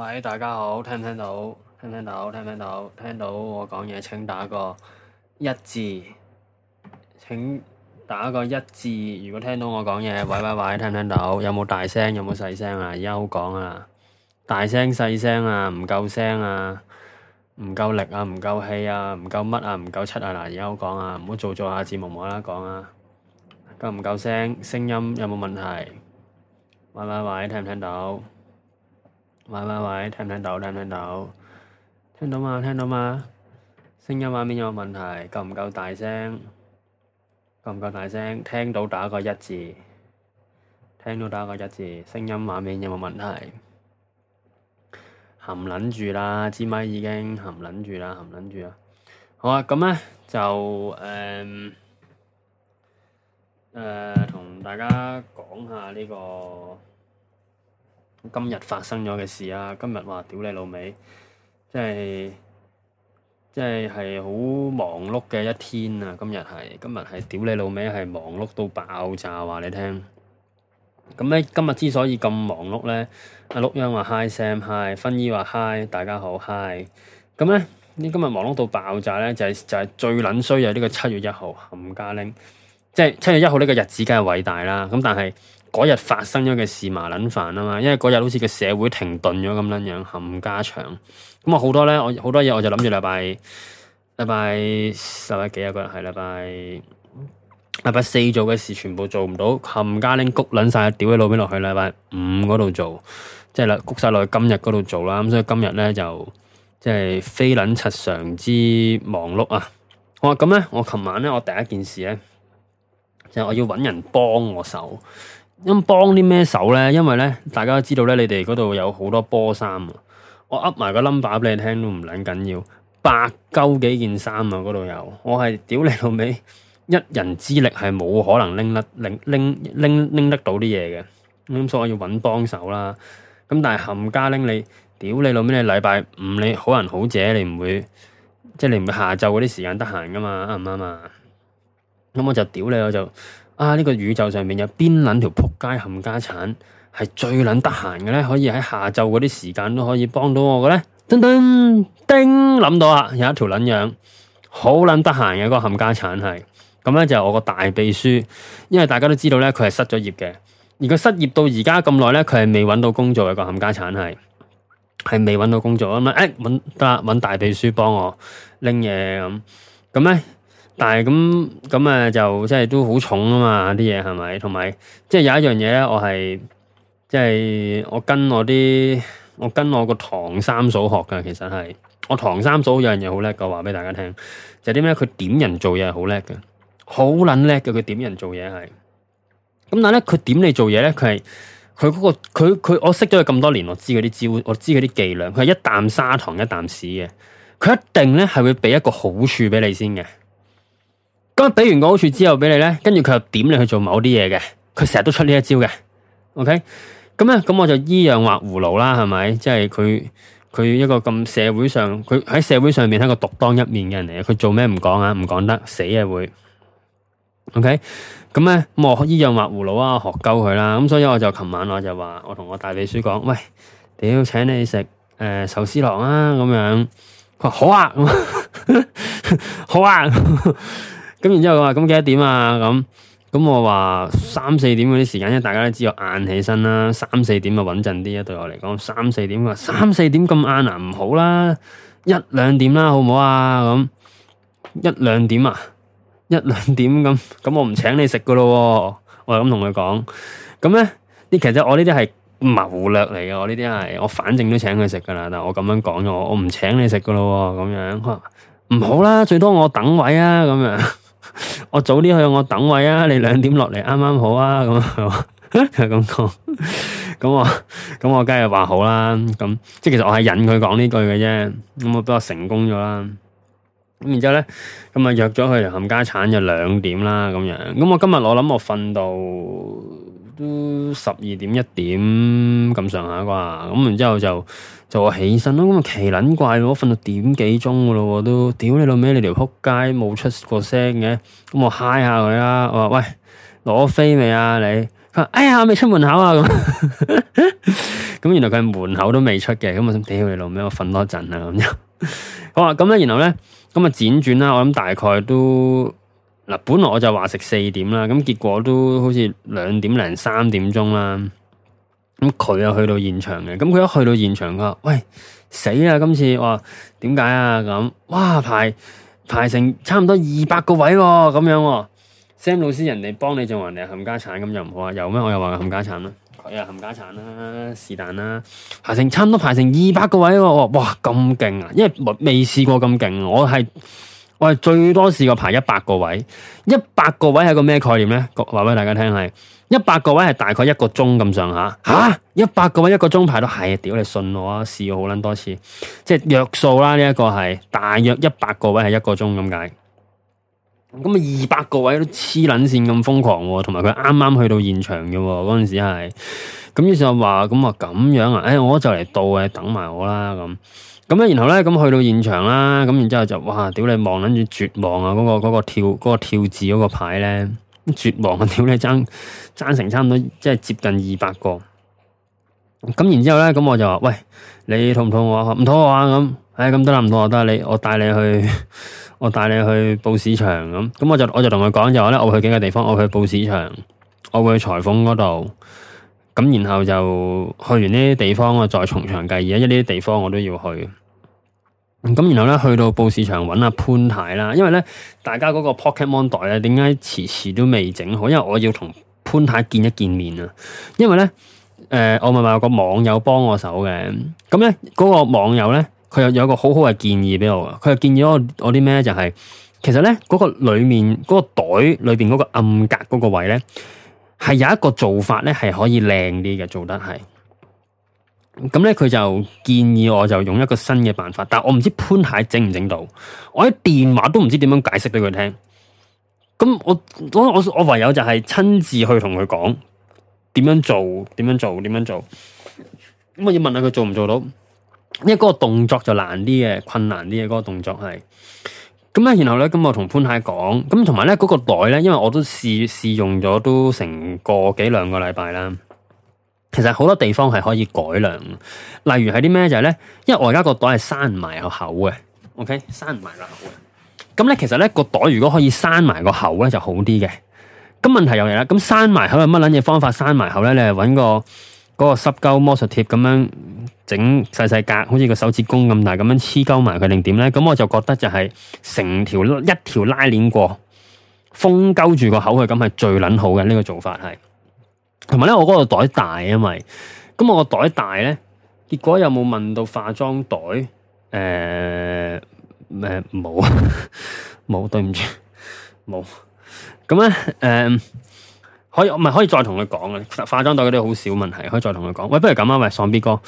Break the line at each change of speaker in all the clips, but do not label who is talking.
喂，大家好，聽唔聽到？聽唔聽到？聽唔聽到？聽到我講嘢，請打個一字，請打個一字。如果聽到我講嘢，喂喂喂，聽唔聽到？有冇大聲？有冇細聲啊？而家好講啊，大聲細聲啊，唔夠聲啊，唔夠力啊，唔夠氣啊，唔夠乜啊，唔夠七啊嗱，而家好講啊，唔、啊、好、啊、做做下字幕幕啦，講啊，夠唔夠聲？聲、啊、音有冇問題？喂喂喂，聽唔聽到？喂喂喂，聽唔聽到？聽唔聽到？聽到嘛？聽到嘛？聲音畫面有冇問題？夠唔夠大聲？夠唔夠大聲？聽到打個一字，聽到打個一字，聲音畫面有冇問題？含撚住啦，支咪，咪已經含撚住啦，含撚住啦！好啊，咁咧就誒誒，同、呃呃、大家講下呢、這個。今日發生咗嘅事啊！今日話屌你老味，即係即係係好忙碌嘅一天啊！今日係今日係屌你老味，係忙碌到爆炸，話你聽。咁咧今日之所以咁忙碌咧，阿陸英話 hi Sam hi，芬姨話 hi，大家好 hi。咁咧你今日忙碌到爆炸咧，就係、是、就係、是、最撚衰啊！呢個七月一號冚家拎，即係七月一號呢個日子梗係偉大啦。咁但係。嗰日發生咗嘅事麻撚煩啊嘛，因為嗰日好似個社會停頓咗咁撚樣，冚家長咁啊，好多咧，我好多嘢我就諗住禮拜禮拜十日幾啊，個係禮拜禮拜四做嘅事全部做唔到，冚家拎谷撚晒，屌喺路邊落去啦。禮拜五嗰度做，即係啦，谷晒落去今日嗰度做啦。咁所以今日咧就即係、就是、非撚七常之忙碌啊！好，我咁咧，我琴晚咧，我第一件事咧就係、我要搵人幫我手。咁幫啲咩手咧？因為咧，大家都知道咧，你哋嗰度有好多波衫啊！我噏埋個 number 俾你聽都唔撚緊要，八鳩幾件衫啊！嗰度有，我係屌你老味，一人之力係冇可能拎得拎拎拎拎得到啲嘢嘅，咁所以我要揾幫手啦。咁但係冚家拎你，屌你老味，你禮拜五你好人好姐，你唔會即係你唔會下晝嗰啲時間得閒噶嘛？啱唔啱啊？咁我就屌你，我就。啊！呢、個宇宙上面有邊捻條仆街冚家鏟係最捻得閒嘅咧，可以喺下晝嗰啲時間都可以幫到我嘅咧。噔噔叮諗到啦，有一條捻樣好捻得閒嘅一個冚家鏟係，咁咧就係、我個大秘書，因為大家都知道咧，佢係失咗業嘅，而佢失業到而家咁耐咧，佢係未搵到工作嘅一、個冚家鏟係，係未搵到工作啊嘛！誒、欸，揾得揾大秘書幫我拎嘢咁，咁咧。但係咁咁啊，就即係都好重啊嘛，啲嘢係咪？同埋即係有一樣嘢咧，我係即係我跟我啲我跟我個唐三嫂學噶。其實係我唐三嫂有樣嘢好叻嘅，我話俾大家聽就係啲咩？佢點人做嘢好叻嘅，好撚叻嘅。佢點人做嘢係咁，但係咧佢點你做嘢咧？佢係佢嗰個佢佢我識咗佢咁多年，我知佢啲招，我知佢啲伎倆。佢係一啖砂糖一啖屎嘅，佢一定咧係會俾一個好處俾你先嘅。咁俾完個好處之後俾你咧，跟住佢又點你去做某啲嘢嘅，佢成日都出呢一招嘅，OK？咁咧，咁我就依樣畫葫蘆啦，係咪？即係佢佢一個咁社會上，佢喺社會上邊上面係個獨當一面嘅人嚟，佢做咩唔講啊？唔講得死啊會，OK？咁咧，我依樣畫葫蘆啊，學鳩佢啦，咁所以我就琴晚我就話，我同我大秘書講，喂，屌，請你食誒壽司郎啊，咁樣，佢話好啊，好啊。咁然之後話咁幾多點啊？咁咁我話三四點嗰啲時間，大家都知道晏起身啦。三四點就穩陣啲啊，對我嚟講三四點啊，三四點咁晏啊唔好啦，一兩點啦，好唔好啊？咁一兩點啊，一兩點咁咁我唔請你食噶咯，我咁同佢講。咁咧，呢其實我呢啲係謀略嚟嘅，我呢啲係我反正都請佢食噶啦。但係我咁樣講咗，我我唔請你食噶咯，咁樣吓唔好啦，最多我等位啊咁樣。我早啲去，我等位啊！你兩點落嚟，啱啱好啊！咁樣咁講，咁 我咁我梗係話好啦。咁即係其實我係引佢講呢句嘅啫。咁我比較成功咗啦。咁然之後咧，咁啊約咗佢含家產就兩點啦。咁樣咁我今日我諗我瞓到都十二點一點咁上下啩。咁然之後就。就我起身咯，咁啊奇撚怪喎，瞓到點幾鐘嘅咯，都屌你老味你條撲街冇出個聲嘅，咁我嗨下佢啦，我話喂，攞飛未啊你？佢話哎呀未出門口啊咁，咁 原來佢係門口都未出嘅，咁我想屌你老味，我瞓多陣啦咁樣，好啊咁咧，然後咧咁啊輾轉啦，我諗大概都嗱，本來我就話食四點啦，咁結果都好似兩點零三點鐘啦。咁佢又去到現場嘅，咁佢一去到現場，佢話：喂，死啦！今次我話點解啊？咁，哇，哇排排成差唔多二百個位喎，咁樣，Sam 老師人哋幫你做，人哋冚家鏟，咁又唔好啊？有咩？我又話冚家鏟啦，佢啊冚家鏟啦，是但啦，排成差唔多排成二百個位喎，哦，哇咁勁啊！因為未試過咁勁，我係我係最多試過排一百個位，一百個位係一個咩概念咧？話俾大家聽係。一百個位係大概一個鐘咁上下，吓一百個位一個鐘排到係，屌、哎、你信我啊！試過好捻多次，即係約數啦。呢、這、一個係大約一百個位係一個鐘咁解。咁啊，二百個位都黐捻線咁瘋狂喎，同埋佢啱啱去到現場嘅喎，嗰陣時係咁於是就話咁啊咁樣啊，誒、哎，我就嚟到啊，等埋我啦咁。咁然後咧咁去到現場啦，咁然之後就哇，屌你望捻住絕望啊！嗰、那個、那個跳、那個跳字嗰個牌咧。絕望啊！屌你爭爭成差唔多，即係接近二百個。咁然之後咧，咁我就話：喂，你肚唔肚餓啊？我唔肚餓啊！咁，哎，咁得啦，唔肚餓得啦。你我帶你去，我帶你去布市場咁。咁我就我就同佢講，就我咧，我會去幾個地方，我去布市場，我會去裁縫嗰度。咁然後就去完呢啲地方，我再從長計議，因為呢啲地方我都要去。咁然後咧，去到布市場揾阿、啊、潘太啦，因為咧，大家嗰個 pocket、ok、mon 袋咧，點解遲遲都未整好？因為我要同潘太見一見面啊！因為咧，誒、呃，我咪話有個網友幫我手嘅，咁咧嗰個網友咧，佢又有個好好嘅建議俾我，佢又建議我啲咩就係、是、其實咧，嗰、那個裏面嗰、那個袋裏面嗰個暗格嗰個位咧，係有一個做法咧，係可以靚啲嘅，做得係。咁咧，佢就建議我就用一個新嘅辦法，但我唔知潘蟹整唔整到，我喺電話都唔知點樣解釋俾佢聽。咁我，我我唯有就係親自去同佢講點樣做，點樣做，點樣做。咁我要問下佢做唔做到，因為嗰個動作就難啲嘅，困難啲嘅嗰個動作係。咁咧，然後咧，咁我同潘蟹講，咁同埋咧嗰個袋咧，因為我都試試，試用咗都成個幾兩個禮拜啦。其實好多地方係可以改良，例如係啲咩就係咧，因為我而家個袋係閂唔埋個口嘅，OK，閂唔埋個口嘅。咁咧，其實咧個袋如果可以閂埋個口咧就好啲嘅。咁問題又嚟啦，咁閂埋口係乜撚嘢方法閂埋口咧？你係搵個嗰個濕鳩魔術貼咁樣整細細格，好似個手指公咁大咁樣黐鳩埋佢，定點咧？咁我就覺得就係成條一條拉鏈過，封鳩住個口佢咁係最撚好嘅呢個做法係。同埋咧，我嗰個袋大啊嘛，咁我個袋大咧，結果有冇問到化妝袋？誒、呃，冇、呃、啊，冇， 對唔住，冇。咁咧，誒、呃，可以，唔係可以再同佢講啊。化妝袋嗰啲好少問題，可以再同佢講。喂，不如咁啊，喂，喪 B 哥，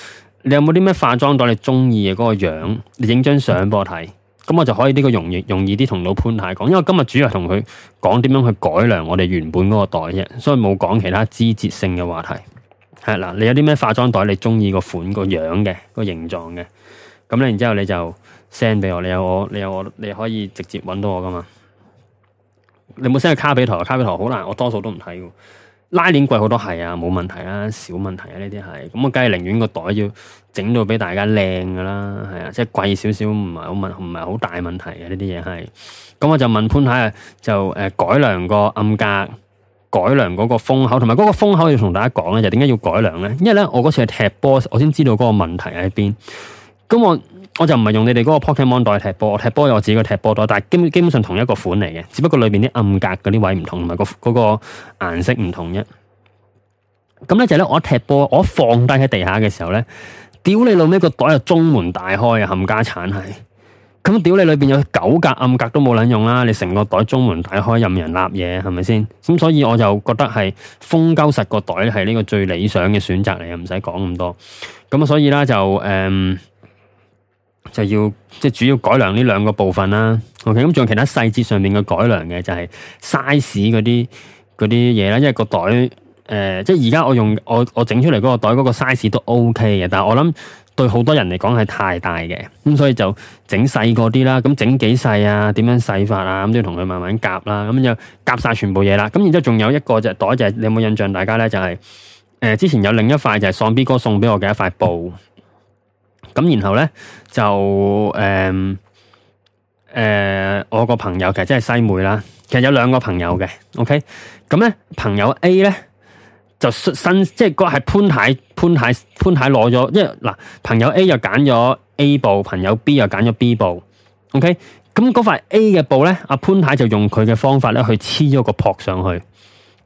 你有冇啲咩化妝袋你中意嘅嗰個樣？你影張相俾我睇。嗯咁我就可以呢個容易容易啲同老潘太講，因為今日主要係同佢講點樣去改良我哋原本嗰個袋啫，所以冇講其他枝節性嘅話題。係嗱，你有啲咩化妝袋你中意個款個樣嘅、個形狀嘅，咁你然之後你就 send 俾我，你有我你有我你可以直接揾到我噶嘛？你冇 send 去卡比台？卡比台好難，我多數都唔睇嘅。拉鏈貴好多係啊，冇問題啦，小問題啊，呢啲係，咁我梗係寧願個袋要整到俾大家靚噶啦，係啊，即係貴少少唔係好問，唔係好大問題嘅呢啲嘢係，咁我就問潘太啊，就誒、呃、改良個暗格，改良嗰個封口，同埋嗰個封口要同大家講咧，就點解要改良咧？因為咧我嗰次係踢波，我先知道嗰個問題喺邊，咁我。我就唔係用你哋嗰個 Pokemon 袋踢波，我踢波有我自己個踢波袋，但係基基本上同一個款嚟嘅，只不過裏邊啲暗格嗰啲位唔同，顏同埋個嗰個顏色唔同啫。咁咧就咧，我踢波我放低喺地下嘅時候咧，屌你老味個袋係中門大開啊，冚家鏟係。咁屌你裏邊有九格暗格都冇撚用啦，你成個袋中門大開任人立嘢，係咪先？咁所以我就覺得係封鳩實個袋係係呢個最理想嘅選擇嚟啊，唔使講咁多。咁啊，所以啦就誒。嗯就要即係主要改良呢兩個部分啦。OK，咁仲有其他細節上面嘅改良嘅就係 size 嗰啲嗰啲嘢啦。因為個袋誒、呃，即係而家我用我我整出嚟嗰個袋嗰、嗰個 size 都 OK 嘅，但係我諗對好多人嚟講係太大嘅。咁所以就整細嗰啲啦。咁整幾細啊？點樣細法啊？咁都要同佢慢慢夾啦。咁就夾晒全部嘢啦。咁然之後仲有一個就袋就係、係、你有冇印象？大家咧就係、係、誒、呃，之前有另一塊就係喪 B 哥送俾我嘅一塊布。嗯咁然後咧就誒誒、呃呃，我個朋友其實即係西妹啦。其實有兩個朋友嘅，OK、嗯。咁咧朋友 A 咧就新即係個係潘太潘太潘太攞咗，因為嗱朋友 A 又揀咗 A 部，朋友 B 又揀咗 B 部，OK、嗯。咁嗰塊 A 嘅布咧，阿潘太就用佢嘅方法咧去黐咗個扑上去。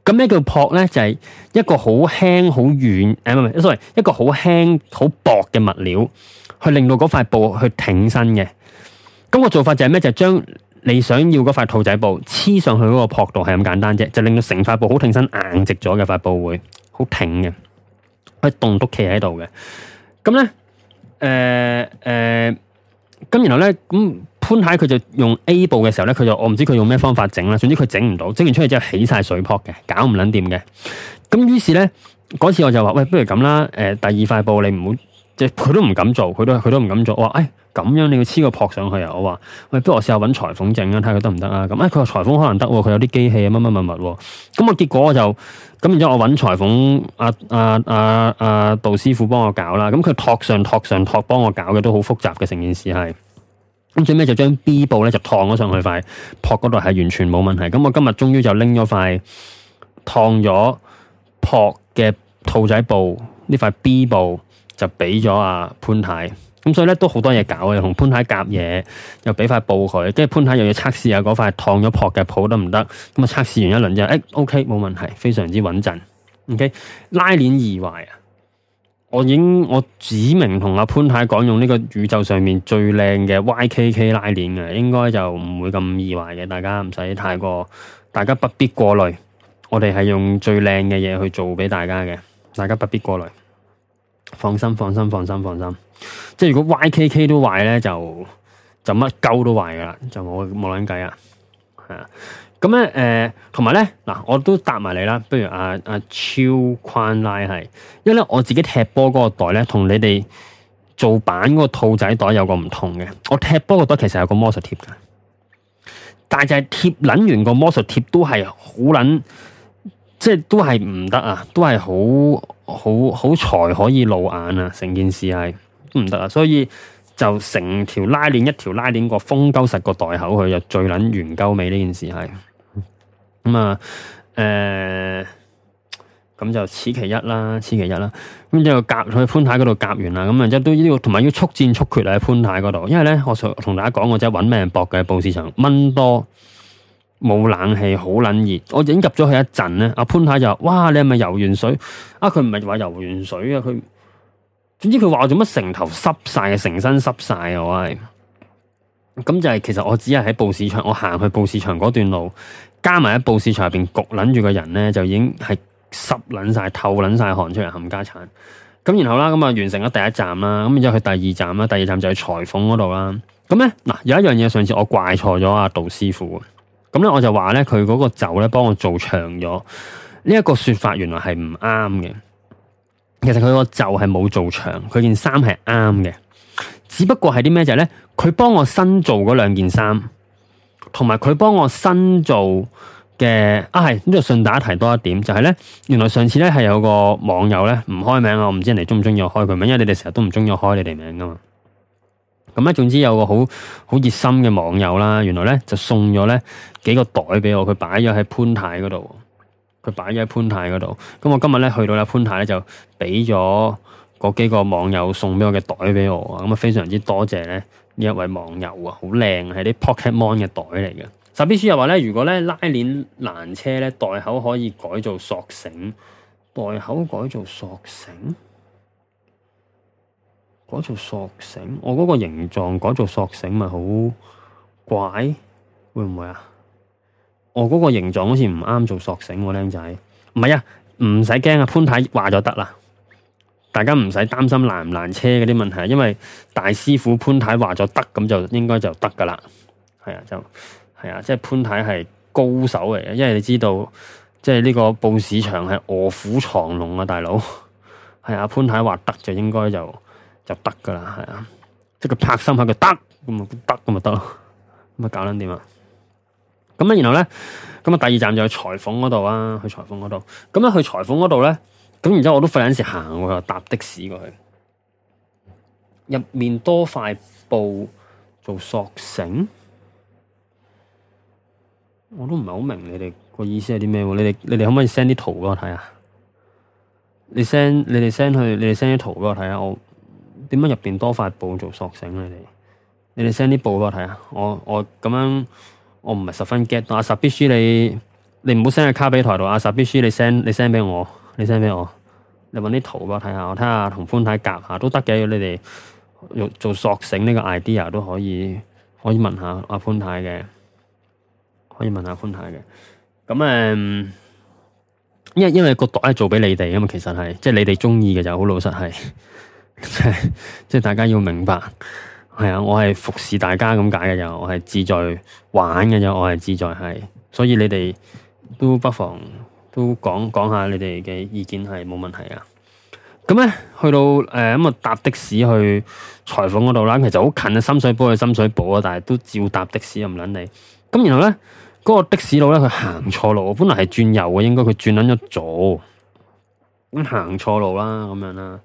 咁、嗯、咩叫扑咧？就係、是、一個好輕好軟誒，唔、哎、係 sorry，一個好輕好薄嘅物料。去令到嗰塊布去挺身嘅，咁個做法就係咩？就係、將你想要嗰塊兔仔布黐上去嗰個樸度，係咁簡單啫。就令到成塊布好挺身、硬直咗嘅塊布會好挺嘅，可以棟篤企喺度嘅。咁咧，誒、呃、誒，咁、呃、然後咧，咁潘太佢就用 A 布嘅時候咧，佢就我唔知佢用咩方法整啦。總之佢整唔到，整完出去之後起晒水泡嘅，搞唔撚掂嘅。咁於是咧，嗰次我就話：喂，不如咁啦、呃，第二塊布你唔好。佢都唔敢做，佢都佢都唔敢做。我話誒，咁、哎、樣你要黐個扑上去啊！我話喂，不如我試下搵裁縫整啦，睇下佢得唔得啊？咁誒、啊，佢話裁縫可能得、啊，佢有啲機器乜乜乜物。咁、啊、我結果我就咁，然之後我搵裁縫阿阿阿阿杜師傅幫我搞啦。咁佢托上托上托幫我搞嘅都好複雜嘅，成件事係。咁最尾就將 B 布咧就燙咗上去塊扑嗰度係完全冇問題。咁我今日終於就拎咗塊燙咗扑嘅兔仔布呢塊 B 布，就俾咗阿潘太，咁所以咧都好多嘢搞嘅，同潘太夾嘢，又俾塊布佢，跟住潘太太又要測試下、啊、嗰塊燙咗扑嘅鋪得唔得，咁啊測試完一輪之後誒、哎、OK 冇問題，非常之穩陣。OK 拉鏈易壞啊，我已經我指明同阿潘太講用呢個宇宙上面最靚嘅 YKK 拉鏈嘅，應該就唔會咁易壞嘅，大家唔使太過，大家不必過慮，我哋係用最靚嘅嘢去做俾大家嘅，大家不必過慮。放心，放心，放心，放心。即係如果 YKK 都壞咧，就就乜鳩都壞噶啦，就冇冇捻計啊。係啊，咁咧誒，同埋咧嗱，我都答埋你啦。不如阿阿、啊啊、超寬拉係，因為咧我自己踢波嗰個袋咧，同你哋做版嗰個兔仔袋有個唔同嘅。我踢波個袋其實有個魔術貼㗎，但就係貼捻完個魔術貼都係好捻。即係都係唔得啊，都係好好好才可以露眼啊！成件事係都唔得啊，所以就成條拉鏈一條拉鏈個封鳩實個袋口佢就最撚完鳩尾呢件事係咁啊？誒、呃，咁就此其一啦，此其一啦。咁之後夾去潘太嗰度夾完啦，咁啊即係都要同埋要速戰速決喺潘太嗰度，因為咧我同大家講，我即係揾命搏嘅，布市場蚊多。冇冷氣，好冷熱。我影入咗去一陣咧，阿潘太太就哇，你係咪游、啊、游完水啊？佢唔係話游完水啊，佢總之佢話我做乜成頭濕晒，成身濕晒，我係咁就係、是。其實我只係喺布市場，我行去布市場嗰段路，加埋喺布市場入邊焗，捻住個人咧，就已經係濕捻晒，透捻晒汗出嚟，冚家鏟咁。然後啦，咁啊完成咗第一站啦，咁之後去第二站啦。第二站就去裁縫嗰度啦。咁咧嗱，有一樣嘢，上次我怪錯咗阿杜師傅。咁咧，我就話咧，佢嗰個袖咧幫我做長咗，呢一個說法原來係唔啱嘅。其實佢個袖係冇做長，佢件衫係啱嘅。只不過係啲咩就係咧，佢幫我新做嗰兩件衫，同埋佢幫我新做嘅。啊，係呢度順帶提多一點，就係咧，原來上次咧係有個網友咧唔開名啊，我唔知人哋中唔中意我開佢名，因為你哋成日都唔中意我開你哋名噶嘛。咁啊，總之有個好好熱心嘅網友啦，原來咧就送咗咧幾個袋俾我，佢擺咗喺潘太嗰度，佢擺咗喺潘太嗰度。咁我今日咧去到咧潘太咧就俾咗嗰幾個網友送俾我嘅袋俾我，咁啊非常之多謝咧呢一位網友啊，好靚，係啲 Pocket Mon 嘅袋嚟嘅。十 B 書又話咧，如果咧拉鏈難車咧袋口可以改做索繩，袋口改做索繩。改做索繩，我嗰個形狀，改、那個、做索繩咪好怪，會唔會不的不是啊？我嗰個形狀好似唔啱做索繩，僆仔。唔係啊，唔使驚啊，潘太話咗得啦。大家唔使擔心爛唔爛車嗰啲問題啊，因為大師傅潘太話咗得，咁就應該就得噶啦。係啊，就係啊，即係潘太係高手嚟嘅，因為你知道，即係呢個報市場係臥虎藏龍啊，大佬。係啊，潘太話得就應該就。就得噶啦，係啊，即係佢拍心口佢得咁咪得咁咪得咯，咁咪搞捻點啊？咁啊，然後咧，咁啊，第二站就去裁縫嗰度啊，去裁縫嗰度。咁咧，去裁縫嗰度咧，咁然之後我都費緊事行喎，搭的士過去。入面多塊布做索繩，我都唔係好明你哋個意思係啲咩？你哋你哋可唔可以 send 啲圖畀我睇下？你 send 你哋 send 去，你哋 send 啲圖畀我睇下我。點解入邊多塊布做索繩咧、啊？你你哋 send 啲布我睇下。我我咁樣我唔係十分 get 阿。阿十必叔你你唔好 send 個卡俾台度。阿十必叔你 send 你 send 俾我，你 send 俾我。你搵啲圖我睇下，我睇下同潘太夾下都得嘅。你哋做索繩呢個 idea 都可以，可以問下阿潘太嘅，可以問下潘太嘅。咁誒、嗯，因為因為個袋係做俾你哋啊嘛，其實係即係你哋中意嘅就好老實係。即係 大家要明白，係啊！我係服侍大家咁解嘅，又我係志在玩嘅，又我係志在係，所以你哋都不妨都講講下你哋嘅意見，係冇問題啊！咁咧，去到誒咁啊，搭的士去裁縫嗰度啦，其實好近啊，深水埗去深水埗啊，但係都照搭的士，又唔捻你。咁然後咧，嗰、那個的士佬咧，佢行錯路，本嚟係轉右嘅，應該佢轉捻一左，咁行錯路啦，咁樣啦。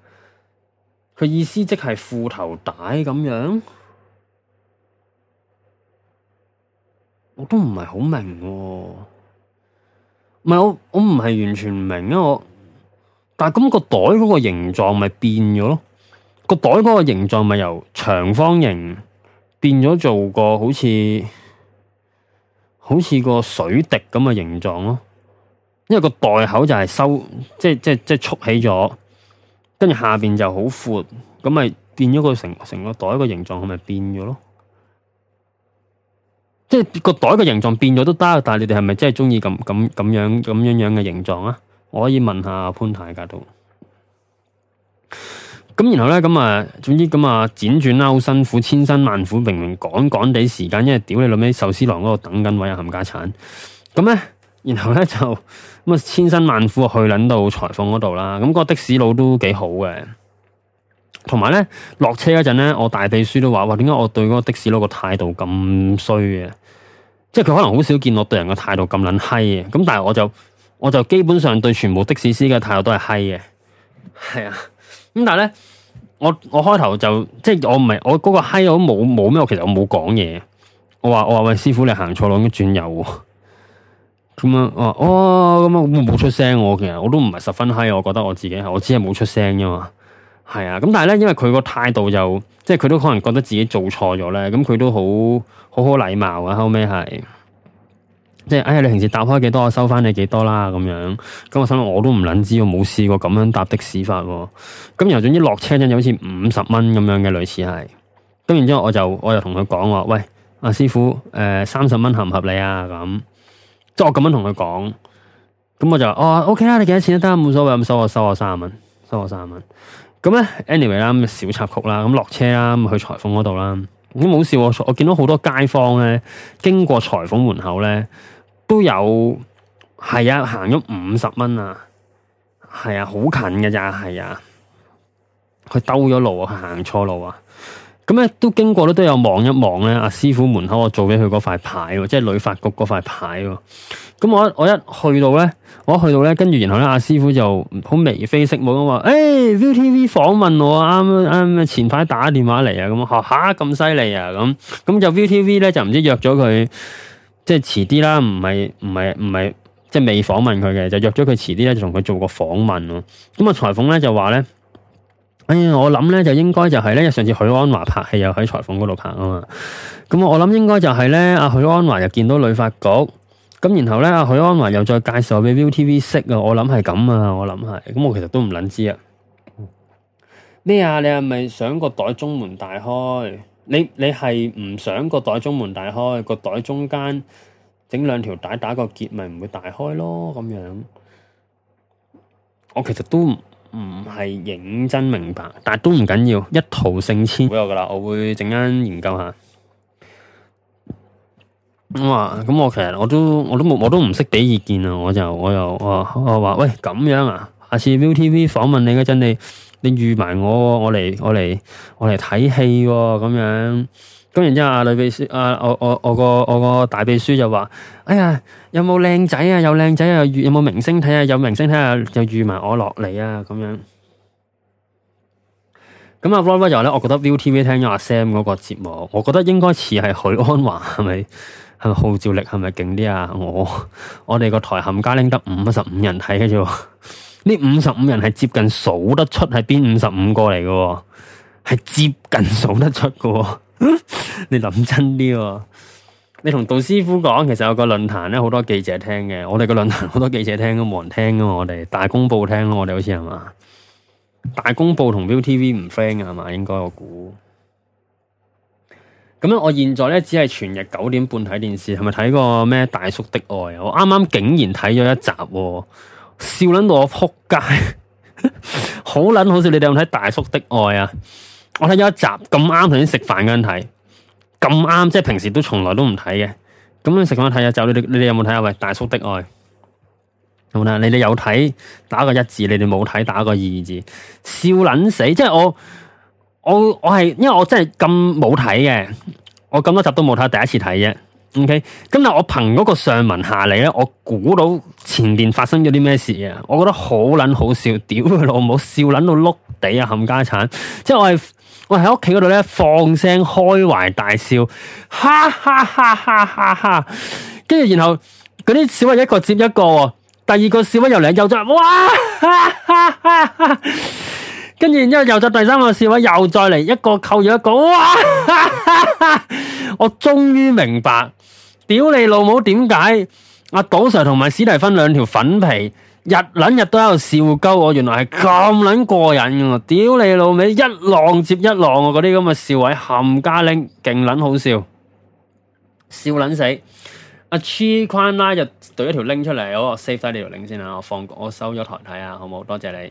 佢意思即係褲頭帶咁樣，我都唔係好明啊。唔係我，我唔係完全唔明啊！我，但係咁個袋嗰個形狀咪變咗咯？個袋嗰個形狀咪由長方形變咗做個好似好似個水滴咁嘅形狀咯。因為個袋口就係收，即係即係即係束起咗。跟住下邊就好闊，咁咪變咗個成成個袋個形狀，係咪變咗咯？即係個袋個形狀變咗都得，但係你哋係咪真係鍾意咁咁咁樣咁樣樣嘅形狀啊？我可以問下潘太噶度。咁然後咧，咁啊，總之咁啊，輾轉啦，好辛苦，千辛萬苦，明明趕趕地時間，因為屌你老味壽司郎嗰度等緊位啊，冚家鏟，咁咧。然後咧就咁啊，千辛萬苦去捻到裁縫嗰度啦。咁、嗰個的士佬都幾好嘅，同埋咧落車嗰陣咧，我大秘書都話，哇，點解我對個的士佬個態度咁衰嘅？即係佢可能好少見我對人嘅態度咁捻閪嘅。咁但係我就我就基本上對全部的士司嘅態度都係閪嘅。係啊，咁但係咧，我我開頭就即係我唔係我嗰個閪我都冇冇咩，我，我，我狠狠其實我冇講嘢。我話我話喂，師傅你行錯路，應該轉右。咁樣哦哦，咁啊，冇出聲。我其實我都唔係十分嗨，我覺得我自己係我只係冇出聲啫嘛。係啊，咁但係咧，因為佢個態度又即係佢都可能覺得自己做錯咗咧，咁佢都好好好禮貌啊。後尾係即係哎呀，你平時搭開幾多，我收翻你幾多啦。咁樣咁，我心諗我都唔捻知，我冇試過咁樣搭的士法，啊。咁由總之落車陣就好似五十蚊咁樣嘅，類似係咁。然之後我就我就同佢講，我話喂阿，啊、師傅誒，三十蚊合唔合理啊？咁。即我咁樣同佢講，咁我就哦，OK 啦，你幾多錢得，啊，冇所謂，咁收我收我三十蚊，收我三十蚊。咁咧，anyway 啦，咁小插曲啦，咁落車啦，咁去裁縫嗰度啦，咁冇事。我我見到好多街坊咧，經過裁縫門口咧，都有係啊，行咗五十蚊啊，係啊，好近㗎咋，係啊，佢兜咗路啊，佢行錯路啊。咁咧都經過咧，都有望一望咧。阿師傅門口，我做俾佢嗰塊牌喎，即係旅發局嗰塊牌喎。咁我我一去到咧，我一去到咧，跟住然後咧，阿師傅就好眉飛色舞咁話：誒、欸、ViuTV 訪問我啱，啊、啱前排打電話嚟啊，咁嚇嚇咁犀利啊咁。咁，啊啊、就 ViuTV 咧就唔知約咗佢，即係遲啲啦，唔係唔係唔係，即係未訪問佢嘅，就約咗佢遲啲咧，就同佢做個訪問咯。咁啊，裁縫咧就話咧。哎呀，我諗咧就應該就係咧，上次許鞍華拍戲又喺裁縫嗰度拍啊嘛。咁我我諗應該就係咧，阿許鞍華又見到女發局，咁然後咧阿許鞍華又再介紹俾 ViuTV 識啊。我諗係咁啊，我諗係，咁我其實都唔捻知啊。咩啊？你係咪想個袋中門大開？你你係唔想個袋中門大開？個袋中間整兩條帶打個結咪唔會大開咯？咁樣，我其實都唔。唔係認真明白，但係都唔緊要，一圖勝千，會有噶啦。我會陣間研究下。咁啊，咁我其實我都我都冇我都唔識俾意見啊，我就我又我我話喂咁樣啊，下次 ViuTV 訪問你嗰陣，你你預埋我，我嚟我嚟我嚟睇戲咁樣。咁然之後啊，女秘書啊，我我我個我個大秘書就話，哎呀，有冇靚仔啊？有靚仔啊？有冇明星睇下啊？有明星睇下啊？就預埋我落嚟啊！咁樣。咁啊，網友咧，我覺得 ViuTV 聽咗阿 Sam 嗰個節目，我覺得應該似係許鞍華，係咪？係咪號召力係咪勁啲啊？我我哋個台冚家拎得五十五人睇嘅啫，呢五十五人係接近數得出係邊五十五個嚟嘅，係接近數得出嘅。 你諗真啲，你同杜師傅講，其實有個論壇咧，好多記者聽嘅。我哋個論壇好多記者聽，都冇人聽噶嘛。我哋大公報聽咯，我哋好似係嘛？大公報同 ViuTV 唔 friend 噶係嘛？應該我估。咁樣，我現在咧只係全日九點半睇電視，係咪睇過咩大叔的愛？我啱啱竟然睇咗一集，笑撚到我撲街， 好撚好笑！你哋有冇睇大叔的愛啊？我睇咗一集，咁啱同啲食飯嗰陣睇，咁啱即係平時都從來都唔睇嘅，咁樣食飯睇啊，就你哋你哋有冇睇啊？喂，大叔的愛有冇睇？你哋有睇打個一字，你哋冇睇打個二字，笑撚死！即係我我我係因為我真係咁冇睇嘅，我咁多集都冇睇，第一次睇啫。OK，咁但我憑嗰個上文下理，咧，我估到前邊發生咗啲咩事啊？我覺得好撚好笑，屌佢老母，笑撚到碌地啊，冚家鏟。即係我係。我喺屋企嗰度咧，放聲開懷大笑，哈哈哈哈哈哈，跟住然後嗰啲笑位一個接一個喎，第二個笑位又嚟又再，哇，跟住然之後又再。第三個笑位又再嚟一個扣住一個，哇哈哈哈哈，我終於明白，屌你老母點解阿島 Sir 同埋史蒂芬兩條粉皮，日捻日都喺度笑鳩我，原來係咁捻過癮嘅，屌你老味！一浪接一浪啊，嗰啲咁嘅笑位冚家拎，勁捻好笑，笑捻死！阿 Chi Kwan 拉就懟一條拎出嚟，我 save 低呢條拎先啦，我放我收咗台睇下，好唔好？多謝你。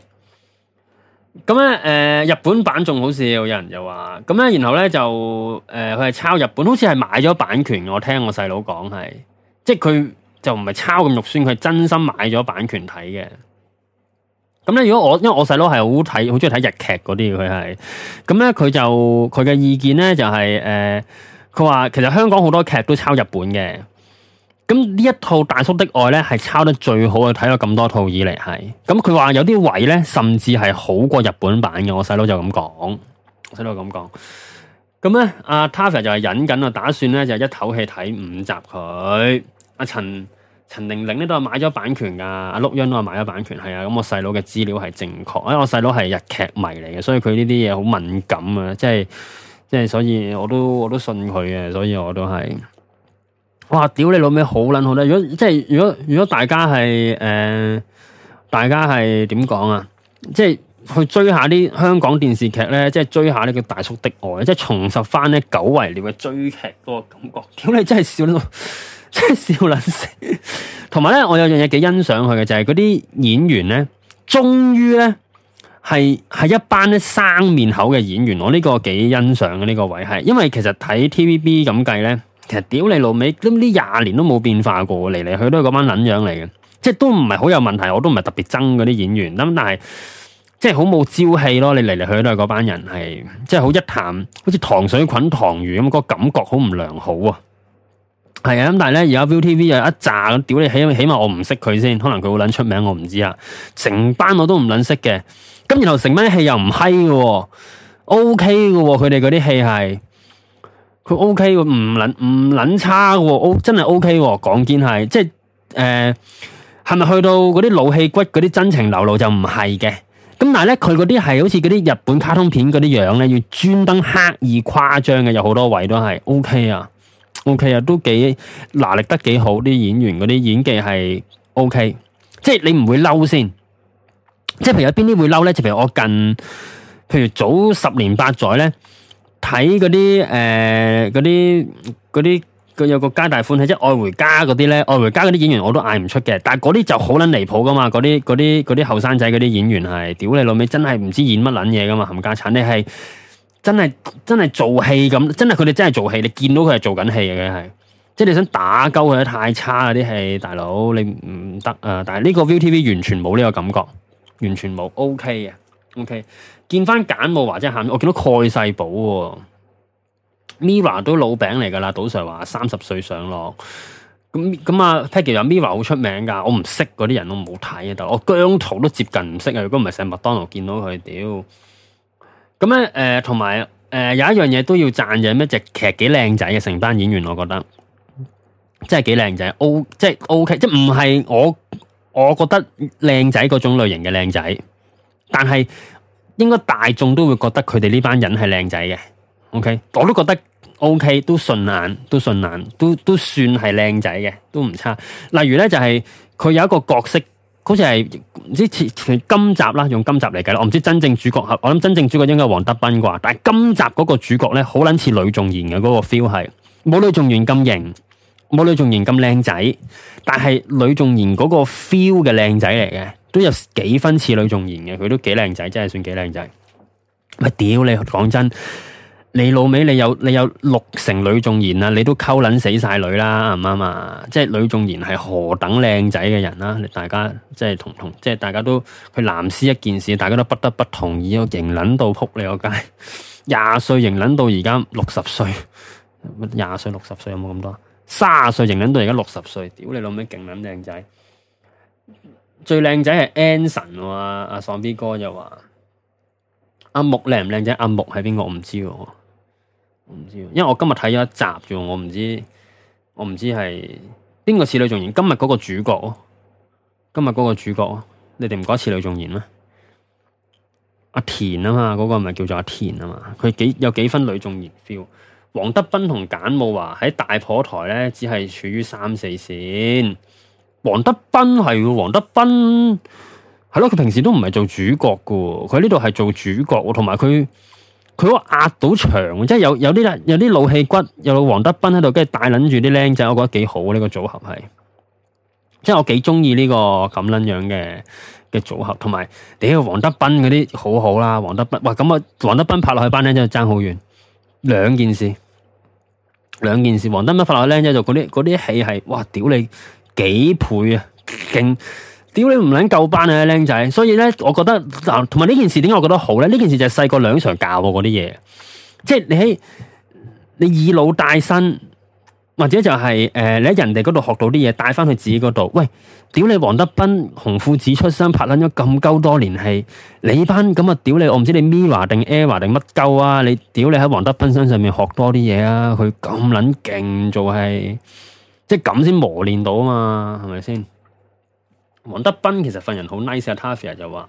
咁咧，誒，日本版仲好笑，有人就話，咁咧，然後咧就，誒，佢係抄日本，好似係買咗版權，我聽我細佬講係，即係佢。就唔係抄咁肉酸，佢係真心買咗版權睇嘅。咁咧，如果我因為我細佬係好睇，好中意睇日劇嗰啲，佢係咁咧，佢就佢嘅意見咧就係、是、誒，佢、呃、話其實香港好多劇都抄日本嘅。咁呢一套大叔的愛咧係抄得最好嘅，睇咗咁多套以嚟係。咁佢話有啲位咧甚至係好過日本版嘅。我細佬就咁講，細佬咁講。咁咧，阿、啊、Taff 就係忍緊啊，打算咧就係、一口氣睇五集佢。阿、啊、陳。陳玲玲咧都係買咗版權噶，阿陸欣都話買咗版權的，係啊。咁我細佬嘅資料係正確，因為我細佬係日劇迷嚟嘅，所以佢呢啲嘢好敏感啊。即係即係，所以我都我都信佢嘅，所以我都係。哇！屌你老味，好撚好撚。如果即係如果如果大家係誒、呃，大家係點講啊？即係去追一下啲香港電視劇咧，即係追下呢個大叔的愛，即係重拾翻呢久違了嘅追劇嗰個感覺。屌你真係笑到～即笑死，同埋咧，我有樣嘢幾欣賞佢嘅，就係嗰啲演員咧，終於咧係係一班生面口嘅演員，我呢個幾欣賞嘅呢個位係，因為其實睇 T V B 咁計咧，其實屌你老味。咁呢廿年都冇變化過，嚟嚟去都係嗰班捻樣嚟嘅，即係都唔係好有問題，我都唔係特別憎嗰啲演員，咁但係即係好冇朝氣咯，你嚟嚟去都係嗰班人，係即係好一潭，好似糖水滾糖魚咁，個感覺好唔良好啊！係啊，但係咧，而家 ViuTV 又一紮咁屌你起，起碼我唔識佢先，可能佢會撚出名，我唔知啊。成班我都唔撚識嘅，咁然後成班戲又唔 hi 嘅，OK 嘅，佢哋嗰啲戲係，佢 OK 唔撚唔撚差嘅，O、哦、真係 OK，講、哦、堅係，即係誒，係、呃、咪去到嗰啲老戲骨嗰啲真情流露就唔係嘅？咁但係咧，佢嗰啲係好似嗰啲日本卡通片嗰啲樣咧，要專登刻意誇張嘅，有好多位都係 OK 啊。O K 啊，都幾拿力得幾好，啲演員嗰啲演技係 O K，即係你唔會嬲先。即係譬如有邊啲會嬲咧？就譬如我近，譬如早十年八載咧，睇嗰啲誒嗰啲嗰啲佢有個皆大歡喜即係《愛回家》嗰啲咧，《愛回家》嗰啲演員我都嗌唔出嘅，但係嗰啲就好捻離譜噶嘛，嗰啲嗰啲嗰啲後生仔嗰啲演員係屌你老味，真係唔知演乜捻嘢噶嘛，冚家鏟咧係。真係真係做戲咁，真係佢哋真係做戲。你見到佢係做緊戲嘅係，即係你想打鳩佢，戲太差啲係大佬，你唔得啊。但係呢個 ViuTV 完全冇呢個感覺，完全冇 OK 嘅。OK，見翻簡慕華即係喊，我見到蓋世寶，Mira 都老餅嚟噶啦。賭 Sir 話三十歲上落，咁咁啊 Peggy 話 Mira 好出名噶，我唔識嗰啲人，我冇睇啊。大佬，我姜濤都接近唔識啊，如果唔係食麥當勞見到佢，屌！咁咧，誒同埋誒有一樣嘢都要讚就係咩？即係其實幾靚仔啊！成班演員，我覺得真係幾靚仔。O 即係 O K，即唔係我我覺得靚仔嗰種類型嘅靚仔，但係應該大眾都會覺得佢哋呢班人係靚仔嘅。O K，我都覺得 O K，都順眼，都順眼，都都算係靚仔嘅，都唔差。例如咧，就係佢有一個角色。好似係唔知今集啦，用今集嚟計啦，我唔知真正主角，我諗真正主角應該係黃德斌啩，但係今集嗰個主角咧，好撚似呂仲賢嘅嗰個 feel 係，冇呂仲賢咁型，冇呂仲賢咁靚仔，但係呂仲賢嗰個 feel 嘅靚仔嚟嘅，都有幾分似呂仲賢嘅，佢都幾靚仔，真係算幾靚仔。喂，屌你，講真。你老味，你有你有六成呂仲賢啊，你都溝撚死晒女啦，係唔啱，即係呂仲賢係何等靚仔嘅人啦、啊？你大家即係同同即係大家都佢藍絲一件事，大家都不得不同意我型撚到撲你個街，廿歲型撚到而家六十歲，廿歲六十歲有冇咁多？卅歲型撚到而家六十歲，屌你老味勁撚靚仔，最靚仔係 Anson 啊！阿爽 B 哥又話阿木靚唔靚仔？阿木係邊個？我唔知喎。唔知，因為我今日睇咗一集啫，我唔知，我唔知係邊個似女仲演今日嗰個主角哦，今日嗰個主角哦，你哋唔覺似女仲演咩？阿田啊嘛，嗰、那個唔係叫做阿田啊嘛，佢幾有幾分女仲演 feel。黃德斌同簡慕華喺大婆台咧，只係處於三四線。黃德斌係喎，黃德斌係咯，佢平時都唔係做主角噶，佢呢度係做主角，同埋佢。佢可壓到牆，即係有有啲啦，有啲老戲骨，有老黃德斌喺度跟住帶捻住啲僆仔，我覺得幾好呢個組合係，即係我幾中意呢個咁捻樣嘅嘅組合，同埋屌黃德斌嗰啲好好啦，黃德斌哇咁啊，黃德斌拍落去，班僆真係爭好遠，兩件事，兩件事，黃德斌拍落去僆仔就嗰啲嗰啲戲係哇屌你幾倍啊勁！屌你唔捻夠班啊，靚仔！所以咧，我覺得同埋呢件事點解我覺得好咧？呢件事就係細個兩場教我嗰啲嘢，即係你喺你以老帶新，或者就係、是、誒、呃，你喺人哋嗰度學到啲嘢，帶翻去自己嗰度。喂，屌你黃德斌紅褲子出身拍捻咗咁鳩多年戲，你班咁啊？屌你，我唔知你 MIRROR 定 ERROR 定乜鳩啊！你屌你喺黃德斌身上面學多啲嘢啊！佢咁捻勁做係，即係咁先磨練到啊嘛，係咪先？黃德斌其實份人好 nice，阿 Tavia 就話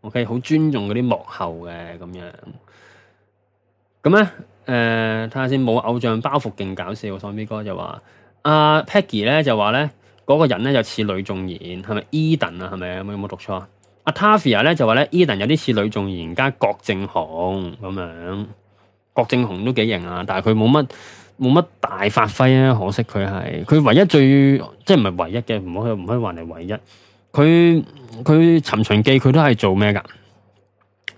：OK，好尊重嗰啲幕後嘅咁樣。咁咧，誒睇下先，冇偶像包袱，勁搞笑。喪 B 哥就話：阿、啊、Peggy 咧就話咧嗰個人咧就似呂頌賢係咪？Eden 啊，係咪有冇讀錯？阿 Tavia 咧就話咧，Eden 有啲似呂頌賢加郭政鴻咁樣。郭政鴻都幾型啊，但係佢冇乜冇乜大發揮啊，可惜佢係佢唯一最即係唔係唯一嘅，唔可以唔可以話係唯一。佢佢《尋秦記》佢都係做咩噶？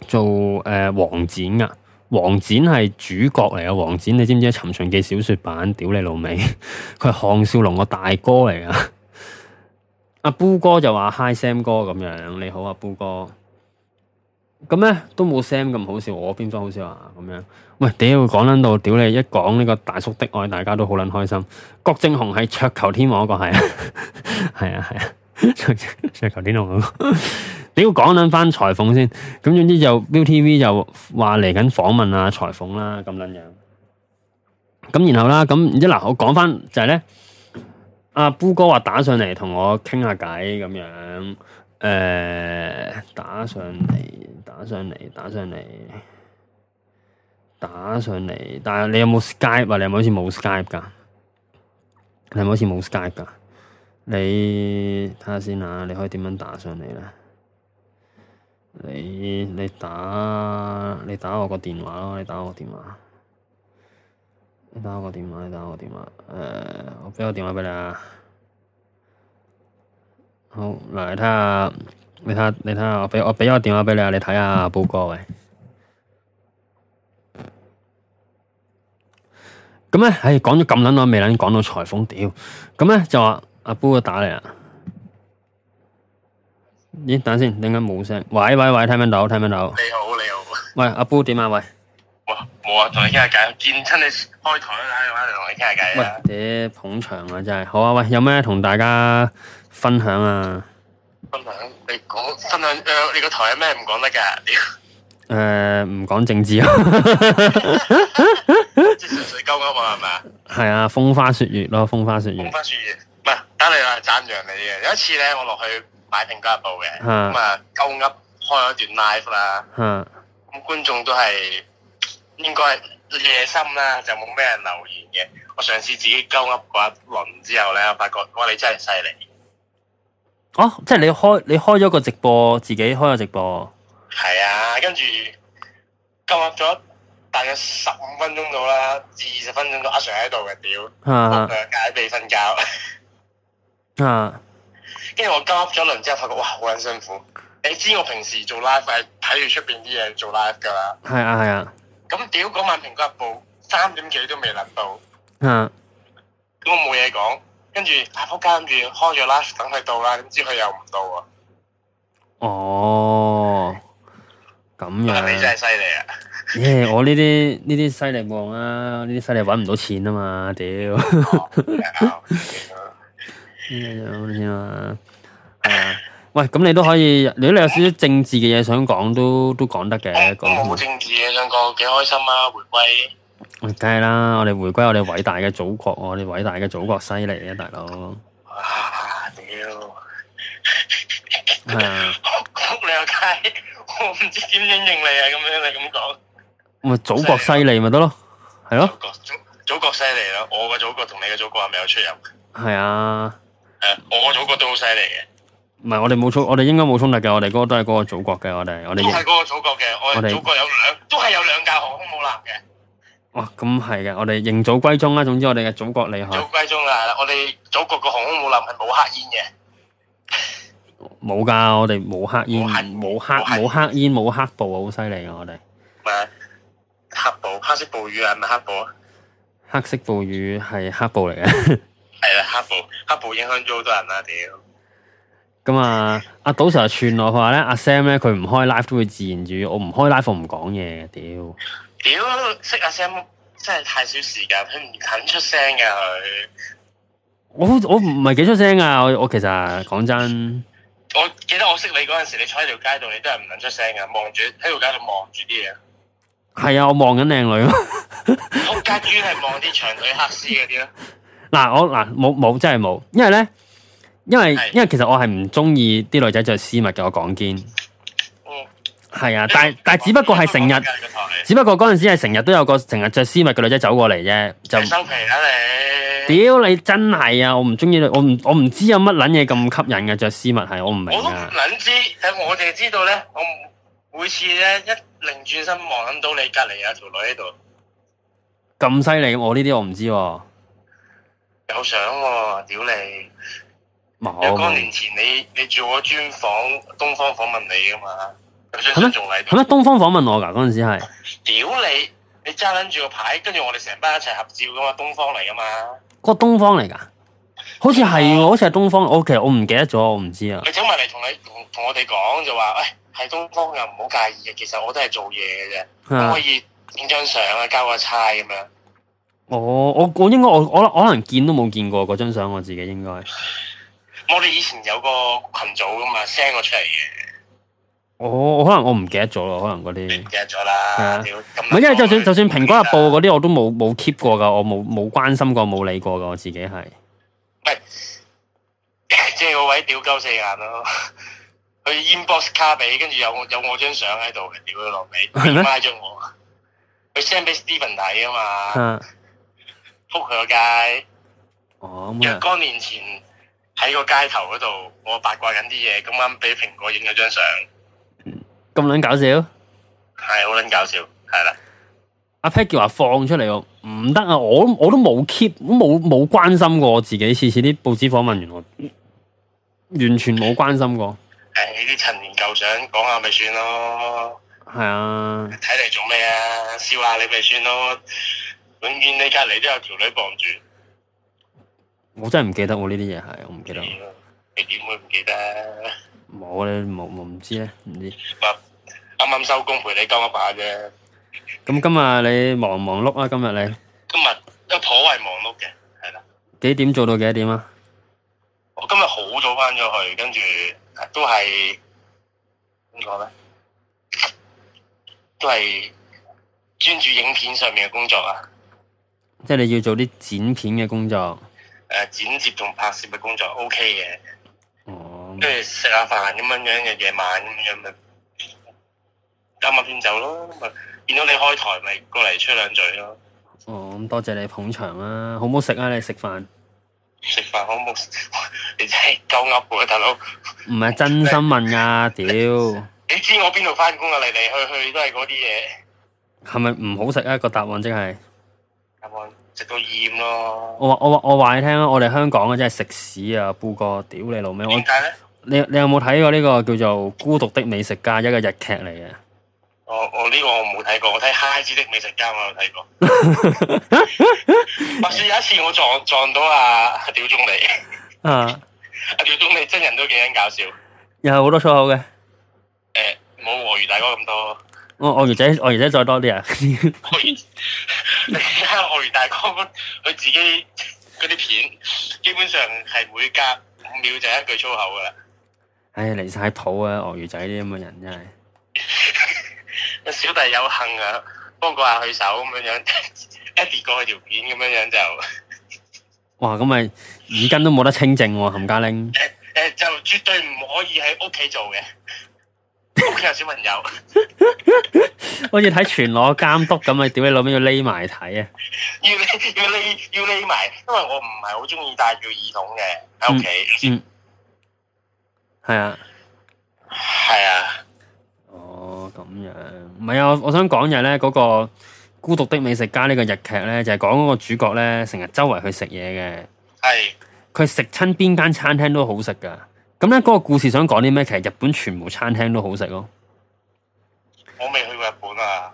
做誒黃、呃、展噶，黃展係主角嚟啊！黃展你知唔知《尋秦記》小說版？屌你老味，佢係項少龍個大哥嚟噶。阿布哥就話：Hi Sam 哥咁樣，你好啊，布哥。咁咧都冇 Sam 咁好笑，我邊方好笑啊？咁樣喂，屌講捻到屌你，一講呢個大叔的愛，大家都好捻開心。郭正雄係桌球天王一、嗰個係啊，係啊，係啊。你 要講捻翻裁縫先，咁總之就 BTV 就話嚟緊訪問啊裁縫啦咁捻樣，咁然後啦，咁之後嗱，我講翻就係、是、咧，阿、啊、b 哥話打上嚟同我傾下偈咁樣，誒、呃，打上嚟，打上嚟，打上嚟，打上嚟，但係你有冇 Skype？你係咪好似冇 Skype 噶？你係咪好似冇 Skype 噶？你睇下先啊！你可以點樣打上嚟咧？你你打你打我個電話咯！你打我電話，你打我的電話，你打我個電話，你打我個電話。誒、呃，我俾個電話畀你啊好！好嚟睇下，你睇下，你睇下，我畀我俾個電話俾你啊！你睇下報告喂。咁咧，唉，講咗咁撚耐，未撚講到裁縫屌。咁咧就話。阿波打嚟啊，咦？等陣先，點解冇聲？喂喂喂，聽唔聽到？聽唔聽到？你好，你好。喂，阿波點啊？喂，
哇，冇啊，同你傾下偈，見親你開台啦，我嚟同你傾下偈或
者捧場啊，真係。好啊，喂，有咩同大家分享啊？分
享，你講分享，呃、你個台有咩唔講得嘅？
誒、 呃，唔講政治啊。即係水溝溝啊，係咪啊？係啊，風花雪月咯，風花雪月，風花雪月。
而家你係讚揚你嘅，有一次咧，我落去買定嗰一部嘅，咁啊鳩噏開咗一段 live 啦的，
咁
觀眾都係應該夜深啦，就冇咩人留言嘅。我上次自己鳩噏嗰一輪之後咧，我發覺哇，你真係犀利！
哦、啊，即係你開你開咗個直播，自己開個直播，係啊，跟住鳩噏咗
大概十五分鐘到啦，至二十分鐘都阿 Sir 喺度嘅，屌，佢喺被瞓覺。的 啊！跟住我交咗輪之後，發覺哇好捻辛苦。你知我平時做 live 係睇住出邊啲嘢做 live 噶啦。係啊係啊。咁屌嗰晚蘋果報三點幾都未輪到。嗯、啊。咁我冇嘢講，跟住阿福監住開咗 live 等佢到啦，點知佢又唔
到。哦、啊？哦，咁樣你真係犀利啊！耶！我呢啲呢啲犀利忙啊，呢啲犀利搵唔到錢啊嘛！屌。咩嘢有啲啊？誒，喂，咁你都可以，如果你有少少政治嘅嘢想講，都都講得嘅。我冇政治嘢想
講，幾開心啊！回
歸梗係啦，我哋回歸我哋偉大嘅祖國，我哋偉大嘅祖國犀利啊，大佬。啊屌！係啊！我屈你啊！街，我唔知點應你啊！
咁
樣你咁講，咪祖國犀利咪得咯？係咯？祖祖國犀利咯！我嘅祖國同你嘅祖國係咪有
出入？係啊。
我我祖國都好犀利嘅。唔係，我哋冇衝，我哋應該冇衝突嘅。我哋個都係嗰個祖國嘅。我哋我哋都係嗰個祖國嘅。我哋祖國有兩
都係有兩架航空母
艦嘅。哇，咁係嘅。我哋認祖歸宗啦。總之我，我哋嘅祖國你害。祖
歸宗啦，我哋祖國個航空母艦係冇黑煙
嘅。冇噶，我哋冇黑煙，冇恨黑，冇黑煙，冇黑，黑布好犀利啊，我哋。咩？黑
布？黑色暴雨係咪
黑布啊？黑色暴雨係黑布嚟嘅。 係啦，黑暴黑暴影響咗好多人啦，屌、嗯！咁、嗯、啊，阿導師成日串我，佢話咧阿 Sam 咧佢唔開 live 都會自然住，我唔開 live 唔講嘢，屌、嗯！屌、嗯，識
阿 Sam 真係太少時間，佢
唔肯出聲嘅佢。我我唔係幾出聲啊，我我其實講真的，
我記得我識你嗰陣時，你坐喺條
街度，你都係唔肯出聲嘅，望住喺
條街度望住啲嘢。係啊，我望緊靚女咯。我隔于係望啲長腿黑絲嗰啲咯。
嗱我嗱冇冇真係冇，因為咧，因為因為其實我係唔中意啲女仔着絲襪嘅，我講堅，係啊，但係但係只不過係成日，只不過嗰陣時係成日都有個成日着絲襪嘅女仔走過嚟啫，就收皮啦你，屌你真係啊，我唔中意，我唔我唔知有乜捻嘢咁吸引嘅着絲襪係，我唔明，我都唔捻
知，我淨係知道咧，我每次咧一擰
轉身望到你隔籬有條女喺度，咁犀利，我呢啲我唔知。
有相喎、啊，屌你！若干有年前你你做咗專訪東方訪問你
噶嘛，有咪？相仲嚟？係咯，東方訪問，嗎問我噶嗰陣時係，
屌你！你揸撚住個牌，跟住我哋成班一齊合照噶嘛，東方嚟
噶嘛？個東方嚟噶？好似係，我嗎好似係東方。OK, 我其實我唔記得咗，我唔知啊。你走埋嚟同你同我哋講就話，哎、
欸，係東方又唔好介意嘅，其實我都係做嘢嘅啫，的我可以影張相啊，交個差咁樣。
我我我應該我我可能見都冇見過嗰張相，我自己應該。我哋以前
有個群組噶嘛，send 我出嚟
嘅。我我可能我唔記得咗咯，可能嗰啲。唔記得咗啦。係啊。唔係，因為就算就算蘋果日報嗰啲我都冇冇 keep 過噶，我冇冇關心過，冇理過噶，自己係。唔
係，即係個位屌鳩四眼咯，佢 inbox 卡俾，跟住有有我張相喺度嘅，屌佢落尾，冤家咗我。佢 send 俾 Steven 睇啊嘛。嗯。鋪佢個街，哦、若干年前喺個街頭嗰度，我八卦緊啲嘢，咁啱俾蘋果影咗張相，
咁卵搞笑，
係好卵搞笑，係啦。
阿、啊、Pat 叫話放出嚟，我唔得啊，我我都冇 keep，冇冇關心過我自己，次次啲報紙訪問完我，完全冇關心過。誒、哎，呢啲陳年舊
相，講下咪算咯。係啊，睇嚟做咩啊？笑下你咪算咯。永遠你隔籬都
有條女傍住，我真係唔記得我呢啲嘢係，我唔記得。記得你點會唔記得？冇，咧，我我唔知咧，唔知。啱啱收工陪你兜一把啫。咁今日你忙唔忙碌啊？今日你今日
都頗為忙碌
嘅，係啦。幾點做到幾多點啊？
我今日好早翻咗去，跟住都係點講咧？都係專注影片上面嘅工作啊！
即係你要做啲剪片嘅工作，誒、
啊、剪接同拍攝嘅
工
作是 OK 嘅，哦，跟住食下飯咁樣樣嘅夜晚咁樣咪加埋啤酒咯，咪見
到你開台咪過嚟吹兩嘴咯。哦，咁多謝你捧場啦、啊，好
唔好食啊？你食飯？食飯好唔好食？你真係鳩噏
嘅大佬，唔係真心問噶，屌 你！ 你知我邊度返工啊？嚟嚟去去都係嗰啲嘢，
係咪唔好食啊？個答案即、就、係、是。食到厭咯我！我我我話你聽啊，我哋香港嘅真係食屎啊，布個屌你老味！點解咧？你你有冇睇過呢個叫做《孤獨的美食家》一個日劇嚟嘅？我我呢
個我冇睇過，我睇《嗨子的美食家》我有睇過。話說有一次我撞撞到阿屌中你，
啊！
阿屌中你、 啊啊、真人都幾咁搞笑，
又係好多粗口嘅。誒、欸，冇和魚大哥咁多。我鱷、哦、魚仔，鱷魚仔再多啲啊！鱷
魚，你睇下鱷魚大哥，佢自己嗰啲片，基本上係每隔五秒就一句粗口噶啦。
唉、哎，離晒譜啊！鱷魚仔啲咁嘅人真
係。 小弟有幸啊，幫過下佢手咁樣樣，edit 過去條片咁樣樣就。
哇，咁咪耳根都冇得清靜喎、啊，冚家拎。誒
誒、呃呃，就絕對唔可以喺屋企做嘅。
佢係小朋友，好似睇全裸監督咁啊！點解你老味要匿埋睇啊？要匿要匿要匿埋，因為
我唔係好中意
戴住耳筒嘅喺
屋企。先，係啊，係啊，哦，咁樣唔係啊！我我想講嘢咧，嗰個孤獨的美食家呢個日劇咧，就係講嗰個主角咧，成日周圍去食嘢嘅。係，佢食親邊間餐廳都好食噶。咁咧個故事想講啲咩？其實日本全部餐廳都好食咯、哦。我未去過日本啊。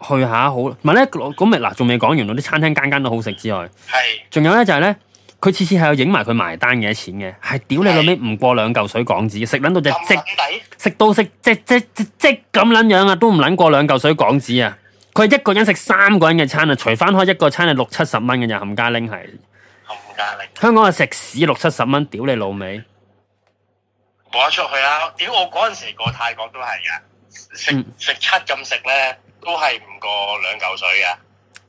去下好，咪呢？咧，咁咪嗱，仲未講完咯。啲餐廳間間都好食之外，係仲是有咧就係、是、咧，佢次次係影埋佢埋單嘅錢嘅，係屌你老味唔過兩嚿水港紙，食撚到就底，食到食積積積咁撚樣啊，都唔撚過兩嚿水港紙啊。佢一個人食三個人嘅餐啊，除翻開一個餐係六七十蚊嘅，咋冚家拎係。冚家拎。香港係食屎六七十蚊，屌你老味。
冇得出去啊！屌我嗰陣時過泰國都係嘅，食食七咁食咧，都係唔過兩嚿水
嘅。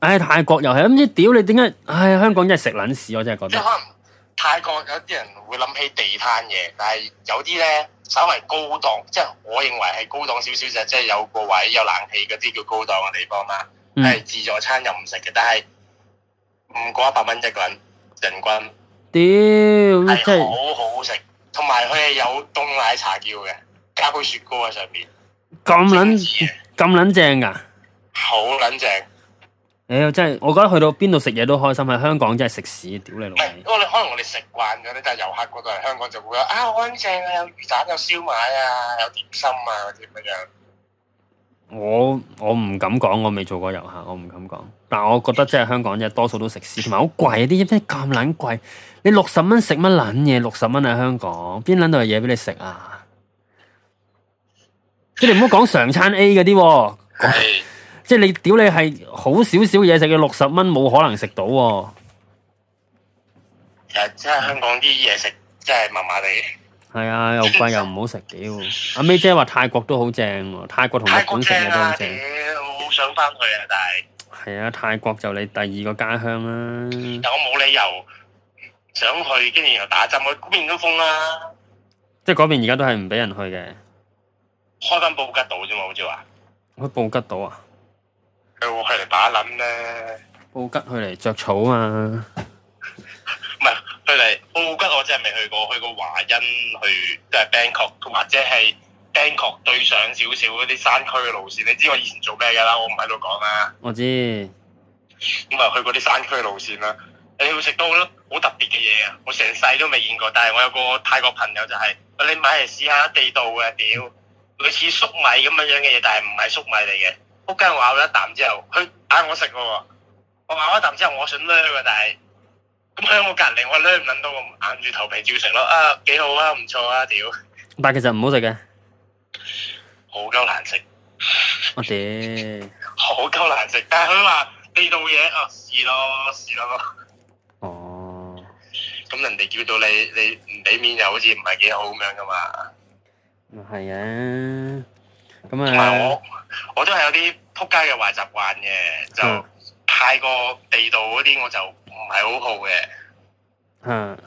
唉、哎，泰國又係咁，即屌你點解？唉、哎，香港真係食撚屎，我真係覺得。即可
能泰國有啲人會諗起地攤嘢，但係有啲咧稍為高檔，即係我認為係高檔少少就即係有個位有冷氣嗰啲叫高檔嘅地方嘛。係、嗯、自助餐又唔食嘅，但係唔過一百蚊一個人人均。
屌係
好好食。是同埋佢係有凍奶茶
叫嘅，加杯雪糕喺上邊，咁捻
咁捻正噶，好
捻正。誒、啊哎，真係，我覺得去到邊度食嘢都開心，喺香港真係食屎，屌你老味。唔係，我可能我
哋食慣咗咧，但係遊客過到嚟
香港就會話啊，好正啊，有魚蛋，有燒賣啊，有點心啊，嗰啲乜樣我。我我唔敢講，我未做過遊客，我唔敢講。但係我覺得即係香港即係多數都食屎，同埋好貴啊，啲一啲咁捻貴。你六十蚊食乜撚嘢？六十蚊喺香港邊撚度有嘢俾你食啊？即係你唔好講常餐 A 嗰啲、啊，是即係你屌你係好少少嘢食嘅六十蚊，冇可能食到、啊。誒，即
係香港啲嘢食真係麻麻
地，係啊，貴又貴又唔好食嘅、啊。阿 May 姐話泰國都好正、啊，泰國同日本食嘢都好正。我好，、啊、好想翻去啊！但係係啊，泰國就你第二個家鄉啦、啊。但
我冇理由。想去，跟住又打針，嗰邊都封啦。
即係嗰邊而家都係唔俾人去嘅。
開翻布吉島啫嘛，好似話
去布吉島啊？佢會去嚟打諗咧，布吉去嚟着草啊？唔係去嚟布吉，我真係未去過，去過華欣去即係 Bangkok，或者係 Bangkok 對
上少少嗰啲山區嘅路線。你知我以前做咩噶啦？我唔喺度講啊。我知。咁啊，去嗰啲山區嘅路線啦。你會食到咯，好特別嘅嘢啊！我成世都未見過，但係我有個泰國朋友就係、是，你買嚟試下地道嘅屌，類似粟米咁樣樣嘅嘢，但係唔係粟米嚟嘅，屋間我咬咗一啖之後，佢嗌我食嘅喎，我咬一啖之後我想甩嘅，但係咁喺我隔籬我甩唔甩到，我硬住頭皮照食咯，啊幾好啊，唔錯啊，屌、
呃！但其實唔好食嘅，好鳩難食，我屌爹，好鳩難食，但係佢話地道嘢，啊，試咯，
試咯。哦，咁人哋叫到你，你唔俾面又好似唔係幾好咁樣噶嘛？唔係啊，
咁啊，我我都係有啲撲街嘅壞習慣嘅，就太過地道嗰啲我就唔係好好嘅。嗯、啊，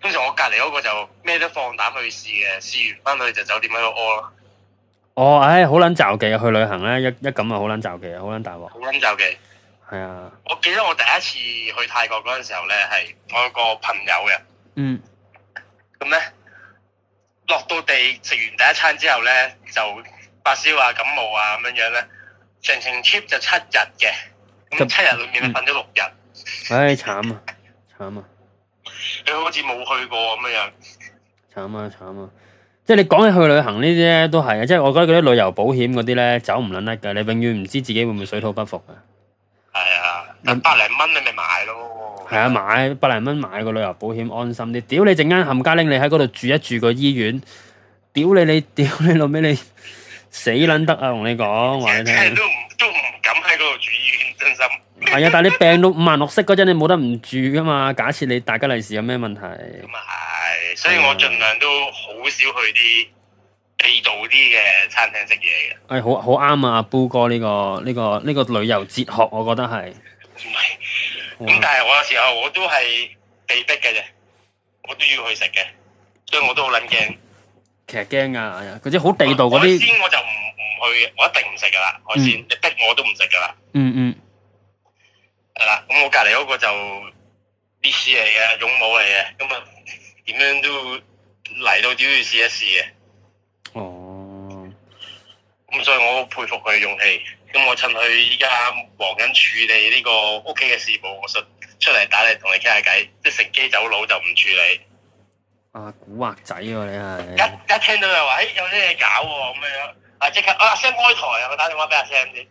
跟住我隔
籬嗰個就咩都放膽去試嘅，試完翻去就酒店喺度屙咯。哦，唉、哎，好撚造忌啊！去旅行咧，一一咁啊，好撚造忌啊，好撚大鑊，
好撚造忌。係啊，我記得我第一次去泰國嗰陣時候咧，係我有個朋友嘅。嗯，咁咧落到地食完第一餐之後咧，就發燒啊、感冒啊咁樣樣咧，全程 keep 就七日嘅，咁七日裏面瞓咗六日，
嗯，唉，慘啊，慘啊，你 好似冇去過咁樣，慘啊，慘啊，即係你講起去旅行呢啲咧，都係啊，即係我覺得嗰啲旅遊保險嗰啲咧走唔撚甩噶你永遠唔知自己會唔會水土不服啊。嗯係啊，百零蚊你咪買咯。係啊，啊，買百零蚊買個旅遊保險安心啲。屌你陣間冚家拎，你喺嗰度住一住個醫院，屌你你，屌你老味，屌你，你死撚得啊！同你講，話你聽，都唔都唔敢喺嗰度住醫院，真心係 啊！但你病到五萬六息嗰陣，你冇得唔住噶嘛？假設你大吉利是有咩問題，咁啊
係，所以我盡量都好少去啲。地
道啲嘅餐廳食嘢嘅，係、哎、好好啱啊！煲哥呢、呢個呢、呢個呢、呢個旅遊哲學，我覺得係唔係？咁但係
我有時候我都係被逼嘅啫，我都要去食嘅，所以我都好捻驚。其實驚啊！
嗰啲好地道嗰啲海鮮，我就唔
唔去，我一定唔食噶啦。海鮮你逼我
都唔食噶啦。嗯嗯。係啦，咁我隔籬嗰個就
歷史嚟嘅，勇武嚟嘅，咁啊，點樣都嚟到都要試一試嘅。咁所以我好佩服佢嘅勇氣。咁我趁佢依家忙緊處理呢個屋企嘅事務，我實出嚟打嚟同你傾下偈。即係食雞走佬就唔處理。
啊，蠱惑仔喎、啊、你係、啊、一一聽到就話誒、欸、有
啲嘢搞喎咁樣，啊即刻啊 Sam 開台啊，
我打電話俾阿、啊、Sam 先。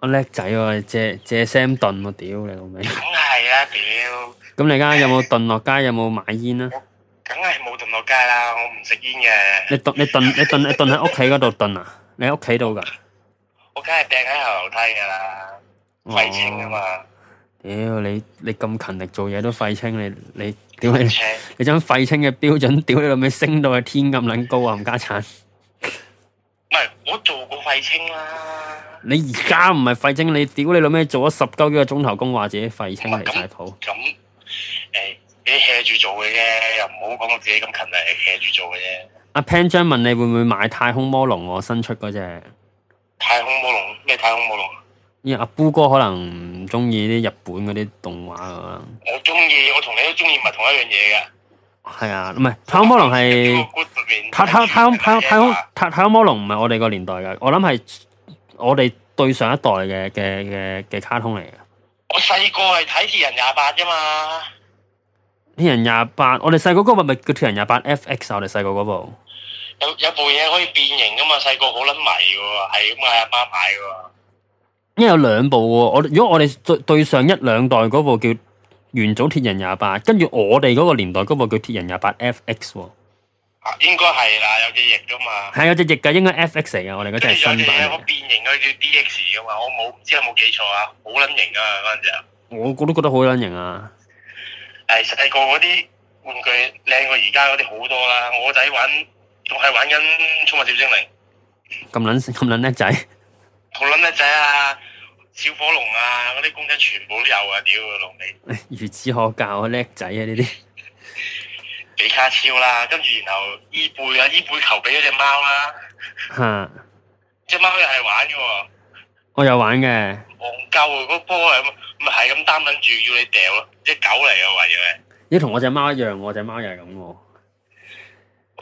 我叻、啊、仔喎、啊，借借 Sam 燉我屌你老味。梗係啦，屌！咁、啊、你而家有冇燉落街？ 有冇買煙啊？梗係冇燉落街啦，我唔食煙嘅。你燉你燉你燉你燉喺屋企嗰度燉啊！ 你屋企度噶？我梗係掟喺後樓梯噶啦，廢
青啊嘛！
屌、哦欸、你！你咁勤力做嘢都廢青你你？屌你！你將廢青嘅標準屌你老咩升到去天咁撚高啊！冚家鏟，唔 係我做過廢青啦。你而家唔係廢青，你屌你老咩做咗十九幾個鐘頭工，話自己廢青嚟？晒譜咁誒，你騎住做
嘅啫，又唔好講我自己咁勤力，騎住做嘅啫。
阿 Pan 將問你會唔會買太空魔龍？我新出嗰隻太空
魔龍咩？太空魔
龍？依阿姑哥可能唔中意啲日本嗰啲動畫噶嘛？我
中意，我同你都中意唔係同一樣嘢
嘅。係啊，唔係太空魔龍係。太太太太空太空太太空魔龍唔係我哋個年代嘅，我諗係我哋對上一代嘅嘅嘅嘅卡通嚟嘅。
我細個係睇巨人廿八啫嘛。
鐵人廿八、啊，我哋細個嗰部咪叫鐵人廿八 F X 啊？我哋細個嗰部有
有部嘢可以變形噶嘛？細個好捻迷噶，係咁係阿媽買噶。媽媽
因為有兩部喎、啊，我如果我哋對對上一兩代嗰部叫原祖鐵人廿八，跟住我哋嗰個年代嗰部叫鐵人廿八 F X。啊，應該係啦，有隻翼噶嘛。係有隻
翼噶，應該 F X 嚟噶，我
哋嗰隻係新版。跟住有隻有個有有變形，叫 D X 噶嘛，我冇唔知係冇記錯啊，好捻型
啊嗰
陣時我我都覺得好捻型啊。係細個嗰啲
玩具靚過而家嗰啲好多啦，我仔玩仲係玩緊寵物小精靈。
咁捻咁捻叻仔，
好捻叻仔啊！小火龍啊，嗰啲公仔全部都有啊！屌龍尾，
孺子可教啊！叻仔啊，呢啲
比卡超啦，跟住然後伊貝啊，伊貝球俾咗隻貓啦，嗯、 啊，隻貓又係玩嘅。
我有玩嘅，
憨鳩嗰波係咪係咁擔忍住要你掉咯，隻狗嚟嘅為咗
嘅，咦同我隻貓一樣，我隻貓又係咁。我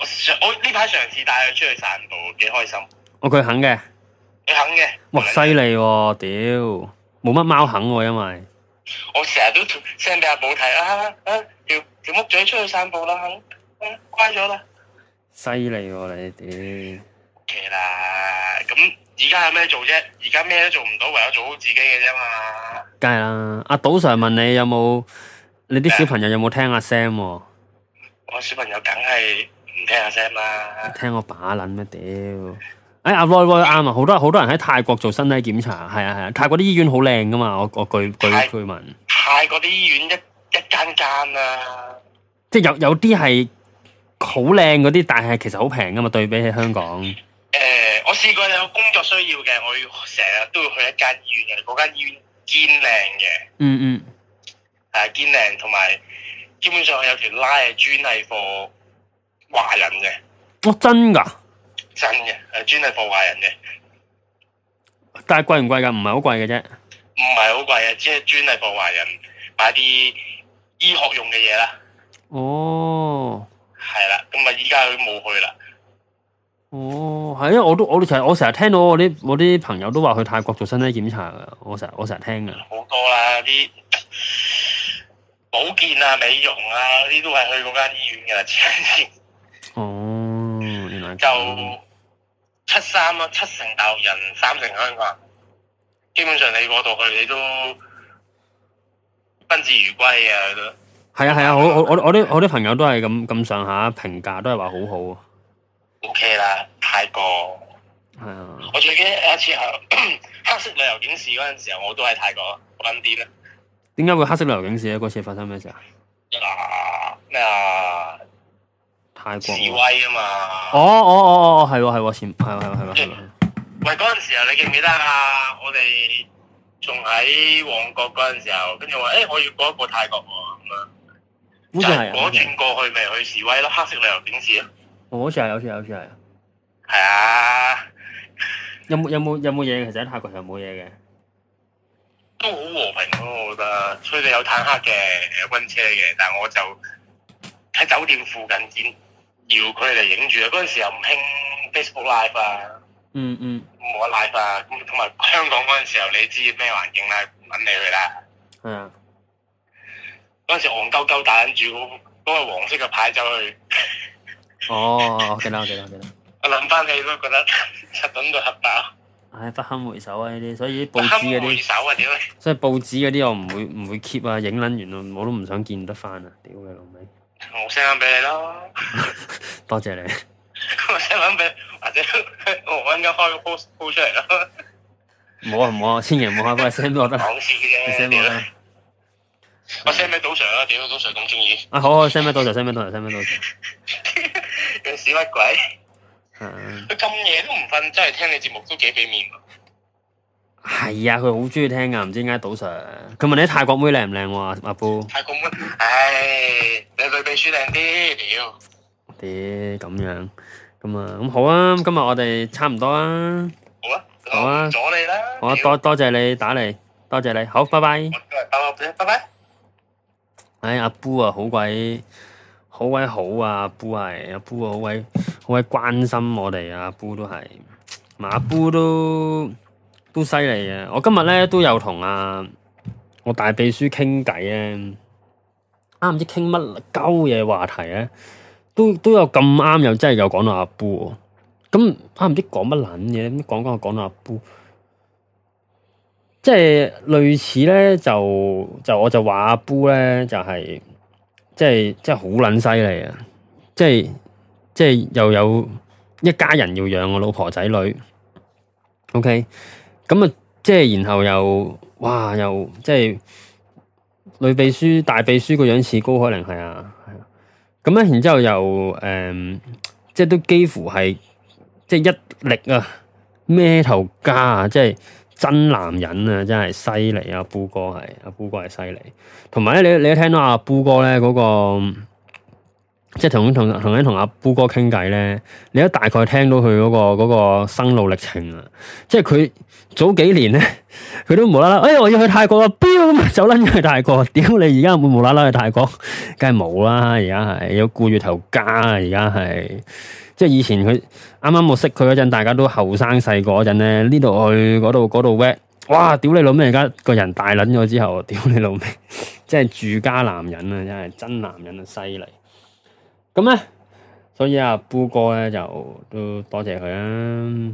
我呢排嘗試帶佢出去散步，幾開心。
我佢肯嘅，你肯嘅。哇，犀利喎！屌，冇乜貓肯喎，因為
我成日都 send 俾阿寶睇啊啊，叫叫乜嘴出去散步啦，肯，乖咗啦。
犀利喎你屌，OK 啦，
咁。而家
有咩做啫？而家咩都做唔到，唯有做好自己嘅啫嘛。梗係啦，阿賭 Sir 問你有冇你啲小朋友有冇聽阿 Sam？我小朋友梗
係唔聽阿
Sam 啦、啊，聽我把捻咩屌？哎阿 Loi 啱啊，好多好多人喺泰國做身體檢查，係啊係啊，泰國啲醫院好靚噶嘛，我我據據據聞，泰，泰國啲醫院
一一間
間啊，即係有有啲係好靚嗰啲，但係其實好平噶嘛，對比起香港。
誒、呃，我試過有工作需要嘅，我要成日都要去一間醫
院嘅，嗰間醫院堅靚嘅。嗯嗯，係堅
靚，同埋基本上有條拉係專係貨華人嘅、哦。真噶？真嘅，係專係貨華人
嘅。但係貴唔貴噶？唔係好貴嘅啫。唔係
好貴嘅，只係專係貨華人買啲醫學用嘅嘢啦。
哦。係
啦，咁啊，依家佢冇去啦。
哦，係啊！我都我都成日我成日聽到我啲我啲朋友都話去泰國做身體檢查噶，我成日我成日聽噶。好
多啦，啲保健啊、美容啊，嗰啲都係去嗰間醫院噶。哦，原來就七三啊，七成大陸人，三成香
港。基本上你過到去，你都賓至如歸啊！係啊係啊，我我我我啲我啲朋友都係咁咁上下評價，評價都係話好好。
O K 啦，泰
國。係啊，
我最記得有一次係黑色旅遊警示嗰陣時候，我都喺泰國，我諗啲啦。
點解會黑色旅遊警示咧？嗰、那個、次發生咩事啊？
咩啊？泰國示威啊嘛！
哦哦哦哦哦，係喎係喎，前係係係喂，嗰陣時候你記唔記得啊？
我哋仲喺旺角嗰陣時候，跟住話，誒，我要過一過泰國
喎咁樣。好似係。轉過，
過去咪、啊、去，去示威咯，黑色旅遊警示啊！
哦、好似係、啊，有似有處係。係啊！有冇有冇有冇嘢？其實喺泰國就冇嘢嘅。
都好和平咯，我覺得。雖然有坦克嘅，溫軍車嘅，但我就喺酒店附近見要佢哋影住。嗰陣時候唔興 Facebook Live 啊。嗯嗯。冇、嗯、得 live 啊！咁同埋香港嗰陣時候，你知咩環境啦？揾你去啦。啊！嗰陣時戇鳩鳩帶住嗰嗰個黃色嘅牌走去。
哦，我記得，我記得，我記得！我諗翻起都覺得七品到黑爆，唉，不堪回首啊！呢啲，所以報紙嗰啲，不堪回首啊！屌，所以報紙嗰啲我唔會唔會 keep 啊，影捻完咯，我都唔想見得翻啊！屌你老味，
我 send 翻俾你啦，
多謝你，我 send 翻俾或者我應該開個 post post 出嚟咯，唔好啊，唔好啊，千祈唔好開個聲都得，
講笑啫，唔好啦。我 send
俾賭上啦，點賭上咁中意？啊，好好 send 俾賭上，send 俾賭上，send
俾賭上。你屎乜鬼？佢咁夜都
唔瞓，真係
聽你節目
都幾俾面。係啊，佢好中意聽噶，唔知點解賭上。佢問啲泰國妹靚唔靚話，阿夫。泰國
妹，唉，你對秘
書靚啲，屌。屌咁樣，咁啊，咁好啊，今日我哋差唔多啊。好啊，好啊，阻你啦。我多多謝你打嚟，多謝你，好，拜拜。拜拜，拜拜。哎、阿姑啊，好鬼好鬼好啊，阿姑係、啊、阿姑啊，好鬼好鬼關心我哋啊，阿姑都係，阿姑都都犀利啊！我今日咧都有同阿、啊、我大秘書傾偈啊，啱、啊、唔知傾乜鳩嘢話題咧、啊，都都有咁啱又真係又講到阿姑、啊，咁啱唔知講乜撚嘢，講講又講到阿姑。即係類似咧，就就我就話阿布咧，就係即係即係好捻犀利啊！即係即係又有一家人要養我老婆仔女，OK？咁啊，即係然後又哇，又即係女秘書大秘書個樣似高，可能係啊，係啊。咁、啊、然之後又誒、嗯，即係都幾乎係即係一力啊，孭頭家啊，即係。真男人啊，真係犀利啊！姑哥係，阿富哥係犀利。同埋咧，你你一聽到阿姑哥咧嗰個，即係同同同緊同阿姑哥傾偈咧，你都大概聽到佢嗰、嗰個、嗰個生路歷程啊！即係佢早幾年咧，佢都冇啦啦，哎呀我要去泰國啊，彪咁就拎去，去泰國。屌你而家會無啦啦去泰國，梗係冇啦，而家係要顧住頭家，而家係。即係以前佢啱啱我識佢嗰陣，大家都後生細個嗰陣咧，呢度去嗰度嗰度 w 哇！屌你老咩！而家個人大捻咗之後，屌你老味，即係住家男人啊，真係真男人啊，犀利！咁咧，所以阿 B 哥咧就都多謝佢啦、啊。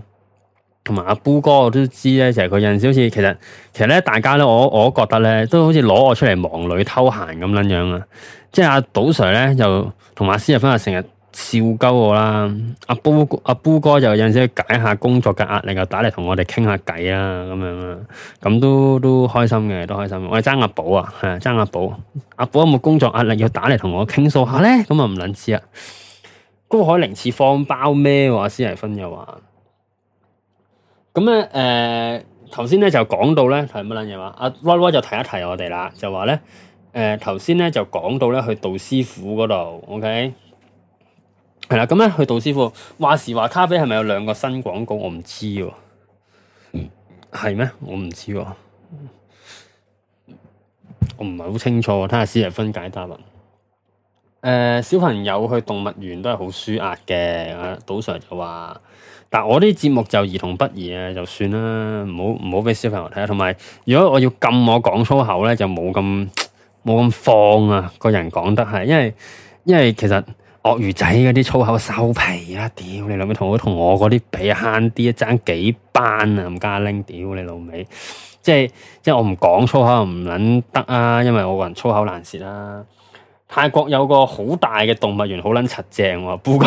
同埋阿 B 哥我都知咧，成日佢有陣時好似其實其實咧，實大家咧我我覺得咧都好似攞我出嚟忙裏偷閒咁捻樣啊！即係阿賭 Sir 咧就同阿思又分下成日。笑鳩我啦，阿波阿波哥就有陣時解,解下工作嘅壓力啊，打嚟同我哋傾下偈啊，咁樣啊，咁都都開心嘅，都開心,都開心。我哋爭阿寶啊，係爭阿寶，阿寶有冇工作壓力要打嚟同我傾訴下咧？咁啊唔捻知啊。高海寧似放包咩？話先係分嘅話，咁咧誒，頭先咧就講到咧係乜撚嘢話，阿威威就提一提我哋啦，就話咧誒頭先咧就講到咧去杜師傅嗰度，OK。係啦，咁咧，去杜師傅說話時話咖啡係咪有兩個新廣告？我唔知喎，係咩、嗯？我唔知，我唔係好清楚。睇下史逸芬解答啦。誒、呃，小朋友去動物園都係好舒壓嘅。阿杜 Sir 就話，但我啲節目就兒童不宜啊，就算啦，唔好唔好俾小朋友睇啊。同埋，如果我要禁我講粗口咧，就冇咁冇咁放啊，個人講得係，因為因為其實。鱷魚仔嗰啲粗口收皮啦、啊！屌你諗咩，同我同我嗰啲比慳啲，爭幾班啊？唔加拎！屌你老味，即係即係我唔講粗口唔捻得啊！因為我個人粗口難舌啦、啊。泰國有個好大嘅動物園，好捻柒正喎。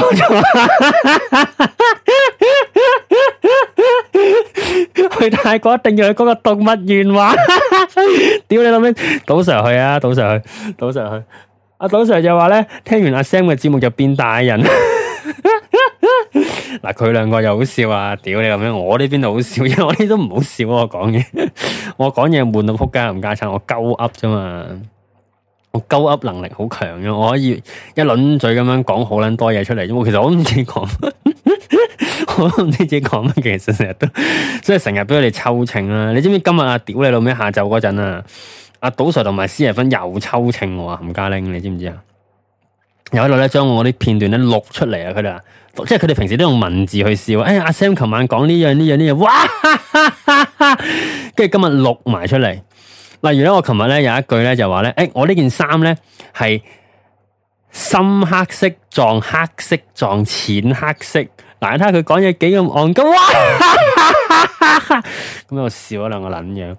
去泰國一定要去嗰個動物園玩、啊。屌你諗咩，到上去啊！到上去，到上去。阿 Sir 就話咧，聽完阿 Sam 嘅節目就變大人。嗱，佢兩個又好笑啊！屌你咁樣我呢邊度好笑，因為我呢都唔好笑、啊。我講嘢，我講嘢悶到仆街，冚家鏟，我鳩噏啫嘛。我鳩噏能力好強嘅，我可以一輪嘴咁樣講好撚多嘢出嚟。咁其實我唔知講乜，我唔知自己講乜。其實成日都即係成日俾佢哋抽情啊。你知唔知今日阿屌你老味下晝嗰陣啊？阿賭、啊、Sir 同埋施麗芬又抽稱我啊，冚家拎，你知唔知啊？有啲女咧將我啲片段咧錄出嚟啊！佢哋，啊，即係佢哋平時都用文字去笑。誒、哎，阿、啊、Sam 琴晚講呢樣呢樣呢樣，哇！跟住今日錄埋出嚟。例如咧，我琴日咧有一句咧就話咧，誒、哎，我件呢件衫咧係深黑色撞黑色撞淺黑色。嗱，睇下佢講嘢幾咁憨咁，哇！咁我笑咗兩個撚樣。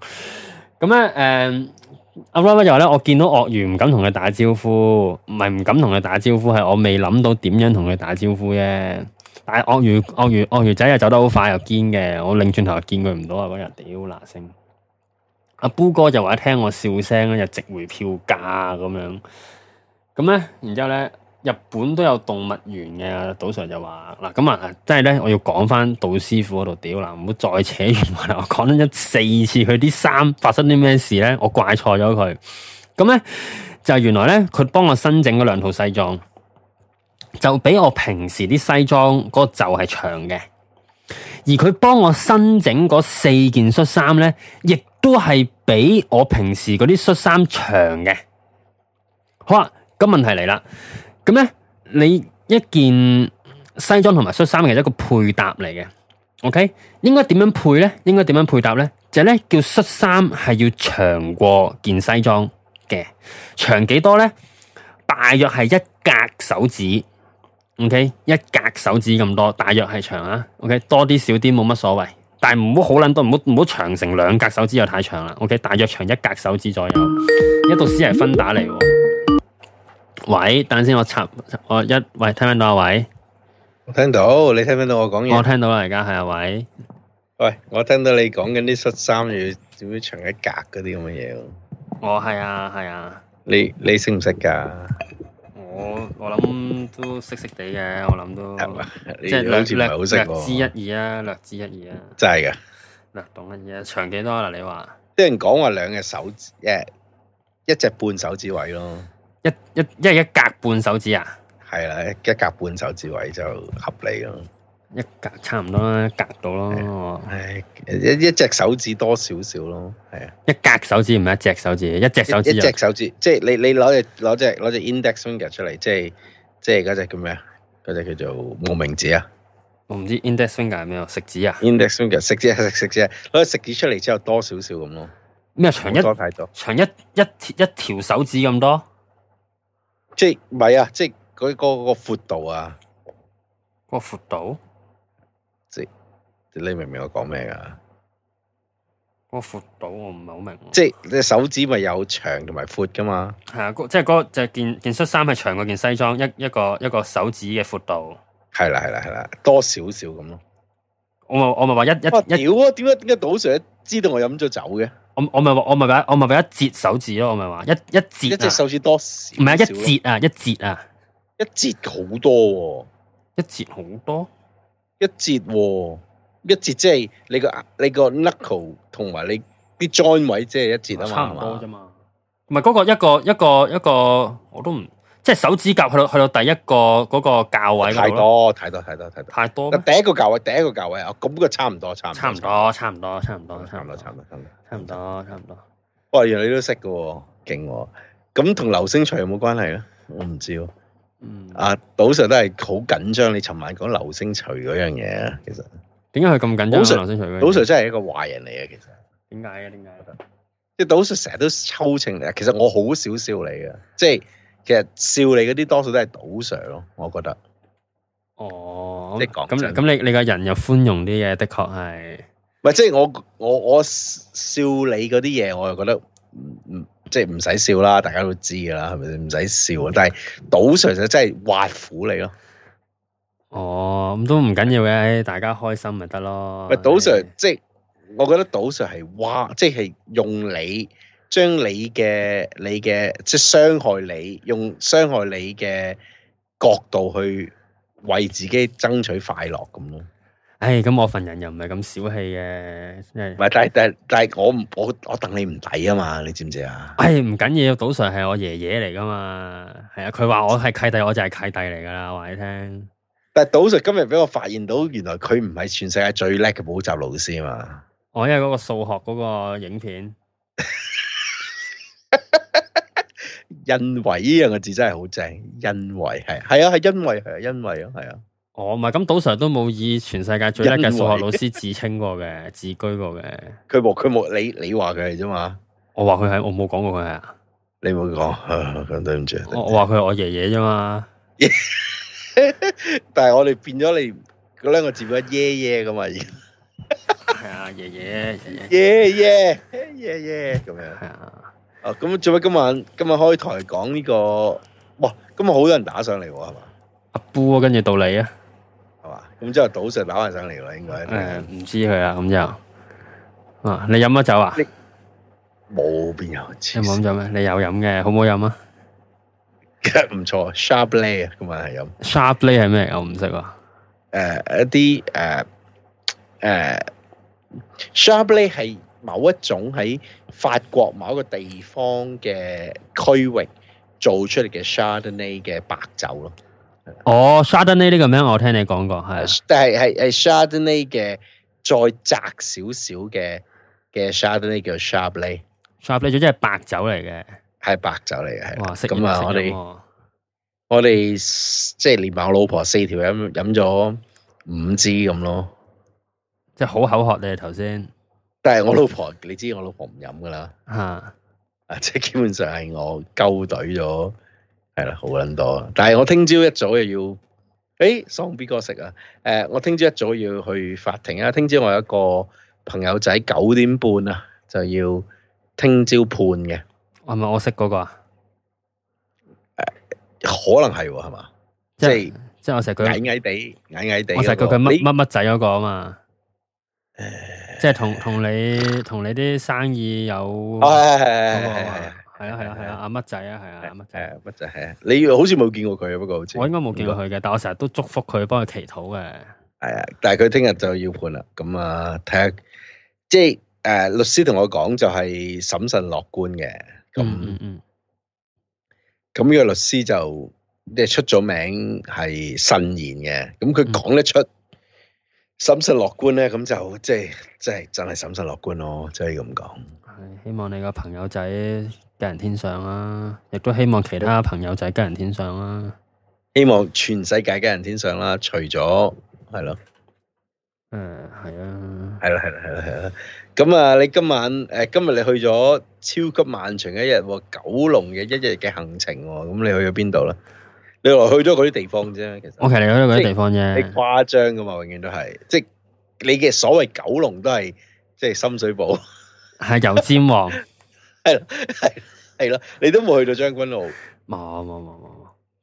咁、嗯、咧，誒。阿羅威就話咧，我見到鱷魚唔敢同佢打招呼，唔係唔敢同佢打招呼，係我未諗到點樣同佢打招呼啫。但係鱷魚、鱷魚、鱷魚仔又走得好快又堅嘅，我擰轉頭又見佢唔到啊！嗰日屌嗱聲，阿煲哥就話聽我笑聲咧就值回票價咁樣，咁咧，然之後咧。日本都有動物園嘅，賭上就話嗱咁啊，即係咧，我要講翻杜師傅嗰度屌啦，唔好再扯完埋。我講緊一四次佢啲衫發生啲咩事咧，我怪錯咗佢咁咧，就原來咧佢幫我新整嗰兩套西裝，就比我平時啲西裝嗰袖係長嘅，而佢幫我新整嗰四件恤衫咧，亦都係比我平時嗰啲恤衫長嘅。好啊，咁問題嚟啦。咁咧，你一件西裝同埋恤衫係一個配搭嚟嘅，OK？應該點樣配咧？應該點樣配搭咧？就係咧，叫恤衫係要長過件西裝嘅，長幾多咧？大約係一格手指，OK？一格手指咁多，大約係長啊，OK？多啲少啲冇乜所謂，但係唔好好捻多，唔好唔好長成兩格手指又太長啦，OK？大約長一格手指左右，一度先係分打嚟。喂，等下先，我插我一喂，聽唔聽到啊？喂，我聽到，你聽唔聽到我講嘢？我聽到啦，而家係啊？喂，
喂，我聽到你講緊啲恤衫要點樣長一格嗰啲咁嘅嘢，我係啊，係、哦、啊。啊你你識唔識噶？我我諗都識識地嘅，我諗都你係好似唔係好識喎。
知一二啊，略知一二啊。
真係噶，嗱，懂乜嘢，啊？長幾多啊？你話？啲人講話兩隻手指，誒、yeah，一隻半手指位咯。
一一一格半
手指啊，係啦，一格半手指位就合理咯。
一格差唔多啦，一格到咯。唉，
一一隻手指多少少咯，
係啊。一格手指唔係一隻手指，一隻手指一隻手
指，就即係你你攞隻攞隻攞隻 index finger 出嚟，即係即係嗰隻叫咩啊？嗰隻叫做無名指啊。我唔知 index finger 係咩啊？食指啊？index finger 食指食食指啊，攞食指出嚟之後多少少咁咯。
咩長一多太多長一一一
條手指咁多？即係唔係啊！即係嗰、那個個闊度啊，個闊度，即係你明唔明我講咩噶？個闊度我唔係好明。即係你手指咪有長同埋闊噶嘛？
係啊，即係嗰隻件件恤衫係長過件西裝一一個一個手指嘅闊
度。係啦、啊，係啦、啊，係啦、啊，多少少咁咯。
我咪我咪話一哇一屌一啊！點解點解杜 Sir 知道我飲咗酒嘅？我我咪話我咪話我咪話一節手指咯，我咪話一一節，啊，一隻手指多唔係一節啊，一節啊，
一節好多，哦、多，一節好多，一節一節即係你個你個 knuckle 同埋你啲 join 位即係一節啊嘛，差唔多啫嘛，唔係嗰
個一個一個一個我都唔。即係手指甲去到去到第一個嗰個較位，太多太
多太多太多太多。第一個較位，第一個較位啊，咁個差唔多，差唔多，差唔多，差唔多，
差唔多，差
唔多，差唔多，差唔多，差唔多。哇！原來你都識嘅，勁喎。咁同流星錘有冇關係咧？我唔知咯。嗯，阿賭 Sir 都係好緊張。你尋晚講流星錘嗰樣嘢，其實
點解佢咁緊張？流星錘，賭 Sir
真係一個壞人嚟嘅，其實點解啊？點解？即係賭 Sir 成日都抽秤嚟，其實我好少笑你嘅，即係。其實笑你嗰啲多數都係賭 Sir 咯，我覺得。
哦，即係講咁咁，你你個人又寬容啲嘢，的確係。
唔係即係我我我笑你嗰啲嘢，我又覺得唔、嗯、即係唔使笑啦，大家都知噶啦，係咪唔使笑，但係賭 Sir 就真係挖苦你咯。哦，咁都唔緊要嘅，大家開心咪得咯。賭 Sir、嗯、即係，我覺得賭 Sir 係挖，即係用你。將你嘅你嘅即係傷害你，用傷害你嘅角度去為自己爭取快樂咁咯。唉，咁、哎、我份人又唔係咁小氣嘅。唔係，但係但係但係我我我戥你唔抵啊嘛！你知唔知，哎、
啊？唉，唔緊要，杜 Sir 係我爺爺嚟噶嘛？係啊，佢話我係契弟，我就係契弟嚟噶啦，話你聽。
但係杜 Sir 今日俾我發現到，原來佢唔係全世界最叻嘅補習老師啊嘛。我因為嗰個數學嗰個影片。 因為呢樣嘅字真係好正，因為係係啊係因為係因為啊，係啊，是啊
哦唔係咁賭 Sir 都冇以全世界最叻嘅數學老師自稱過嘅，欣慰 自
居過嘅。佢冇佢冇，你你話佢係啫嘛？我話佢係，我冇講過佢係啊。你冇講，咁對唔住。我話佢係我爺爺
啫嘛。
但係我哋變咗你嗰兩個字變咗爺爺咁啊？係啊，爺爺爺爺爺爺爺爺咁樣。啊，咁做乜？今晚今日開台講呢、這個，哇，今日好多人打上嚟係嘛？阿姑跟
住到你啊，
係嘛？咁之後賭石打翻上嚟啦，應該誒，唔、
呃、知佢啊，咁就啊，你飲乜酒啊？冇邊有，有？有冇飲酒咩？你有飲
嘅，好唔好飲啊？唔 錯 Chablis 啊，今日係飲 Chablis 係咩？我唔識啊。誒、呃，一啲誒誒 Chablis 係。呃呃某一種喺法國某一個地方嘅區域做出嚟嘅 Chardonnay 嘅白酒咯，
哦、oh，Chardonnay 呢個名我聽你講過，係，
但係係係 Chardonnay 嘅再窄少少嘅嘅 Chardonnay 叫 Chablis，Chablis 總之係白酒嚟嘅，係白酒嚟嘅，係哇！咁啊，我哋我哋即係連埋我老婆四條飲飲咗五支咁咯，即係好口渴咧頭先。但係我老婆， 你知我老婆唔飲噶啦，啊、啊，即係基本上係我溝隊咗，係啦，好捻多。但係我聽朝一早又要，誒、欸，送俾個食啊？誒、呃，我聽朝一早要去法庭啊！聽朝我有一個朋友仔九點半啊，就要聽朝判嘅。係咪我識嗰個啊？誒、呃，可能係係嘛？即係、就是、即係我成日佢矮矮地，矮矮地、那個，我成日叫佢乜
乜乜仔嗰個啊嘛。誒。即係同同你同你啲生意有，係係係係啊係啊
係啊阿乜仔啊係啊阿乜仔啊，乜仔係啊，你好似冇見過佢啊，不過好似我應該冇見過佢嘅，但係我成日都祝福佢，幫佢祈禱嘅。係啊，但係佢聽日就要判啦，咁啊睇下，即係誒、呃、律師同我講就係審慎樂觀嘅。咁咁呢個律師就即係出咗名係慎言嘅，咁佢講得出。嗯審慎樂觀咧，咁就即係即係真係審慎樂觀咯，即係咁講。
係希望你個朋友仔吉人天相啦、啊，亦都希望其他朋友仔吉人天相啦、
啊，希望全世界吉人天相、啊、啦，除咗係咯，誒係啊，係啦係啦係啦係啦，咁啊你今晚誒今日你去咗超級漫長一日九龍嘅一日嘅行程喎，咁你去咗邊度啦？你嚟去咗嗰啲地方啫，其實
我其實去咗嗰啲地方啫，你
誇張噶嘛。永遠都係，即係你嘅所謂九龍都係，即係深水埗，
係油尖旺，
係係係咯，你都冇去到將軍澳，冇冇冇冇，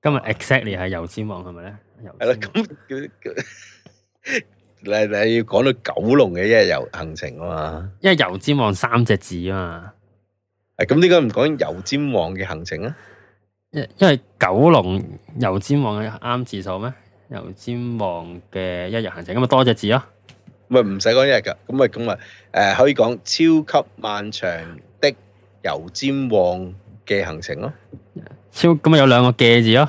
今日 exactly 係油尖旺係咪咧？
係啦，咁叫你你要講到九龍嘅一日遊行程啊嘛，
因為油尖旺三隻字啊嘛，係咁點解唔講油尖旺嘅行程啊？因因為九龍油尖旺啱字數咩？
油尖旺嘅一日行程咁咪多隻字咯。咪唔使講一日㗎。咁咪咁咪誒可以講超級漫長的油尖旺嘅行程咯。
超咁咪有兩個嘅字咯。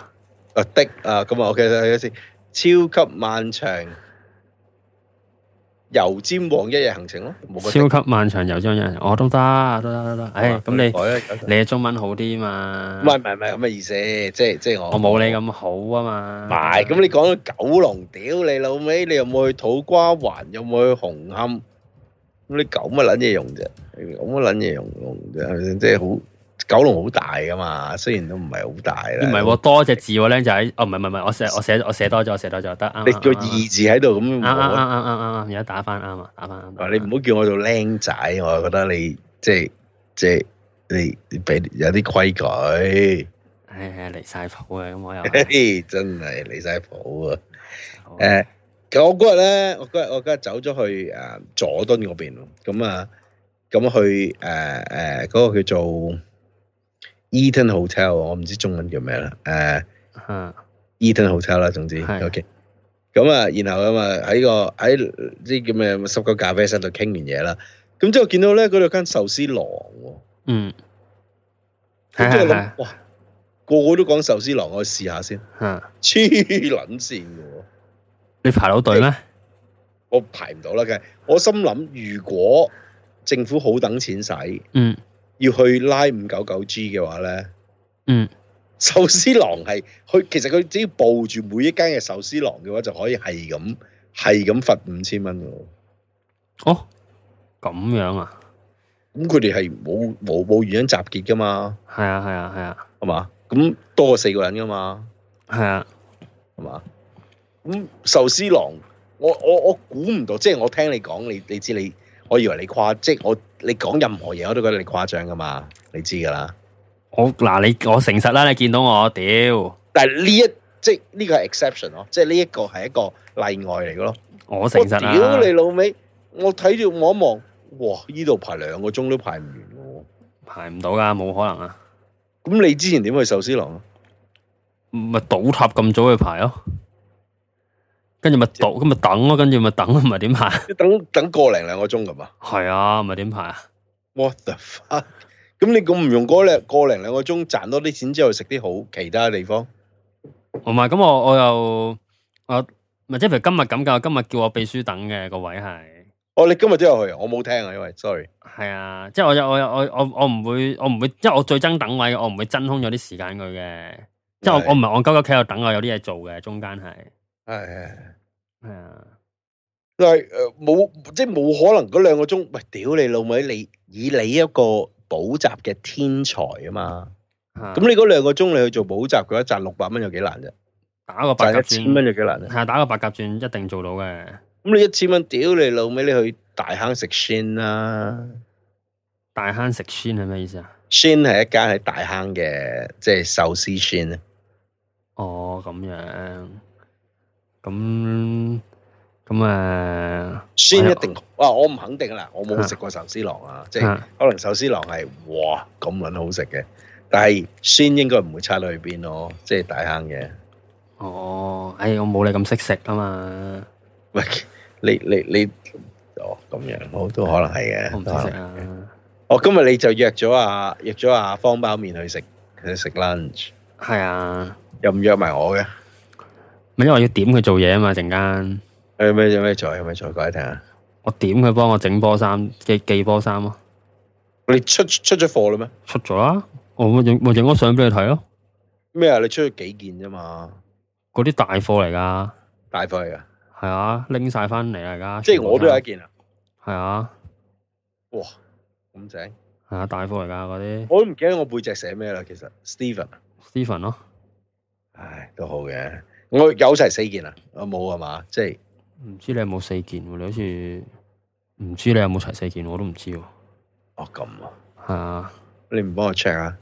啊的啊咁啊 OK 啦，等先。超級漫長。油尖旺一日行程咯，超級
漫長油尖一日行程，我都得，得都得得，唉，咁、啊欸、你你嘅中文好啲嘛？
唔係唔係唔係咁嘅意思，即係即係我，我冇你咁好啊嘛。係，咁你講到九龍，屌你老味，你又冇去土瓜灣？又冇去紅磡？咁你九乜撚嘢用啫？咁乜撚嘢用用啫？即係好。九龍好大噶嘛，雖然都唔係好大啦。唔係喎，
多隻字喎，僆仔。哦，唔係唔係，我寫我寫我寫多咗，我寫多咗得。你叫二字喺度咁。啱啱啱啱啱啱，而家打翻啱啊、嗯，打
翻啱。嗱、嗯，你唔好叫我做僆仔，我覺得你即係即係你俾有啲規矩。係係離曬譜嘅，咁我又真係離晒譜好、uh, 啊！誒，其實我嗰日咧，我嗰日我嗰日走咗去誒佐敦嗰邊喎，咁啊，咁去誒誒嗰個叫做。Eaton Hotel，我唔知中文叫咩啦，誒、呃啊、Eaton Hotel 啦，總之是的，OK，咁啊，然後咁啊喺個喺啲叫咩十個咖啡室度傾完嘢啦，咁之後見到咧嗰度有間壽司郎嗯，
咁
之後諗，是的是的哇，個個都講壽司郎，我試下先，嗯的，黐捻線
嘅，你排到隊咩？
我排唔到啦，我心諗，如果政府好等錢使，嗯。要去拉五九九 G 嘅話咧，嗯，壽司郎係佢其實佢只要報住每一間嘅壽司郎嘅話，就可以係咁係咁罰五千蚊嘅喎。哦，咁樣啊？咁佢哋係冇冇冇原因集結㗎嘛？係啊，係啊，係啊，係嘛？咁多過四個人㗎嘛？係啊，係嘛？咁壽司郎，我我我估唔到，即係我聽你講，你你知你。我以為你誇張，即我你講任何嘢我都覺得你誇張噶嘛，你知噶啦。
我
嗱你我誠實啦，你見到我屌，我
但係呢一即係呢個 exception 咯，即係呢一個係一個例外嚟嘅咯。我誠實屌你老味！我睇住，我一望，哇！呢度排兩個鐘都排唔完嘅，排唔到噶，冇可能啊。咁你之前點去壽司郎？咪倒塔咁早去排咯，啊。
跟住咪等，咁咪等咯。跟住咪等，咪點排？
等等個零兩個鐘咁啊？
係啊，咪點排
啊？What the fuck？咁你咁唔用嗰個零兩個鐘賺多啲錢之後食啲好其他嘅地方？
同埋咁我我又啊，咪即係譬如今日咁噶，今日叫我秘書等嘅個位係。
哦，你今日都有去？我冇聽啊，因為 sorry。係啊，
即係我我我我我唔會我唔會，即係我最憎等位，我唔會真空咗啲時間佢嘅。即係我、啊、我唔係戇鳩鳩企喺度等我有啲嘢做嘅中間係
係。係啊，但係誒，冇、呃、即係冇可能嗰兩個鐘，喂，屌你老味，你以你一個補習嘅天才啊嘛，咁、啊、你嗰兩個鐘你去做補習，佢一賺六百蚊有幾難啫，
啊？打個八夾千蚊有幾難咧？係啊，打個八甲轉一定做到嘅。
咁你一千蚊，屌你老味，你去大坑食酸啦，嗯！大坑食酸係咩意思啊？酸係一間喺大坑嘅，即係壽司酸啊！哦，咁樣。咁咁誒，酸一定哇！我唔肯定啦，我冇食過壽司郎啊，即係可能壽司郎係哇咁撚好食嘅，但係酸應該唔會差到去邊咯，即係大坑嘅。
哦，哎，我冇你咁
識食啊嘛。喂，你你你，哦，咁樣，好都可能係嘅。唔識食啊！哦，今日你就約咗啊，約咗啊，方包面去食，去食 lunch。係啊，又唔約埋我嘅。
咪因為我要點佢做嘢啊嘛，陣間。誒咩有咩做，咩做？講嚟聽下。我點佢幫我整波衫，寄寄波衫咯、
啊啊。你出出咗貨啦咩？
出咗啦，我我我影咗相俾你睇咯。
咩啊？你出咗幾件啫嘛？
嗰啲大貨嚟噶，大貨嚟噶。係啊，拎晒翻嚟啦，而家。即係我都有一件啊。係啊。哇，
咁正。係啊，大貨嚟噶嗰啲。我都唔記得我背脊寫咩啦，其實。Steven。Steven 咯、啊。唉，都好嘅。我有齊四件啊，我冇係嘛，
即係唔知你有冇四件，你好似唔知你有冇齊四件，我都唔知。
哦咁啊，
係啊，你唔幫我 check 啊？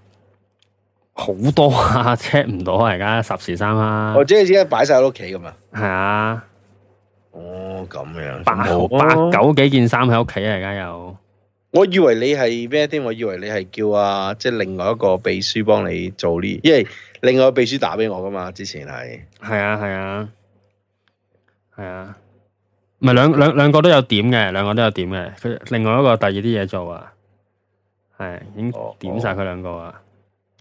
好多啊，check 唔到，而家十時衫啊！我、哦、
即係而家擺晒喺屋企噶嘛。係啊，哦咁樣，八，號啊、八九
幾件衫喺屋企啊，而家
有我。我以為你係咩添？我以為你係叫啊，即、就、係、是、另外一個秘書幫你做呢，因為另外秘書打畀我噶嘛？之前係係
啊係啊係啊，唔係兩兩兩個都有點嘅，兩個都有點嘅。佢另外一個第二啲嘢做啊，係已經點晒佢兩個啊。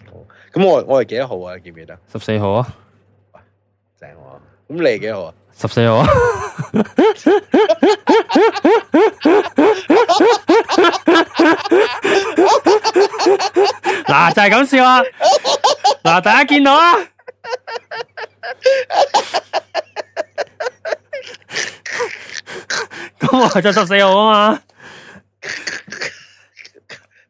咁、哦哦哦哦、我我係幾多號啊？記唔記得？
十四號啊，
正喎、啊。咁你幾多號啊？嗯
十四號啊，嗱就係咁笑啊！
嗱，大家見到啊，
咁我着十四號啊嘛，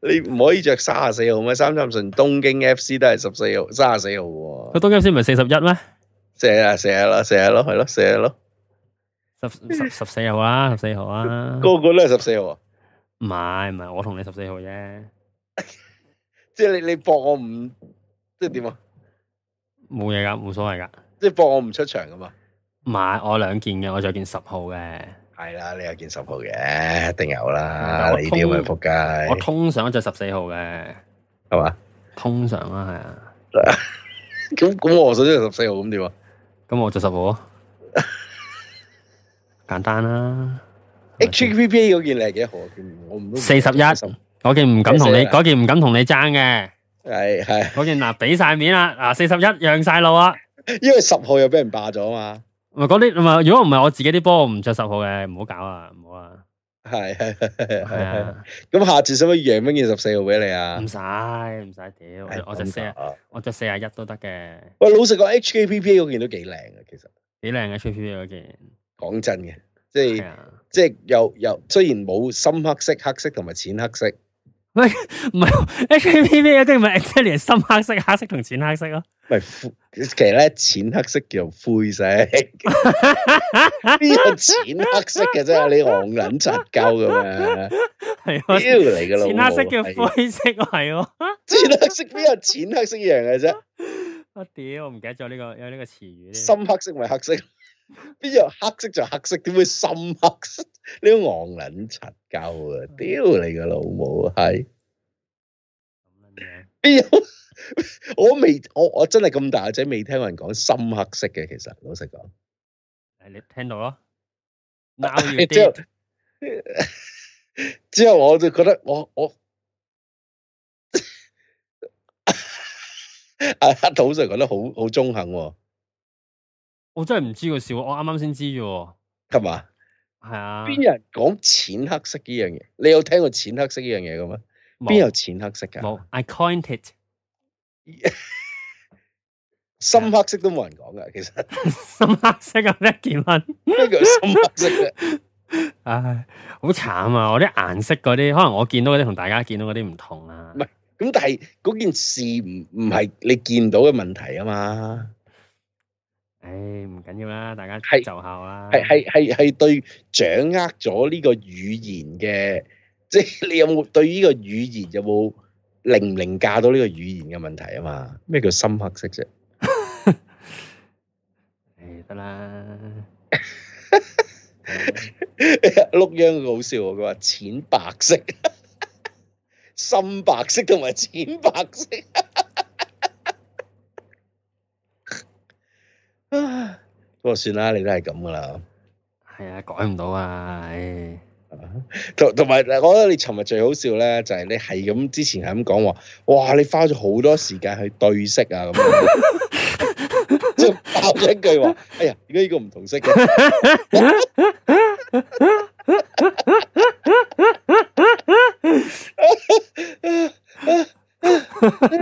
你唔可以着卅四號咩？三十五東京 F C 都係十四號，卅四號。
佢東京 FC 唔係四十一咩？
成日
成日咯，成日咯，係咯，成日咯，十十十四號啊，十四號啊，十四號個
個都係十四號，
唔係唔係，我同你十四號啫 ，
即係你你搏我唔，即係點啊？
冇嘢噶，冇所謂噶，
即係搏我唔出場噶嘛？
唔係我兩件嘅，我仲有件十號嘅，
係啦，你有件十號嘅，
一定有啦，你啲咪仆街。我通常就十四號嘅，係嘛吧？通常啦，係
啊。咁咁， 我所以十四號咁點啊？咁我着十號，簡單啦。H V P A 嗰件你係幾多號啊？件我唔四十
一，我件唔敢同你，嗰件唔敢同你爭嘅。係
係，嗰
件嗱俾晒面啦，嗱四十一讓晒路啊，
因為十號又俾人霸咗啊嘛。
唔係嗰啲，唔係如果唔係我自己啲波，我唔着十號嘅，唔好搞啊，唔好啊。
係係係啊！咁、啊、 下次使唔使贏乜件十四號俾你啊？唔使唔使，屌！我着四啊，
我着四十一都得嘅。
喂，老實講，HKPP 嗰件都幾靚啊，其實幾靚啊 HKPP 嗰件。講真嘅，即係、啊、即係又又雖然冇深黑色、黑色同埋淺黑色。
唔係唔係，HPPV 嗰啲唔係 actually 深黑色、黑色同淺黑色咯。
唔係，其實咧，淺黑色叫灰色。邊 有淺黑色嘅啫？你戇捻柒夠嘅咩？係，屌嚟嘅咯。淺黑色叫灰色，係咯。淺黑色邊有淺黑色嘅啫？我屌，我唔記得咗呢個有呢個詞語。深黑色咪黑色，邊有黑色， 黑色就黑色，點會深黑色？你戇捻柒夠啊！屌你個老母閪！邊有？樣 我未，我我真係咁大隻，未聽人講深黑色嘅。其實老實講，你聽到咯？ 之後我就覺得我我阿 黑土就覺得好好中肯。我
真係唔知個笑，我
啱啱先知嘅。係嘛？係啊，邊有人講淺黑色呢樣嘢？你有聽過淺黑色呢樣嘢嘅咩？邊有淺黑色噶？冇，I coined it。 深黑色都冇人講噶，其實。
深黑色咁樣結婚，
呢個 深黑色咧，
唉、 哎，好慘啊！我啲顏色嗰啲，可能我見到嗰啲同大家見到嗰啲唔同啊。
唔係，咁但係嗰件事唔唔係你見到嘅問題啊嘛。唉，唔緊要啦，大家係就效啦。係係係係對掌握咗呢個語言嘅，即係你有冇對呢個語言有冇凌唔凌駕到呢個語言嘅問題啊嘛？咩叫深黑色啫？唉、 哎，得啦，碌秧好笑喎，佢話淺白色、 深白色同埋淺白色。不過算啦，你都係咁噶啦，係啊，改唔到啊，同同埋我覺得你尋日最好笑咧，就係你係咁之前係咁講話，哇，你花咗好多時間去對色啊，咁樣即係爆咗一句話，哎呀，而家呢個唔同色嘅。 完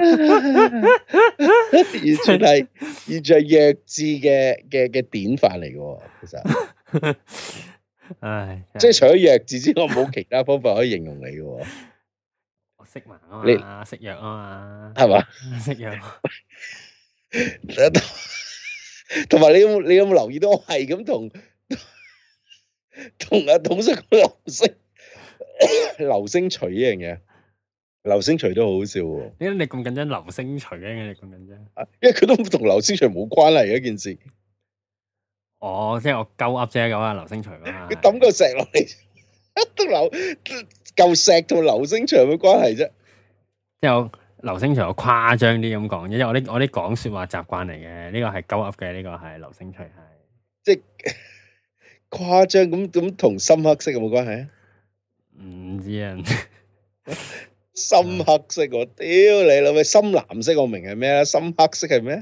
全係，完全係弱智嘅嘅嘅典範嚟嘅，其實， 唉，即係除咗弱智之外，冇 其他方法可以形容你嘅。我識埋、啊，你啊嘛，食藥吧啊嘛，係嘛？食藥。同埋你有冇你有冇留意到我係咁同同阿董叔講流星，流星錘呢樣嘢？流星錘都好好笑
喎、啊！點解你咁緊張流星錘咧、
啊？你咁緊張？因為佢都同流星錘冇關係嘅一件事。
哦，即係我鳩噏啫，咁、嗯、啊流星錘
佢抌個石落嚟，一督流舊石同流星錘有冇關係
啫？即係流星錘我誇張啲咁講，因為我啲我啲講說話習慣嚟嘅，呢、這個係鳩噏嘅，呢、這個係流星錘係，即
係誇張咁咁同深黑色有冇關係啊？唔知啊。 深黑色我屌你老味，深藍色我明係咩啦？深黑色係咩？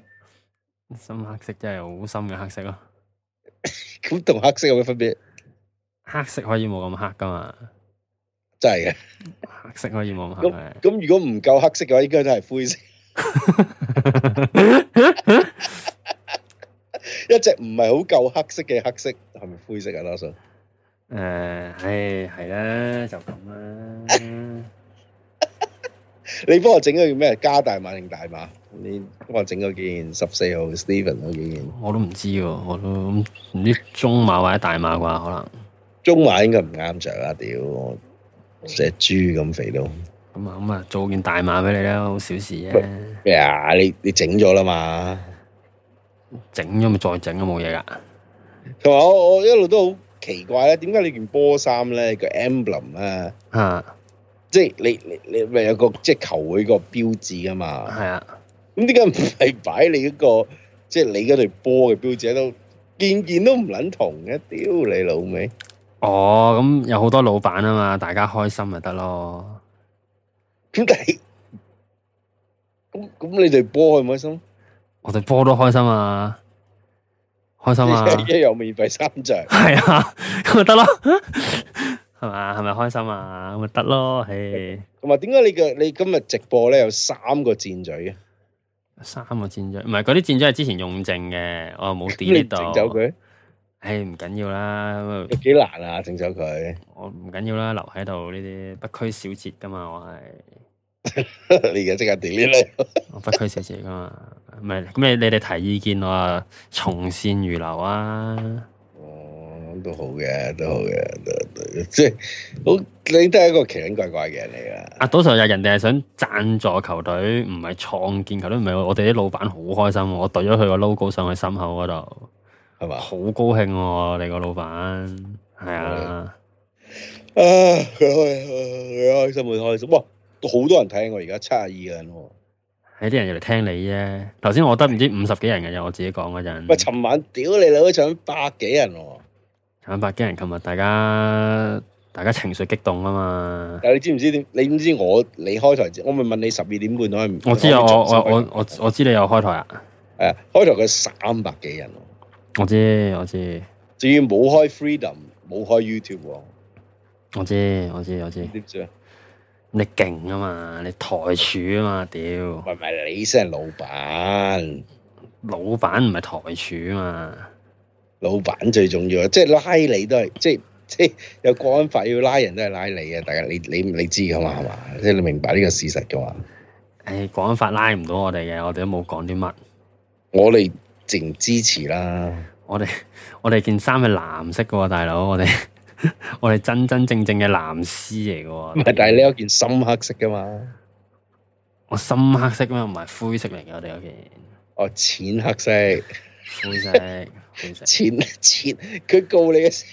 深黑色真係好深嘅黑色咯、啊。咁同 黑色有咩分別？黑色可以冇咁黑噶嘛？真係嘅，黑色可以冇咁黑
咁 如果唔夠黑色嘅話，應該都係灰色。 一隻唔係好夠黑色嘅黑色係咪灰色啊？多數、呃，誒、哎，唉，係啦，就咁啦。 你幫我整嗰件咩加大碼定大碼？你幫我整嗰件十四號 Stephen 嗰件，我都唔知喎，我都唔知中碼或者大碼啩，可能中碼應該唔啱着啊！屌，
成隻豬咁肥到咁啊！咁啊，做件大碼俾你啦，好小事啊！咩啊？你你整咗啦嘛？整咗咪再整都冇嘢噶。佢
話我我一路都好奇怪咧，點解你件波衫咧個 emblem 咧吓？即係你你你咪有個即係球會個標誌啊嘛，係啊，咁點解唔係擺你嗰、嗰個即係、就是、你嗰隊波嘅標誌喺度，件件都唔捻同嘅？屌你老味！
哦，咁有好多老闆啊嘛，大家開心咪得咯。
點解？咁咁你隊波開唔開心？
我隊波都開心啊，開心啊， 一
樣免費三張，
係啊，咪得咯。 係嘛？係咪開心啊？咁咪得咯，
誒。同埋點解你嘅你今日直播咧有三個箭嘴
嘅？三個箭嘴，唔係嗰啲箭嘴係之前用剩嘅，我又冇 delete 到。整走佢？誒，唔緊要啦。幾難啊，整走佢？我唔緊要啦，留喺度呢啲不拘小節噶嘛，我係 你嘅即刻 delete 啦。 我不拘小節噶嘛，唔係咁你你哋提意見我啊，從善如流啊。
都好嘅，都好嘅，都即係我你都係一個奇奇怪怪嘅人嚟
噶。啊，到時候又人哋係想贊助球隊，唔係創建球隊，唔係我哋啲老闆好開心，我懟咗佢個 logo 上去心口嗰度，係嘛嗎？好高興喎，你個老闆係啊，啊佢、
哎、開心會開心。哇，都好多人睇我，而家七廿二個人喎、
啊，係啲人入嚟聽你啫。頭先我得唔知五十幾人嘅，咋我自己講嗰陣。
喂，尋晚屌你你老，搶百幾人喎！
三百幾人，琴日大家大家情緒激動啊嘛！
但係你知唔知點？你知唔知我你開台？我咪問你十二點半到係唔？我知啊，我我我我我知你有開台啊！誒，開台佢三百幾人喎，
我知，我
知。至於冇開 Freedom，冇開 YouTube，我知我知我知。
你勁啊嘛，你台柱啊嘛，屌！唔係唔係，你先係老
闆，老闆唔係台柱啊嘛。老闆最重要啊！即係拉你都係，即係即係有國安法要拉人都係拉你啊！大家你你你知噶嘛？係嘛？即係你明白呢個事實嘅嘛？誒，國
安法拉唔到我哋嘅，我哋都冇講啲乜。我哋淨支持啦。我哋我哋件衫係藍色噶，大佬，我哋我哋真真正正嘅藍絲嚟噶。
唔係，但係呢一件深黑色噶嘛。我深黑色嘛，唔係灰色嚟嘅，我哋有件。哦，淺黑色。灰色，淺淺，佢告你嘅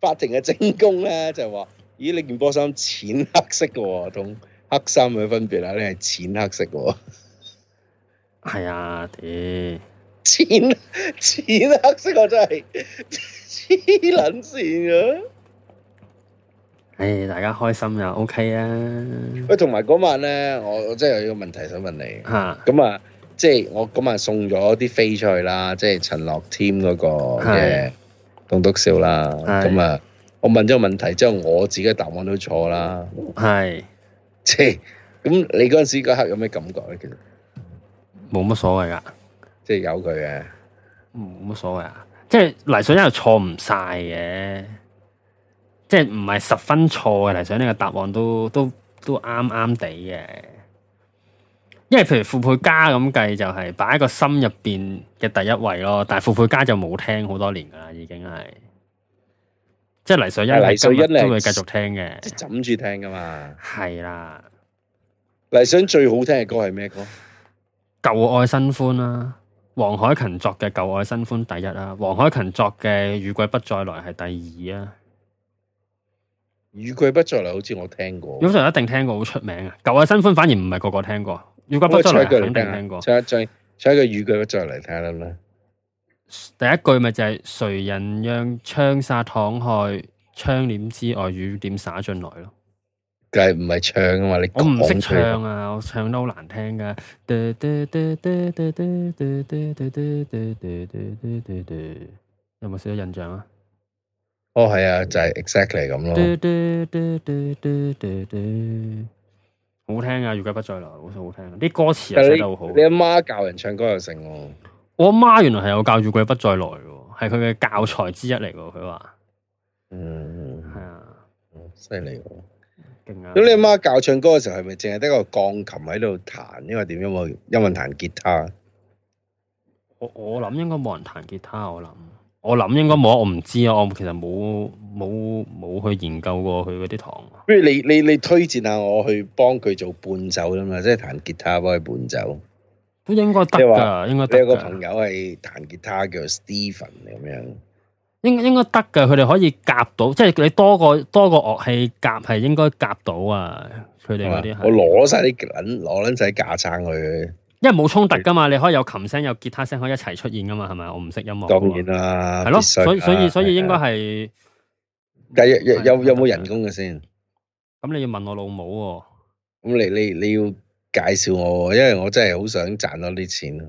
法庭嘅證供咧，就係話：咦，你件波衫淺黑色嘅，同黑衫嘅分別啦。你係淺黑色嘅，係啊，啲淺淺黑色，我真係黐捻
線啊！唉，大家開心
又 OK 啊。喂，同埋嗰晚咧，我我真係有個問題想問你啊，咁啊。即係我嗰日送咗啲飛出去啦，即係陳樂添 e 嗰個嘅棟篤笑啦。咁啊的，我問咗個問題之後，我自己嘅答案都錯啦。係，即係咁你嗰陣時嗰刻有咩感覺咧？其實冇乜所謂噶，即係有佢嘅，冇乜所謂啊。即係黎 Sir
真係錯唔晒嘅，即係唔係十分錯嘅黎 Sir 呢個答案都都都啱啱地嘅。因為譬如傅佩嘉咁計就係擺喺個心入邊嘅第一位咯，但係傅佩嘉就冇聽好多年噶啦，已經係即係黎瑞恩，黎瑞恩都會繼續聽嘅，
即係枕住聽噶嘛。係啦的，黎瑞恩最好聽嘅歌係咩歌？
舊愛新歡啦、啊，黃海芹作嘅舊愛新歡第一啦、啊，黃海芹作嘅雨季不再來係第二啊。雨季不再來好似我聽過，咁就一定聽過，好出名啊！舊愛新歡反而唔係個個聽過。語句來一肯定
聽聽過，再一再再一句語句再嚟睇下啦。看看
第一句咪就係、是、誰人讓窗紗敞開，窗簾之外雨點灑進來咯。
梗係唔係唱啊嘛？你我唔識唱啊，
我唱得好難聽噶。 有冇少少印象啊？
哦，係啊，就係、是、
exactly 咁咯。 好聽啊！《月桂不再來》好聽，好聽，啲歌詞寫得好。你
你阿媽教人唱歌，又成喎？
我阿媽原來係有教《月桂不再來》嘅，係佢嘅教材之一嚟
嘅。佢話、嗯，嗯，係啊，犀利。
咁你阿媽
教唱歌嘅時候，係咪淨係得個鋼琴喺度彈？因為點樣因為因為彈吉他。
我我諗應該冇人彈吉他，我諗。我諗應該冇，我唔知啊，我其實冇冇冇去研究過佢嗰啲堂。
不如你你你推薦下我去幫佢做伴奏吖嘛，即係彈吉他幫佢伴奏，都應該得噶，應該得噶，你有個朋友係彈吉他叫 Steven 咁樣，
應該應該得噶，佢哋可以夾到，即係你多個多個樂器夾係應該夾
到啊。佢哋嗰啲我攞晒啲捻，攞捻晒架撐佢。因為冇
衝突噶嘛，是你可以有琴聲、有吉他聲，可以一齊出現噶嘛，係咪？我唔識音樂。當然啦，
係咯的、啊，所以所以所以應該係，第一的的有有冇人工嘅先？咁你要問我老母喎、啊？咁你你你要介紹我、啊，因為我真係好想賺多啲錢咯。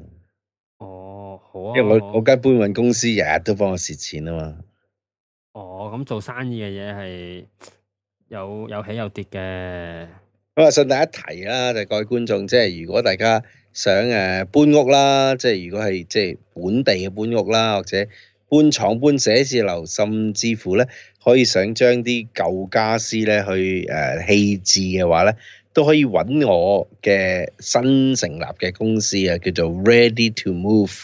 哦，好啊。
因為
我我間搬運公司日日都幫我蝕錢啊嘛。
哦，咁做生意嘅嘢係有有起有跌
嘅。好啊，順帶一提啦，就各位觀眾，即係如果大家。想誒搬屋啦，即係如果係即係本地嘅搬屋啦，或者搬廠、搬寫字樓，甚至乎咧，可以想將啲舊家私咧去誒、呃、棄置嘅話咧，都可以揾我嘅新成立嘅公司啊，叫做 Ready to Move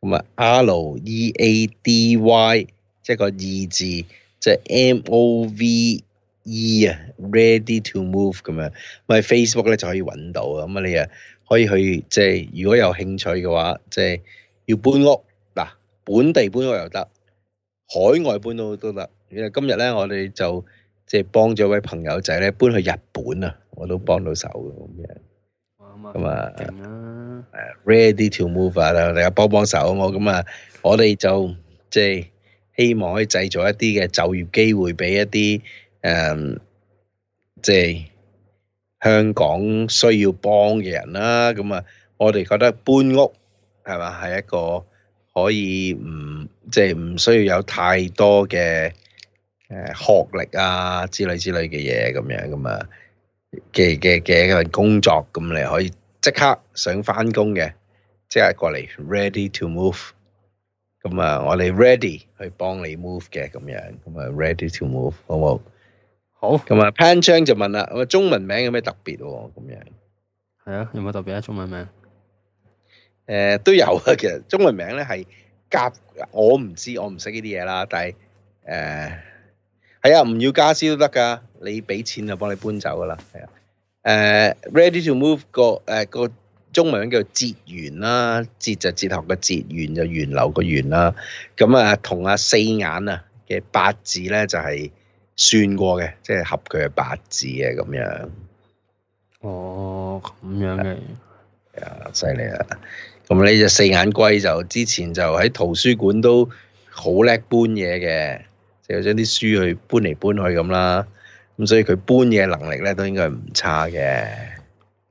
咁啊，R E A D Y，即係個 E 字，即係 M O V E 啊，Ready to Move 咁樣。喺 Facebook 咧就可以揾到咁啊，你啊～可以去即係，如果有興趣嘅話，即係要搬屋嗱，本地搬屋又得，海外搬屋都得。今日咧，我哋就即係幫咗位朋友仔咧搬去日本啊，我都幫到手嘅咁、嗯、樣。咁啊，勁啦！誒，ready to move 啊，大家幫幫手我咁啊，我哋就即係希望可以製造一啲嘅就業機會俾一啲誒、嗯，即係。香港需要幫嘅人啦，咁啊，我哋覺得搬屋，係嘛，係一個可以唔，即係唔需要有太多嘅誒學歷啊之類之類嘅嘢，咁樣，咁啊嘅嘅嘅一份工作，咁你可以即刻想返工嘅，即係過嚟 ready to move，咁啊我哋 ready 去幫你 move 嘅咁樣，咁啊 ready to move 好唔好？好，咁啊潘章就問啦，咁啊中文名有咩特別？咁樣係啊，有冇特別啊？中文名誒、啊啊呃、都有啊，其實中文名咧係夾，我唔知，我唔識呢啲嘢啦。但係誒係啊，唔要家私都得噶，你俾錢就幫你搬走噶啦。係啊，誒，ready to move 個誒個,個中文名叫哲源啦，哲就哲學個哲源就源流個源啦。咁啊同阿四眼啊嘅八字咧就係、是。算過嘅，即係合佢嘅八字嘅咁樣。哦，咁樣嘅，係啊，犀利啊！咁你隻四眼龜就之前就喺圖書館都好叻搬嘢嘅，就將啲書去搬嚟搬去咁啦。咁所以佢搬嘢能力咧都應該唔差嘅。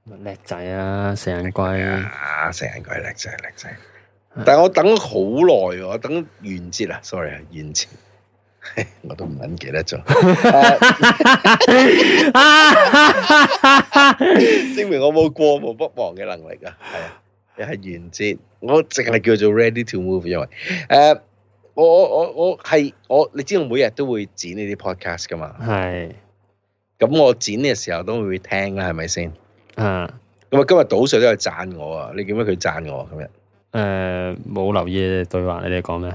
叻仔啊，四眼龜啊，啊四眼龜叻仔，叻仔！的但係我等好耐喎，我等完節啊，sorry 啊，完節。 我都唔諗記得咗，證明我冇過目不忘嘅能力啊！係啊，又係完結，我淨係叫做 Ready to Move，因為誒，我我我我係我，你知道我每日都會剪呢啲 Podcast 噶嘛？係是，咁我剪嘅時候都會聽啦，係咪先？啊，咁啊，今日賭水都有贊我啊！你點解佢贊我，啊？今日誒，冇留意對話，你哋講咩？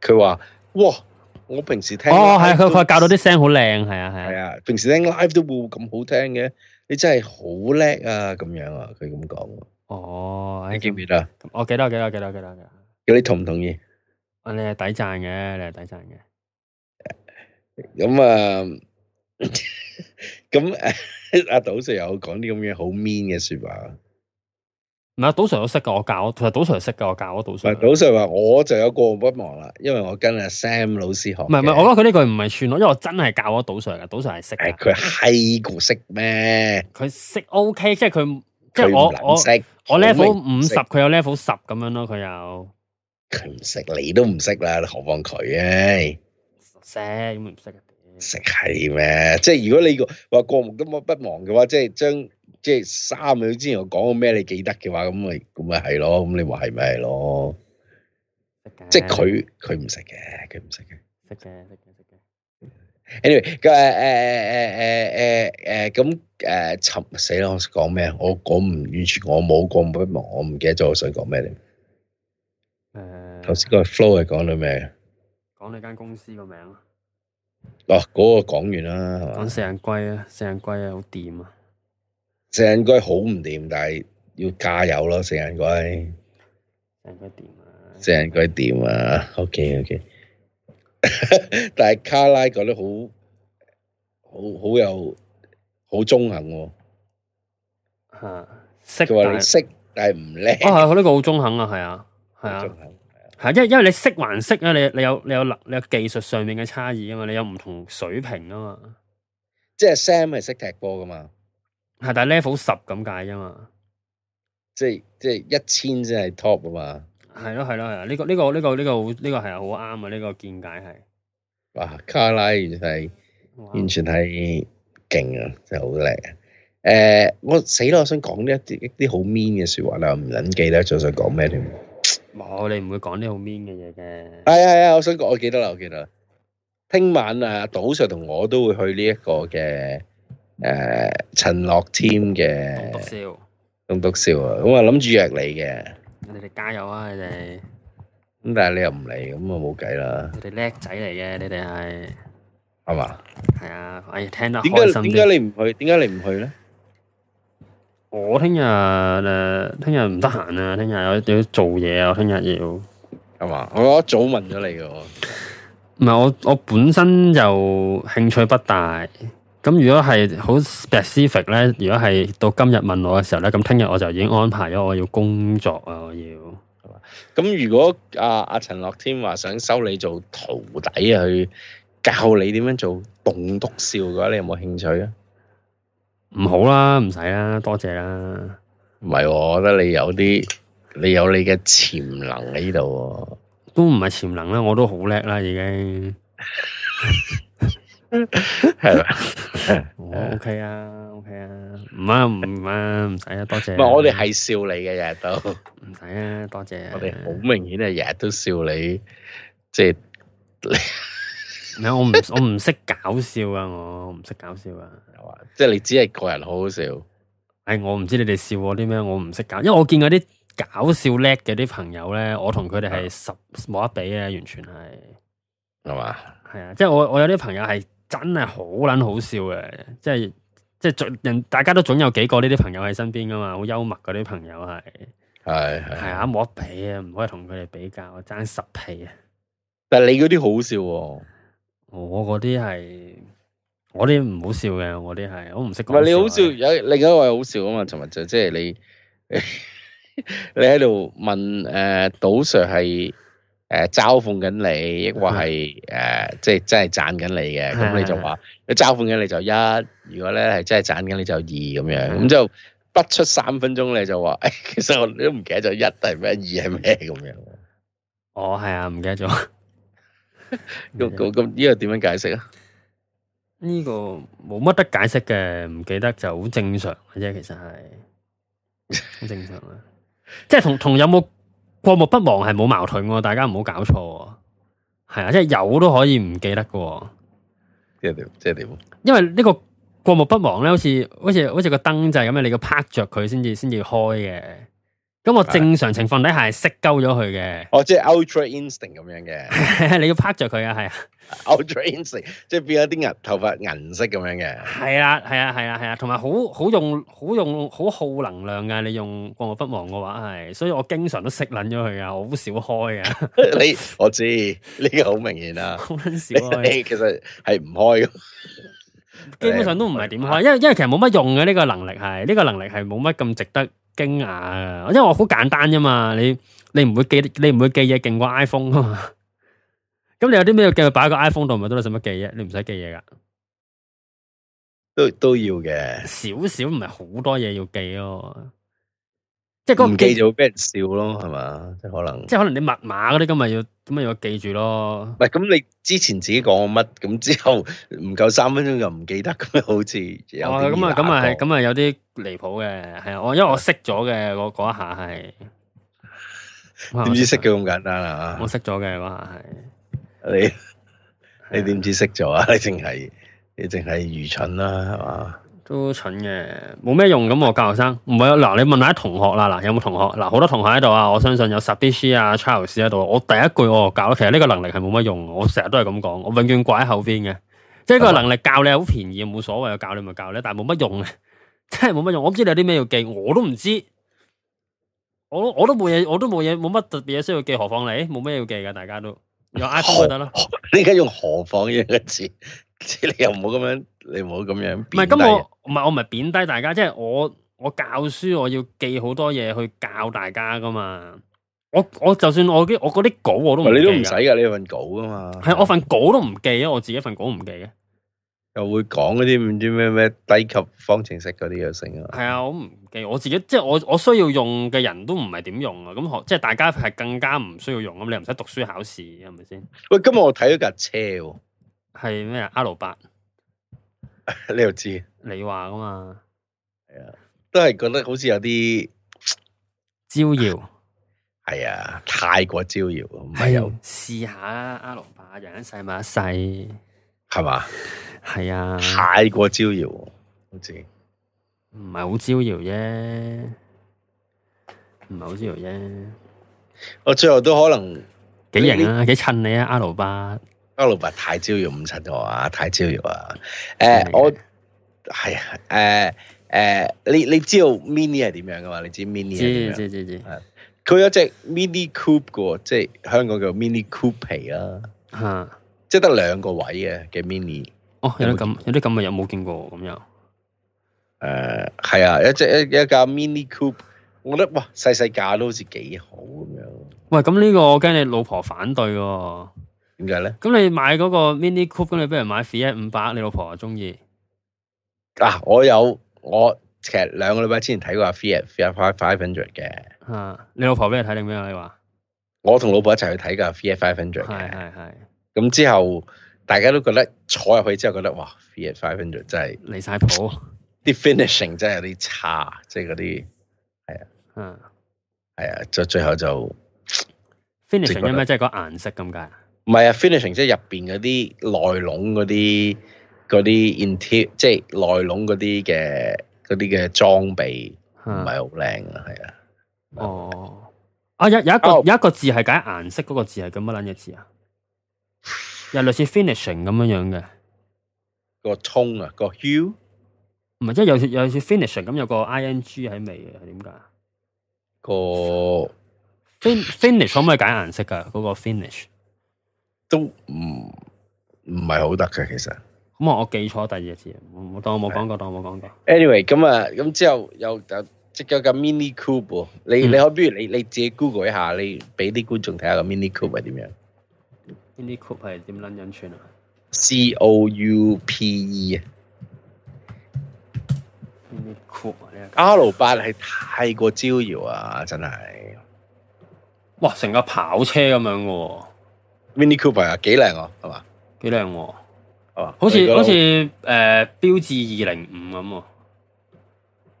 佢話
哇！我平時聽哦，係啊佢佢教到啲聲好
靚，係啊係啊，啊，
平時聽 live 都會咁好聽嘅，你真係好叻啊！咁樣啊，佢咁講。哦，你記唔、哦、記得？我記得記得記得記得記得。咁你同唔同意？啊，你係抵讚嘅，你係抵讚嘅。咁、嗯嗯嗯 嗯、啊，咁阿杜 Sir 又講啲咁嘅好 mean 嘅說話。
唔係啊，杜 Sir 都識噶，我教；其實杜 Sir 識噶，我教。杜 Sir？唔係
杜 Sir 話我就有過目不忘啦，因為我跟阿 Sam 老師學。唔係唔係，我
覺得佢呢句唔係串咯，因為我
真係教咗杜 Sir 噶，杜 Sir 係識。
係佢閪過識咩？佢識 OK，即係佢即係我我我 level 五十，佢有 level 十咁樣咯，佢有。佢唔識，你都唔識啦，何
況佢啊？識點唔識啊？識係咩？即係如果你個話過目都冇不忘嘅話，即係將。即係三秒之前我講過咩你記得嘅話，咁咪咁咪係咯。咁你話係咪係咯？即係佢佢唔識嘅，佢唔識嘅，識嘅識嘅識嘅。anyway，誒誒誒誒誒誒咁誒尋死啦！我講咩啊？我講唔完全，我冇講乜，我唔記得咗，我想講咩咧？誒、呃，頭先個 flow 係講咗咩？講你
間公司個名、
哦嗰個名咯。嗱，嗰個講完啦，係嘛？講四人龜啊，四人龜啊，好掂啊！成日應好唔掂，但係要加油咯！成日應該應該掂啊？成日應掂啊人？OK OK， 但係卡拉覺得好好好又好中肯喎嚇，
識，識但係是識
但係唔叻啊！佢
呢、哦呢個好中肯啊，係啊係啊係啊，因因為你識還識啊，你有你有你有能你有技術上面嘅差異啊嘛，你有唔同水平
啊嘛，即係 Sam 係識踢波噶嘛。
係，但係 level 十咁解啫嘛，即
係即係一千即係 top 啊嘛。
係咯係咯，呢、這個呢、這個呢、這個呢、這個呢、這個係好啱啊！呢、這個見解係。
哇，卡拉完全係哇完全係勁啊，真係好叻啊！誒、呃，我死咯，我想講呢一啲啲好 mean 嘅說話啦，唔撚記得仲想講咩添？冇，你唔會講啲好 mean 嘅嘢嘅。係啊係啊，我想講，我記得啦，我記得。聽晚啊，島 Sir 同我都會去呢一個嘅。誒，陳樂添嘅棟篤笑，棟篤笑啊！我諗住約你嘅，
你哋加油啊！你哋咁但係你又唔嚟，咁啊冇計啦！你哋叻仔嚟嘅，你哋係係嘛？係啊！哎呀，聽得開心啲。點解點解你唔去？點解你唔去咧？我聽日誒，聽日唔得閒啊！聽日我要做嘢啊！聽日要係嘛？我一早問咗你嘅，唔係我我本身就興趣不大。咁如果係好 specific 咧，如果係到今日問我嘅時候咧，咁聽日我就已經安排咗我要工作
啊，我要係嘛。咁如果阿阿陳樂天話想收你做徒弟啊，去教你點樣做棟篤笑嘅話，你有冇興趣啊？唔好啦，唔使啦，多謝啦。唔係哦，我覺得你
有啲，你有你嘅潛能喺度。都唔係潛能啦，我都好叻啦，已經。
係
啦，我 OK 啊，OK 啊，唔啊唔啊唔使啊，多、啊啊、謝，謝、啊。唔係我哋
係笑你嘅日日都，唔 使啊，多謝。我哋好
明顯係日日都笑你，即係。唔係我唔我唔識搞笑啊、 就是嗯！我唔識搞笑啊！即係你只係個人好好笑。哎，我唔知你哋笑我啲咩，我唔識搞，因為我見嗰啲搞笑叻嘅啲朋友咧，我同佢哋係十冇得比啊，完全係。係嘛？ 係、嗯、啊，即係我我有啲朋友係。真係好捻好笑嘅，即係即係總人大家都總有幾個呢啲朋友喺身邊噶嘛，好幽默嗰啲朋友係係係冇得比啊，唔可以同佢哋比較爭十皮啊。但係你嗰啲好笑喎、哦，我嗰啲係我啲唔好笑嘅，我啲係我唔識講。唔你好
笑，有另外一位好笑啊嘛，尋日就即係你 你喺度問誒賭、呃、Sir 係。誒，嘲諷緊你，抑或係誒的、呃，即係真係讚緊你嘅？咁你就話，一的嘲諷緊你就一；如果咧係真係讚緊你就二咁樣，咁的就不出三分鐘，你就話，誒、哎，其實我都唔記得咗一係咩，二係咩咁樣。哦，係啊，唔記得咗。咁咁咁呢個點樣解釋啊？
呢個冇乜得解釋嘅，唔記得就好正常嘅啫，其實係好正常啊， 即係同同有冇？過目不忘係冇矛盾㗎，大家唔好搞錯。係啊，即係有都可以唔記得嘅。
即係點？即係點？
因為呢個過目不忘咧，好似好似好似個燈掣咁樣，你要拍着佢先至先至開嘅。咁我正常情況底下係識鳩咗佢嘅，
哦，即係 Ultra Instinct 咁樣嘅，你要拍住佢啊，係啊，Ultra Instinct，即係變咗啲人頭髮銀色咁樣嘅，係
啊，係啊，係啊，係啊，同埋好好用，好用，好耗能量噶，你用過我不忘嘅話係，所以我經常都識捻咗佢噶，好少開噶，
你我知呢個好明顯啦，你其實係唔開，
基本上都唔係點開，因為因為其實冇乜用嘅呢個能力係，呢個能力係冇乜咁值得。驚訝啊！因為我好簡單啫嘛，你你唔會記，你唔會記嘢勁過 iPhone 啊嘛。咁你有啲咩要記，擺喺個 iPhone 度咪都係使乜記嘢？你唔使記嘢噶，都都要嘅，少少唔係好多嘢要記咯。即係嗰個唔記得就會
俾人笑咯，係嘛？即係可能，即係可
能你密碼嗰啲咁咪要咁咪要記住咯。
唔係咁，你之前自己講乜，咁之後唔夠三分鐘就唔記得，咁咪好似咁啊咁
啊，咁啊、哦、有啲離譜嘅係啊！我因為我識咗嘅，的我嗰一下
係點知識嘅咁簡單啊？我識咗嘅嘛，係你你點知識咗啊？你淨係你淨係愚蠢啦，係嘛？
都蠢嘅，冇咩用。咁我教學生，唔係嗱，你問下啲同學啦，嗱有冇同學，嗱好多同學喺度啊，我相信有十啲書啊、Charles 喺度，我第一句我教，其實呢個能力係冇乜用，我成日都係咁講，我永遠掛喺後邊嘅，即係個能力教你好便宜，冇所謂啊，教你咪教你，但係冇乜用啊，真係冇乜用，我唔知你有啲咩要記，我都唔知，我我都冇嘢，我都冇嘢，冇乜特別嘢需要記，何況你冇咩要記噶，大家都用
iPhone 得啦？你而家用何況一個字？即 你又唔好咁樣，你唔好咁樣。
唔係咁，我唔係我唔係貶低大家，即係我我教書，我要記好多嘢去教大家噶嘛。我我就算我啲我嗰啲稿我都唔你都唔使噶，你份稿噶嘛。係我份稿都唔
記啊，我自己份稿唔記嘅。又會講嗰啲唔知咩咩低級方程式嗰啲又成啊？
係啊，我唔記，我自己即係我我需要用嘅人都唔係點用啊。咁學即係大家係更加唔需要用啊。你唔使讀書考試，係咪先？
喂、哦，今日我睇咗架車。係咩啊？阿魯伯？你又知？你話㗎嘛？係啊，都係覺得好似有啲招搖。係啊，啊，太過招搖，唔係有試下
阿魯伯，8, 人一世物一
世。係嘛？係啊，太過招搖，
好似唔係好招搖啫，
唔係好招搖啫。我最後都可能幾型啊，幾襯你啊，阿魯伯。阿老伯太招搖唔襯我啊！太招搖啊！誒，欸、的我係啊，誒誒、呃呃，你你知道 mini 係點樣噶嘛？你知 mini 係點樣知？知知知佢有隻 mini coupe 嘅，即係香港叫 mini coupe 皮、啊、啦，吓、啊，即係得兩個位啊嘅 mini。哦，有啲咁，有啲咁嘅有冇見過咁樣？誒、呃，係啊，一隻一一架 mini coupe，我覺得哇，細細架都好似幾好
咁樣。喂，咁呢個我驚你老婆反對。點解咧？咁你買嗰個 mini Coop，咁你不如買 Fiat 五百，你老婆又中意。
啊，我有我其實兩個禮拜之前睇過 Fiat Fiat Five Hundred 嘅。啊，你老婆俾你睇定邊啊？你話我同老婆一齊去睇噶 Fiat Five Hundred。係係係。咁之後大家都覺得坐入去之後覺得哇，Fiat Five Hundred 真係離晒譜，啲 finishing 真係有啲差，即係嗰啲係啊，嗯，係啊，最、啊、最後就 finishing 咩？即係
finishing、就是、個顏色咁解。
唔係啊，finishing 即係入邊嗰啲內籠嗰啲嗰啲 interior，即係內籠嗰啲嘅嗰啲嘅裝備唔係好靚啊，係啊。啊哦，
啊有有一個有一個字係解顏色嗰個
字係咁乜撚嘅字啊？
又類似 finishing 咁樣樣嘅個 tone 啊、這個 hue，唔係即係有，有類似似 finishing 咁有個 ing 喺尾啊？點解？個 fin finishing 可唔可以解顏色噶？嗰、嗰個 finish。都唔唔係好得嘅，其實咁啊，我記錯第二字，我當我冇講過，當我冇
講過。的過 anyway，咁啊，咁之後有積咗個 mini coupe，你、嗯、你可不如你你自己 Google 一下，你俾啲觀眾睇下個 min mini coupe 係點樣。O U P e、mini coupe 係點撚串啊？C O U P E 啊。mini coupe R8 係太過招搖啊！真係，哇，成架跑車咁樣嘅。Mini Cooper
啊，幾靚哦，係嘛？幾靚喎，係嘛？好似好似誒，標致二
零五咁，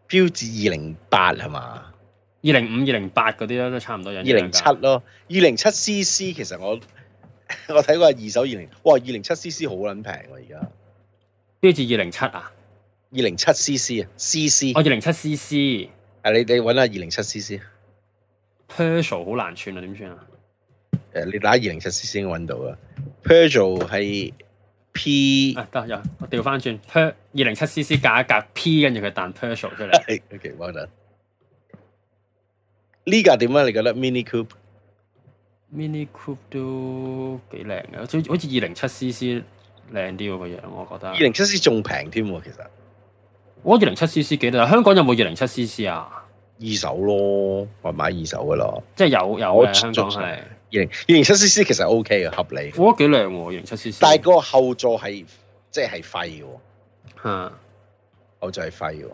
標致二零八係嘛？二零五、二零八嗰啲咧都差唔多，二零七咯，二零七 CC 其實我我睇過二手二零，哇，二零七 CC 好捻平喎，而家標致二零七啊，二零七 CC 啊，CC，哦二零七 CC，誒，你你搵下二零七 CC，Peugeot 好難串啊，點串啊？誒，你打二零七 CC 先搵到 p 啊 Puzzle 係 P，得又我調翻轉 Per 二零七 CC 價格 P 跟住佢彈 Puzzle 出嚟。o、okay, k 等等。呢架點啊？你覺得 min coupe? Mini Coupe？Mini Coupe 都幾靚嘅，好似好似二零七 CC 靚啲嗰個樣，我覺得。二零七 CC 仲平添，其實。
我二零七 CC 幾多,多？香港有冇二零七 CC 啊？二手咯，我
買二手噶啦。即係有有嘅，組組香港係。二零二零七 CC 其實 OK 嘅，合理。我覺得幾靚喎，二零七 CC。但係個後座係即係廢嘅，嚇哈後座係廢嘅。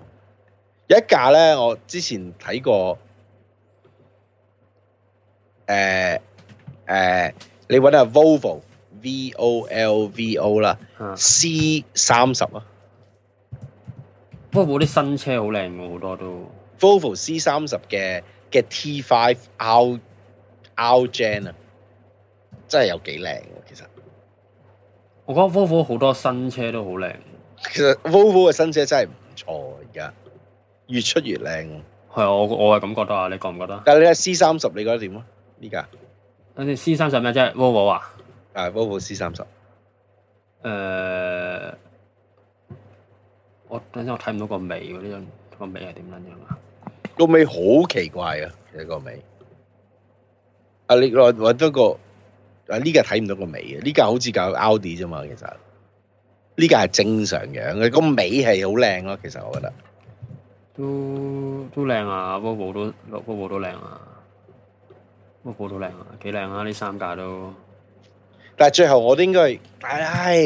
有一架咧，我之前睇過。誒、呃、誒、呃，你揾下 Volvo V, vo, V O L V O 啦哈，C 三十啊。不過冇啲新車好靚喎，好多都。Volvo C 三十嘅嘅 T 五 Out。Out Jane 啊，真係有幾靚嘅，其實。我覺得 Volvo 好多新車都好靚。其實 Volvo 嘅新車真係唔錯，而家越出越靚啊。
係啊，我我係咁覺得啊，你覺唔覺得？
但係咧 C 三十，你覺得點、就是、啊？呢架、呃？等先 C 三十咩啫 Volvo 啊？係 Volvo C 三十。誒，我等陣我睇唔到個尾呢啲，個尾係點樣樣啊？個尾好奇怪啊！其實個尾。啊！你搵搵到個啊？呢架睇唔到個尾啊！呢架好似架奧迪啫嘛，其實呢架係正常樣嘅，個尾係好靚咯。其實我覺得
都都靚啊！波波都波波都靚啊！波波都靚啊！幾靚啊！呢三架都，
但係最後我都應該係唉，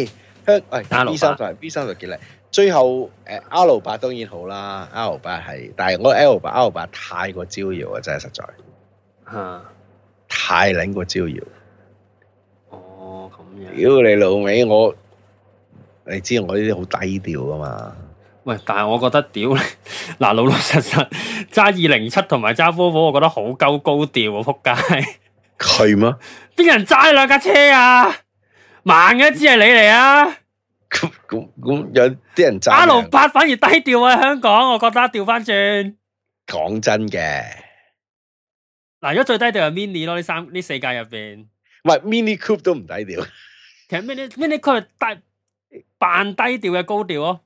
喂、哎哎、B 三就 B 三就幾靚，最後誒 L 八當然好啦，L 八係，但係我 L 八 L 八太過招搖啊！真係實在吓。啊太撚過招搖，哦，咁樣，屌你老味。我，你知我呢啲好低調㗎嘛？
喂，但係我覺得屌，嗱老老實實揸二零七同埋揸夫波，我覺得好夠高調啊！撲街，係嗎？邊人揸呢兩架車啊？萬嘅只係你嚟啊？
咁咁咁
有啲人揸，A 六八反而低調喺香港，我覺得調翻轉，
講真嘅。
嗱，而家最低調係 min mini 咯，呢三呢四屆入邊，
唔係 mini coupe 都唔低調。其
實 min i, mini mini coupe 係低扮低調嘅高調咯。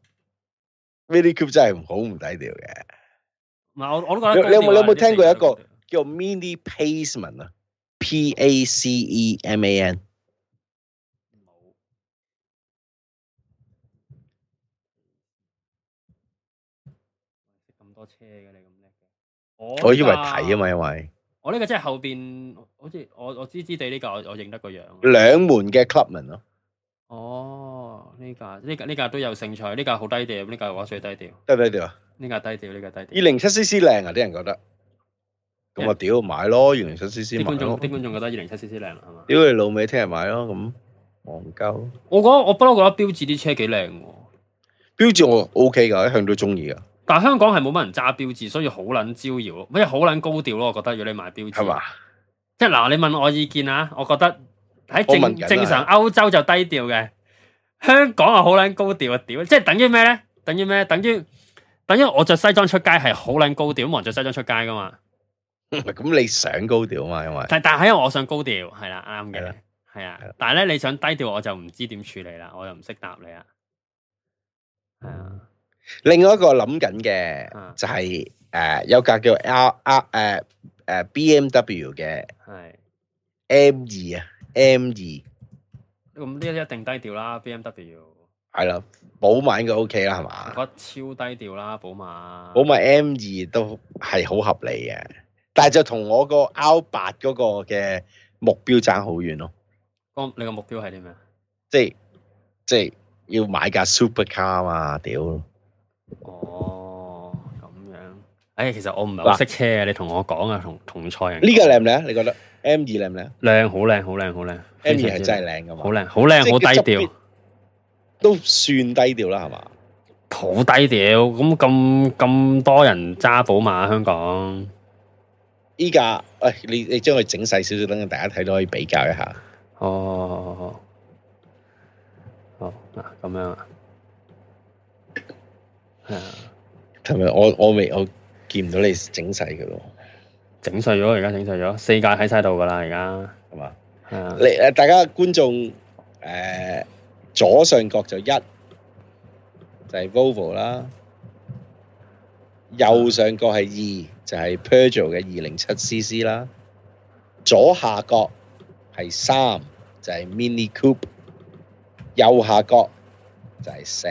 mini coupe 真係好唔低調嘅。唔係，我我都覺得你。你有冇你有冇聽過一個叫 mini paceman 啊？P A C E M A N。識咁多
車嘅你咁叻，嘅？我以為睇啊嘛，因為。我呢、哦這個真係後邊，好似我我知知地呢個，我我，咪咪、這個、我，我認
得個樣。兩門嘅 clubman 咯。哦，呢
架呢架呢架都有興趣，呢架好低調，呢架話最低調。低唔
低，、啊、低調？呢、這、架、個、
低調，呢架低調。二
零七 CC 靚啊！啲人覺得，咁我屌買咯，二零七 CC。啲觀眾，啲
觀眾覺得二零七 CC
靚係嘛？屌我吧你老味，聽日買咯，咁憨鳩。我
覺得，我不嬲覺得標致啲車幾靚。
標致我 OK 噶，一向都中意噶。
但香港係冇乜人揸標志，所以好撚招搖，乜嘢好撚高調咯？我覺得，如果你買標志，係嘛吧？即係嗱，你問我意見啊？我覺得喺正正常歐洲就低調嘅，香港啊好撚高調啊屌！即係等於咩咧？等於咩？等於等於我着西裝出街係好撚高調，冇人着西裝出街噶嘛？
咁 你想高調啊嘛？因為但係，但係因為我
想高調係啦，啱嘅係啊。但係咧，你想低調，我就唔知點處理啦，我又唔識答你啊。係啊。
另外一個諗緊嘅就係、是、誒、啊呃、有架叫 L R 誒誒 B M W 嘅係是 M 二啊 M 二，
咁呢啲一定低調啦 B M W
係啦寶馬應該 O、OK、K 啦係嘛？
我覺得超低調啦寶馬
寶馬 M 二都係好合理嘅，但係就同我個 L 八嗰個嘅目標爭好遠咯。
哥、哦，你個目標係啲咩？
即係即係要買架 super car 啊！屌。哦，咁樣，誒、欸，其實我唔係好識車啊。說你同我講啊，同同賽人。呢個靚唔靚？你覺得 M 二靚唔靚？靚，好靚，好靚，好靚。M 二係真係靚噶嘛？好靚，好靚，好、就是、低調，都算低調啦，係嘛？好低
調，咁咁咁多人揸寶馬，香港依
家，喂、哎，你你將佢整細少少，等大家睇都可以比較一下。哦，好，好，嗱，咁樣啊。係啊，同埋我我未我見唔到你整細噶咯，整
細咗而家整細咗，四界喺晒度噶啦而家，係嘛吧？係
啊！你誒，大家觀眾誒、呃，左上角就一就係 Volvo 啦，右上角係二就係 Peugeot 嘅二零七 CC 啦，左下角係三就係、是、Mini Coupe，右下角就係四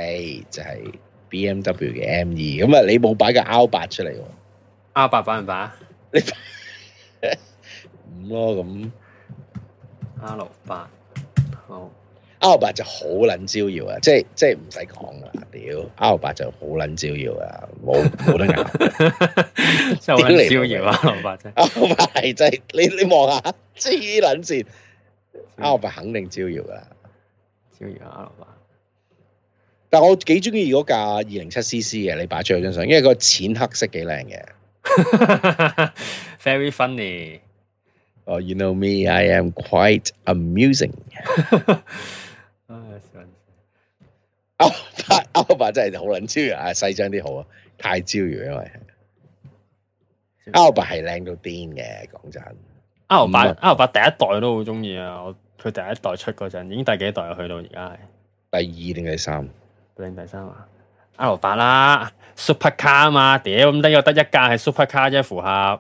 就係、是。B M W 嘅 M2，咁啊，你冇擺個 R8 出嚟？R8 擺唔擺？你咁咯，咁阿六八好，r 六八就好捻招搖啊！即係即係唔使講啦，屌 r 六八就好捻招搖啊！冇普通人，真係招搖啊！阿六八真係，阿六八係真係，你你望下黐捻線，r 六八肯定招搖噶啦，招搖啊 r 八。但我幾中意嗰架二零七 CC 嘅，你擺出去張相，因為個淺黑色幾靚嘅。 Very funny. Oh, you know me. I am quite amusing. 哈哈哈！啊， 阿伯真係好撚超啊，細張啲好啊，太招搖因為係。阿伯係靚到癲嘅，講真。
阿伯阿伯第一代都好中意啊，我佢第一代出嗰陣，已經第幾代去到而家係第二定第三？第三啊，阿羅拔啦，Supercar 啊嘛，屌咁得又得一架係 Supercar 啫，符合。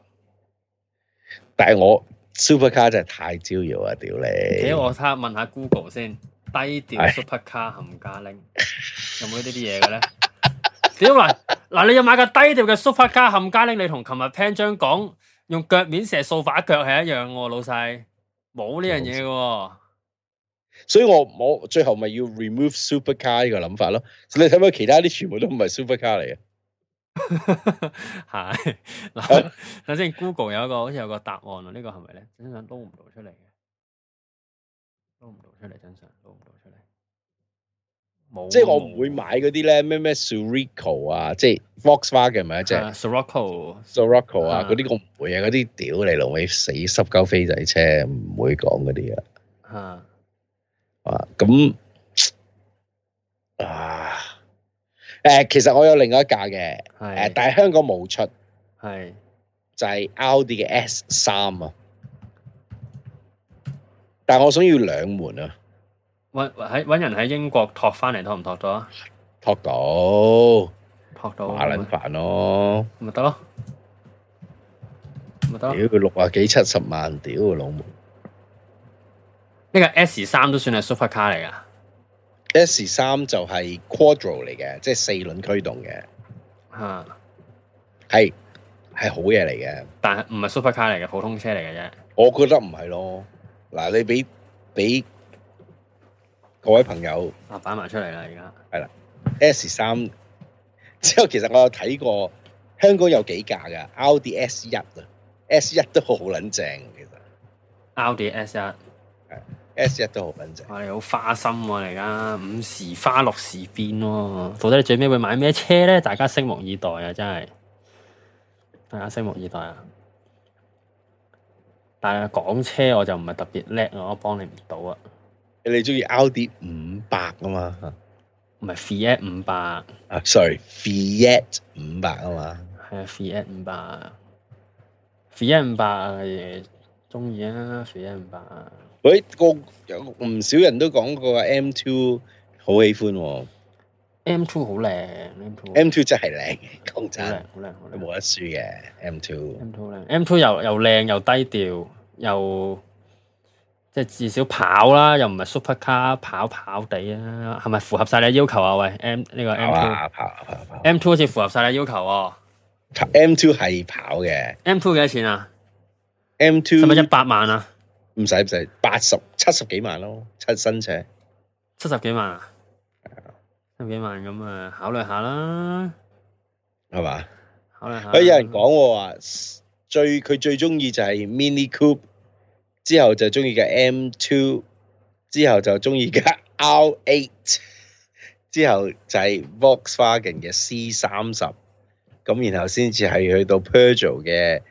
但係我 Supercar 真係太招搖啊，屌你！屌我
睇問下 Google 先，低調 Supercar 冚家拎唉有冇呢啲嘢嘅咧？屌嚟， 嗱你有買個低調嘅 Supercar 冚家拎，你同琴日聽張講用腳面射掃把一腳係一樣喎，老細，冇呢樣嘢嘅。
所以我我最後咪要 remove super car 呢個諗法咯。你睇下，其他啲全部都唔係 super car 嚟嘅、， 啊。係嗱、啊，首先 Google 有一個好似有個答案啊，這個、是是呢個係咪咧？
真相都唔到出嚟嘅，都唔到出嚟。真相都唔到出嚟。
冇，即係我唔會買嗰啲咧，咩咩 Scirocco 啊，即係 Fox 花嘅，咪一隻 Scirocco，Scirocco 啊，嗰啲我唔會啊，嗰啲屌你老味死濕鳩飛仔車，唔會講嗰啲啊。啊。啊咁啊誒，其實我有另外一架嘅，誒是，但係香港冇出，係是就係奧迪嘅 S 三啊，但是我想要兩門啊，
搵喺搵人喺英國托翻嚟，托唔托到啊？
托到，托到，馬捻煩咯，咪得咯，咪得，屌佢六啊幾七十萬，屌老門！呢個 S 三都算係 super car 嚟噶，S 三就係 quattro 嚟嘅，即、就、係、是、四輪驅動嘅，係係、啊、好嘢嚟嘅。但係唔係 super car 嚟嘅，普通車嚟嘅啫。我覺得唔係咯，嗱你俾俾各位朋友擺埋出嚟啦，而家係啦。S 三之後其實我有睇過香港有幾架噶奧迪 S 一啊，S 一都好撚正，其實奧迪 S 一。S 一都
好品淨，
我哋、啊、好花心嚟、啊、噶，五時花六時變咯、啊。到底你最尾會買咩車咧？大家拭目以待啊！真係，大家拭目以待啊！但係講車我就唔係特別叻，我幫你唔到啊。
啊你你中意奧迪五百啊嘛？唔係 Fiat 五百啊？sorry，Fiat 五百啊嘛？係啊，Fiat 五百，Fiat 五百中意啊，Fiat 五百。喂，個有唔少人都講過 M2 好喜歡，M2 好靚，M2，M2 真係靚，講
真，好靚，
好靚，你冇得輸嘅 M2，M2 靚，M2 又又
靚又低調，又即係至少跑啦，又唔係 super car 跑跑地啊，係咪符合晒你要求啊？喂，M 呢個 M2 跑跑跑
，M2 好似符合晒你要求，M2 係跑嘅，M2 幾多錢啊？M2 係咪一百萬啊？唔使唔使，八十七十幾萬咯、啊，七新車，七十幾萬，七
十幾
萬
咁啊，考慮下啦，
係嘛吧？考慮下。哎，有人講我話最佢最中意就係 Mini Coupe，之後就中意嘅 M Two，之後就中意嘅 R Eight，之後就係 Volkswagen 嘅 C 三十，咁然後先至係去到 Peugeot 嘅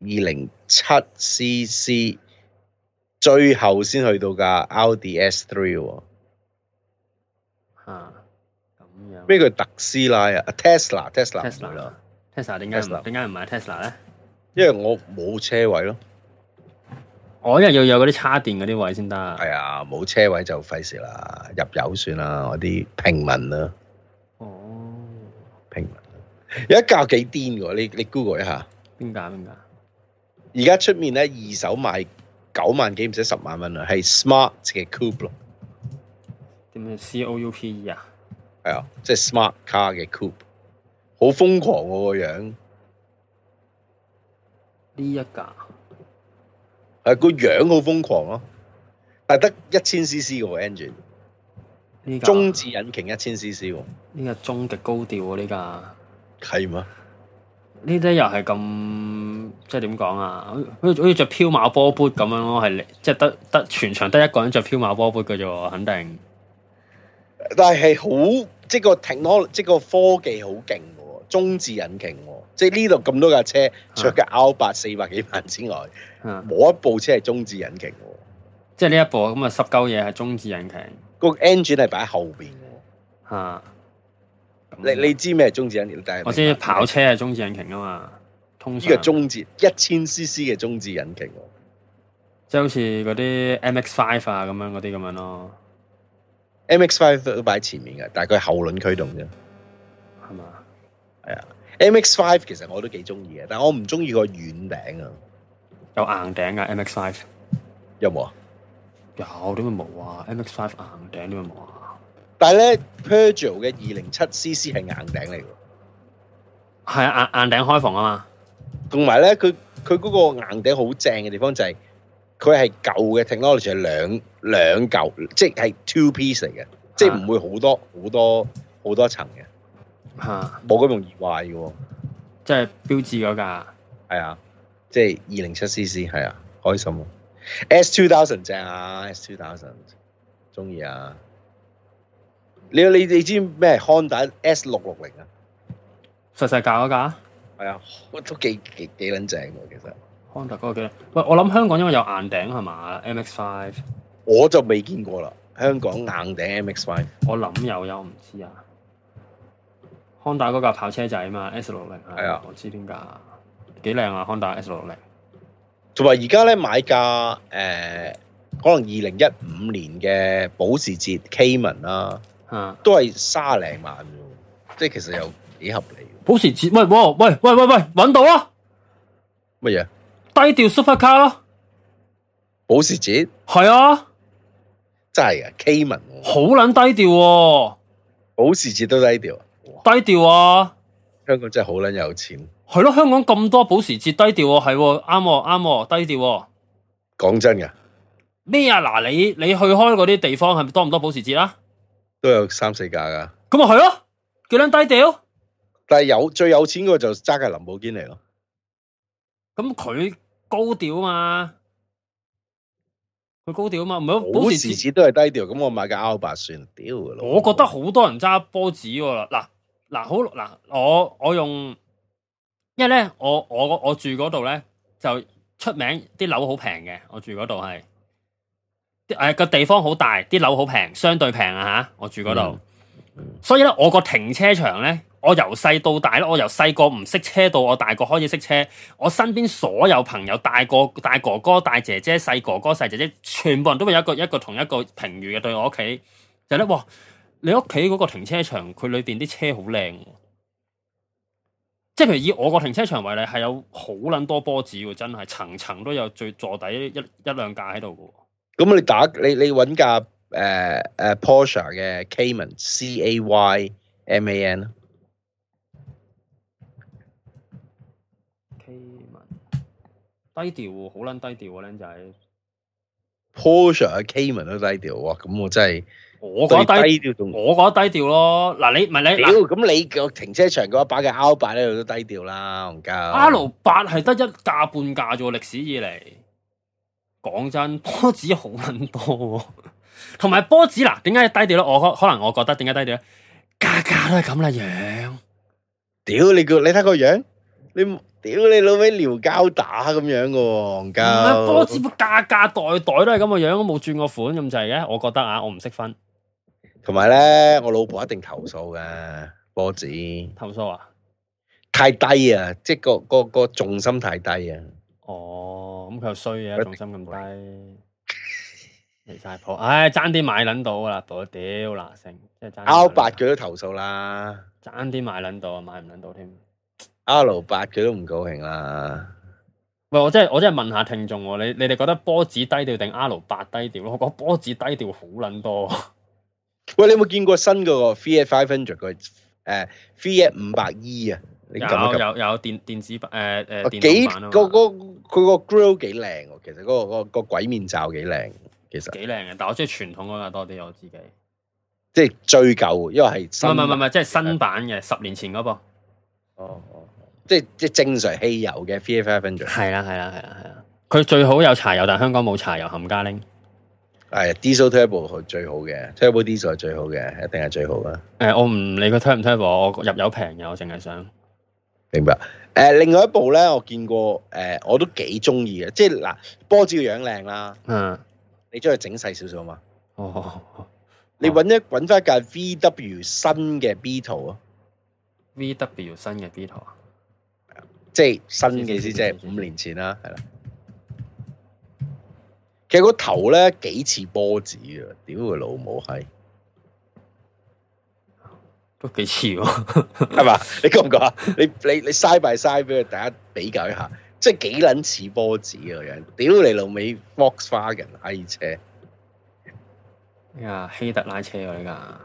二零七 CC。最後先去到架奧迪 S3 喎，吓，咁樣咩叫特斯拉啊？Tesla，Tesla，Tesla 點解唔點解唔買 Tesla 咧？因為我冇車位咯，我一日要有嗰啲叉電嗰啲位先得。係啊、哎，冇車位就費事啦，入油算啦，我啲平民啊。哦，平民，有一架幾癲嘅，你你 Google 一下。邊架邊架？而家出面咧，二手賣。九萬幾唔使十萬蚊、e? 啊，係、就是、Smart 嘅 Coupe 咯。點解 C O U P E 啊？係啊，即係 Smart Car 嘅 Coupe，好瘋狂個、啊、樣。呢一架係個、啊、樣好瘋狂咯、啊，但係得一千 CC 嘅 engine。呢架中置引擎一千 CC，
呢架終極高調啊！呢架係嘛？呢啲又係咁，即係點講啊？好似好似着飄馬波杯咁樣咯，係即係得得全場得一個人着飄馬波
杯嘅啫，肯定。但係好、啊、即係個停，即係個科技好勁嘅，中置引擎，即係呢度咁多架車除咗 R8 四百幾萬之外，冇、啊、一部車係中置引擎嘅，即係呢一部咁啊濕鳩嘢係中置引擎，個 engine 係擺喺後邊嘅。吓、啊。你、嗯、你知咩係中置引擎？但我知跑
車係中置引擎啊嘛，呢個中置一千 c
c 嘅中置引擎，即係好似嗰啲 M X Five 啊咁樣嗰啲咁樣咯。M X Five 都擺喺前面嘅，但係佢後輪驅動啫，係嘛吧？係啊，M X Five 其實我都幾中意嘅，但係我唔中意個軟頂啊，有硬頂啊 M X Five 有冇啊？有，點解冇啊？M X Five 硬頂點解冇啊？但係咧，Peugeot 嘅二零七 CC 係硬頂嚟嘅，
係啊，硬硬頂開房啊嘛。
同埋咧，佢佢嗰個硬頂好正嘅地方就係，佢係舊嘅 technology 係兩兩嚿，即係 two piece 嚟嘅，即係唔會好多好多好多層嘅，吓，冇咁容易壞嘅。即係標志嗰架，係啊，即係二零七 CC，係啊，開心啊，S two thousand 正啊，S two thousand 中意啊。你你你知咩？Honda S 六六零啊，細細架嗰架，係啊，都幾幾幾撚正喎。其實 Honda
嗰架，喂，我諗香港因為有硬頂係嘛，MX Five，
我就未見
過啦。香港硬頂 MX Five，我諗又有唔知啊。Honda 嗰架跑車仔嘛，S 六零係啊，我知邊架，幾靚啊！Honda S 六六零，
同埋而家咧買架誒、呃，可能二零一五年嘅保時捷 Cayman 啦。都係卅零萬啫，即係其實又幾合理。
保時捷，喂，喂，喂，喂，喂，搵到啊？
乜嘢？低調 super car 咯，保時捷係啊，真係啊 Cayman 好捻低調喎，保時捷都低調，低調啊，啊！香港真係好捻有錢。
係咯，香港咁多保時捷低調喎，係，啱喎，啱喎，低調。
講真
㗎咩啊？嗱，你你去開嗰啲地方係咪多唔多保時捷啊？
都有三四架噶，
咁啊係咯，幾撚低調。
但係有最有錢個就揸緊林寶堅嚟咯。咁佢
高調啊嘛，佢高調啊嘛，唔係好時
時都係低調。咁我買架歐霸算，
屌嘅咯。我覺得好多人揸波子，啊、啦，嗱嗱好嗱我我用，因為咧我我我住嗰度咧就出名啲樓好平嘅，我住嗰度係。誒，個地方好大，啲樓好平，相對平啊吓！我住嗰度，嗯、所以咧，我個停車場咧，我由細到大咧，我由細個唔識車到我大個開始識車，我身邊所有朋友大個大哥哥、大姐姐、細哥哥、細姐姐，全部人都會有一個有一個同一個評語嘅對我屋企，就咧、是，哇！你屋企嗰個停車場佢裏邊啲車好靚，即係譬如以我個停車場為例，係有好捻多波子嘅，真係層層都有最坐底一一兩架喺度嘅。
咁你打你你揾架誒誒 Porsche 嘅 Cayman，C A Y M A N 咯。Cayman 低調喎，好撚
低調喎，僆仔。
Porsche 嘅 Cayman 都低調喎，咁我真係我覺得低調我覺得低調咯。嗱你咪你，咁你個停車場嗰一把嘅 Outback 咧都低調啦，唔夠。Alba 係得一架半價啫喎，歷史以嚟。
講真，波子好很多、哦，同埋波子嗱，點、啊、解低調咧？我可能我覺得點解低調
咧？價格都係咁啦樣、啊，屌你個，你睇個樣，你屌你老味撩交打咁樣噶喎、啊，波子，個
價格代代都係咁個樣、啊，冇轉過款咁滯嘅，我覺得啊，我唔識分。
同埋咧，我老婆一定投訴嘅波子，投訴啊，太低啊，即係個個個重心太低啊。
哦，咁佢又衰嘅重心咁低。離晒譜，唉、哎，爭啲買撚到啦，我屌嗱成，即係 R8 佢都投訴啦，爭啲買撚到，買唔撚到添
，R8 佢都唔高興啦。喂，我
真係我真係問下聽眾，你你哋覺得波子低調定 R8 低調咯？我覺得波子低調好
撚多。 喂，你有冇見過新嗰個 t h r f i n d e r e e at 五百 E 啊？你
有有有電子、呃、電子版誒誒，幾嗰
嗰佢個，個，個，個 grill 幾靚，其實嗰個個鬼面罩幾靚，其實
幾靚嘅。但我中意傳統嗰個多啲，我自己
即係最舊，因為係唔唔唔唔，即係新版
嘅十、就是啊、年
前嗰、那、部、個哦。哦哦，即係即係正常汽油嘅 F I engine。係啦係啦係啦係啦，佢、啊啊
啊啊、最好有柴油，但係香港冇柴油冚家拎
係 Diesel Turbo 係最好嘅，Turbo Diesel 係最好嘅，一定係最好啦。
誒、呃，我唔理佢 Turbo 唔 Turbo 我入油平嘅，我淨係想，想。
明白。誒，另外一部咧，我見過，誒，我都幾中意嘅，即係嗱，波子嘅樣靚啦。嗯。你將佢整細少少啊嘛。哦。你搵一搵翻架 VW 新嘅 Beetle 啊。VW 新嘅 Beetle 啊。即係新嘅意思，即係五年前啦，係啦。其實個頭咧幾似波子嘅，屌個老母係。幾似喎，係嘛？ 你覺唔覺啊？你你你 side by side 大家比較一下，即係幾撚似波子個樣子。屌你老味，box 花人拉車。依家、哎、希特拉車啊呢架。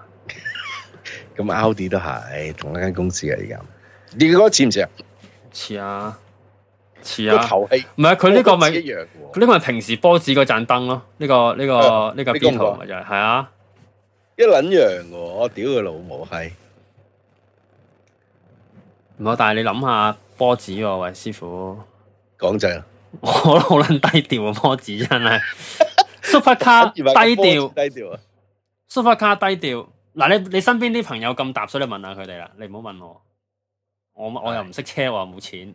咁奧迪都係同一間公司啊而家。你覺似唔似啊？似啊，似啊。個頭係
唔係佢呢個咪一樣佢呢個係、嗯、平時波子嗰盞燈咯。呢、呢個呢、呢個呢個編號咪係
啊。一撚樣嘅，我屌佢老母係。
唔好，但係你諗下波子喎、哦，喂師傅，講真，我好捻低調啊，波子真係，Supercar 低調，低調啊，Supercar 低調。嗱、啊，你你身邊啲朋友咁搭，所以你問下佢哋啦，你唔好問我，我我又唔識車喎，冇錢。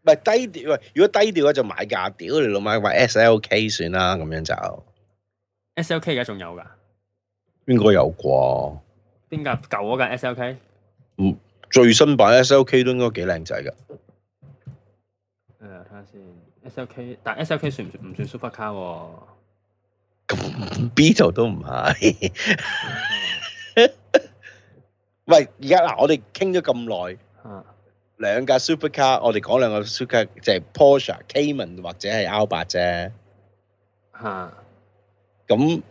唔係低調，如果低調嘅就買架屌你老母買 S L K 算啦，咁樣就 S L K 而家仲有噶？應該有啩？
邊架舊嗰架 S L K？嗯。
最新版 SLK 都應該幾靚仔噶，誒睇下先 SLK
但 SLK 算唔算
唔算 super car？咁、啊、B 座都唔係，喂、 嗯！而家嗱，我哋傾咗咁耐，兩、啊、架 super car，我哋講兩個 super，即係 Porsche、Cayman 或者係歐八啫，吓咁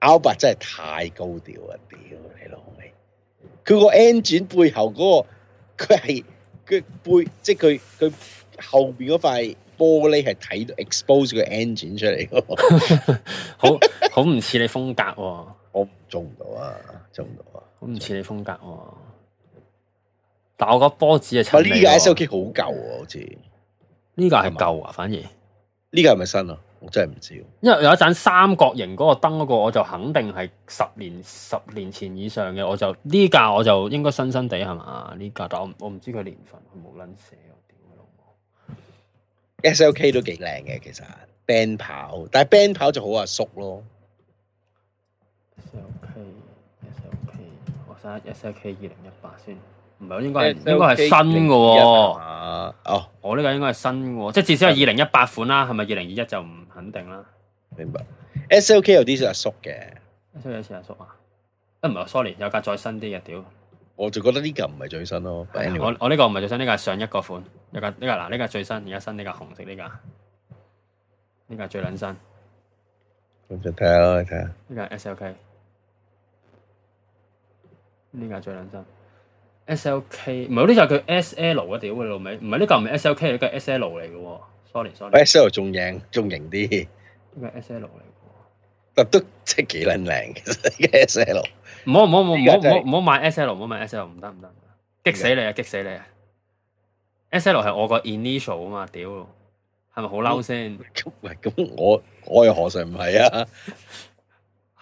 歐八真係太高調啊！屌你老味！佢個 engine 背後嗰、嗰個，佢係佢背，即係佢佢後邊嗰塊玻璃係睇到 expose 佢 engine 出嚟個， 好好唔似你風格喎。我做唔到啊，做唔到啊。好唔似你風格喎、啊，啊、但我覺得波子個玻璃係出名呢架 s u k 好舊喎，好似呢架係舊啊，反而呢架係咪新啊？我真係唔知，
因為有一盞三角形嗰個燈嗰個，我就肯定係十年十年前以上嘅，我就呢架我就應該新新
地係嘛呢架，但係我唔知佢年份，佢冇撚寫，我屌佢老母 S L K 都幾靚嘅，其實 band 跑，但係 band 跑就好話熟咯。S L K S
L K，我睇下 S L K 二零一八先。唔係，應該係 S L K 應該係新嘅喎。哦，看看 oh. 我呢個應該係新嘅，即係至少係二零一八款啦，係咪二零二一就唔肯定啦。明白。
S L K 有啲似阿叔嘅，有冇有似阿叔啊？
唔係，sorry，有架再新啲嘅，屌！
我就覺得呢架唔係最新咯。Anyway. 我我呢
個唔係最新，呢個係上一個款。呢個呢個嗱，呢個最新，而家新呢個紅色呢個，呢個最捻新。咁
就睇下啦，你睇下。
呢個 S L K，呢個最捻新。S, SL S L K 唔係呢就係佢 S L 啊，屌你老味，唔係呢架唔係 S L K 嚟，架 S L 嚟嘅。Sorry，sorry。S
L 仲靚，仲型啲。呢
個 S L 嚟？
嘅但都即係幾靚靚嘅，呢個 S L。唔好唔好唔好唔好唔
好買 S L，唔好買 S L，唔得唔得，激死你啊激死你啊！S L 係我個 initial 啊嘛，屌，係咪好嬲先？
咁、嗯、咁、嗯、我我又何嘗唔係啊？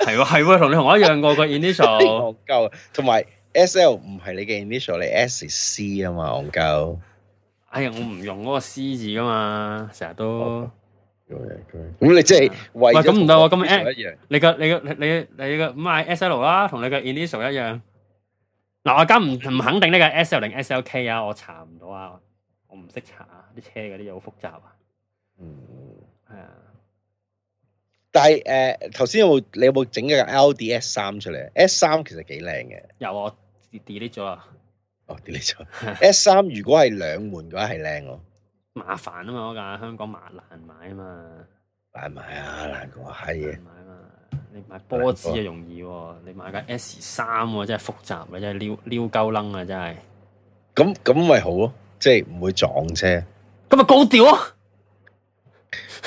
係喎係喎，同、啊啊、你同我一樣個個 initial。學
鳩， 同埋、哎。S L 唔係你嘅 initial，你 S 係 C 啊嘛，憨鳩。哎呀，我唔、哎、用嗰個 C 字噶嘛，成日都咁 你即係喂、啊，咁唔得喎，咁一樣。
你個你個你你你個咁係 S L 啦，同你嘅 initial 一樣。嗱，我而家唔唔肯定呢個 S L 定 S L K 啊，我查唔到啊，我唔識查啊，啲車嗰啲嘢好複雜啊。嗯，係啊、
哎呀。但係誒、頭、呃、先有冇你有冇整架 L D S 三出嚟？S 三其實幾靚嘅，有啊。delete 咗啊！哦，delete 咗。S 三如果係兩門嘅話係靚咯，麻煩啊嘛嗰
架香港麻難買啊嘛，難買啊難個閪嘢。買啊嘛，你買波子啊容易喎，你買架 S 三喎真係複雜，你真係撩撩鳩楞啊
真係。咁咁咪好咯，即係唔會撞車。咁咪高調啊！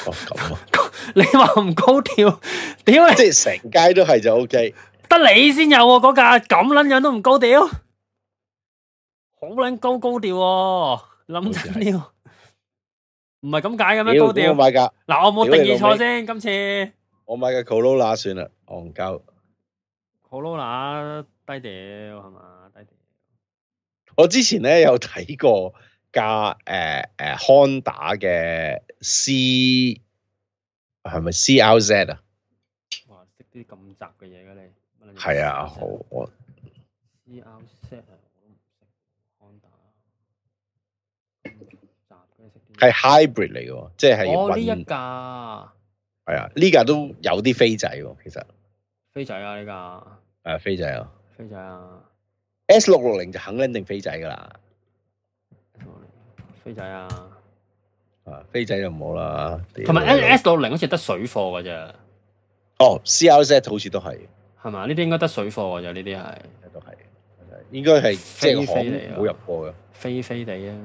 哦咁啊，你話唔高調，點啊？即係成街都係就 O K。
得你先有喎、啊，嗰架咁捻樣都唔高調，好捻高高調喎、啊，捻真屌，
唔係咁解嘅咩？高調嗱，我冇定義錯先，今次我買嘅 Corolla 算啦，憨鳩
Corolla 低調係嘛？
低調，我之前咧有睇過架誒誒 Honda 嘅 C 係咪 C R Z 啊？哇，識啲咁雜嘅嘢嘅你？
係啊，好我。
係 hybrid 嚟嘅，即係。哦，呢一架係啊，呢架都有啲飛仔嘅，其實。
飛仔啊，呢架。
係啊，飛仔啊。飛
仔
啊。S 六六零就肯定飛仔噶啦。飛仔啊。啊，飛仔就唔好啦。同埋 S 六零好似得水貨噶啫。哦，CR-Z 好似都係。係
嘛？呢啲應該得水貨嘅，就呢啲係。都係，應該係即係行嚟冇入過嘅。飛飛地啊！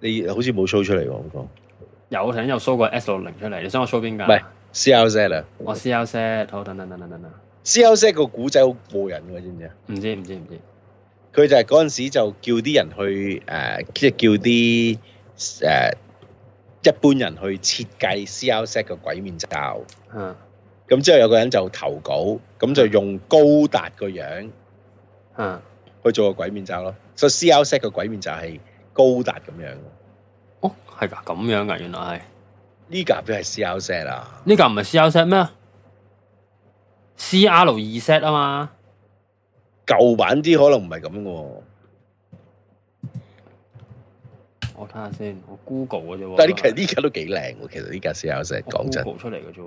你好似冇搜出嚟喎，咁講。
有頭先有搜個 S 六零出嚟，你想我搜邊架？唔
係 CLSet 啊，我
CLSet，
等等等等等等，CLSet 個古仔好過癮嘅，知唔知啊？唔知唔知唔知。佢就係嗰陣時就叫啲人去誒，即係叫啲誒一般人去設計 CLSet 個鬼面罩。嗯。咁之後有個人就投稿，咁就用高達個樣，嗯，去做個鬼面罩咯。啊、所以 C L Set 個鬼面罩係高達咁樣。哦，係㗎，咁樣㗎、啊，原來係呢架表係 C L Set 啊？
呢架唔係 C L Set 咩？C L 二 Set 啊嘛。
舊版啲可能唔係咁嘅。我睇下先，我 Google 嘅啫、啊。但係呢其實呢架都幾靚喎，其實呢架 C L Set 講真出嚟嘅啫。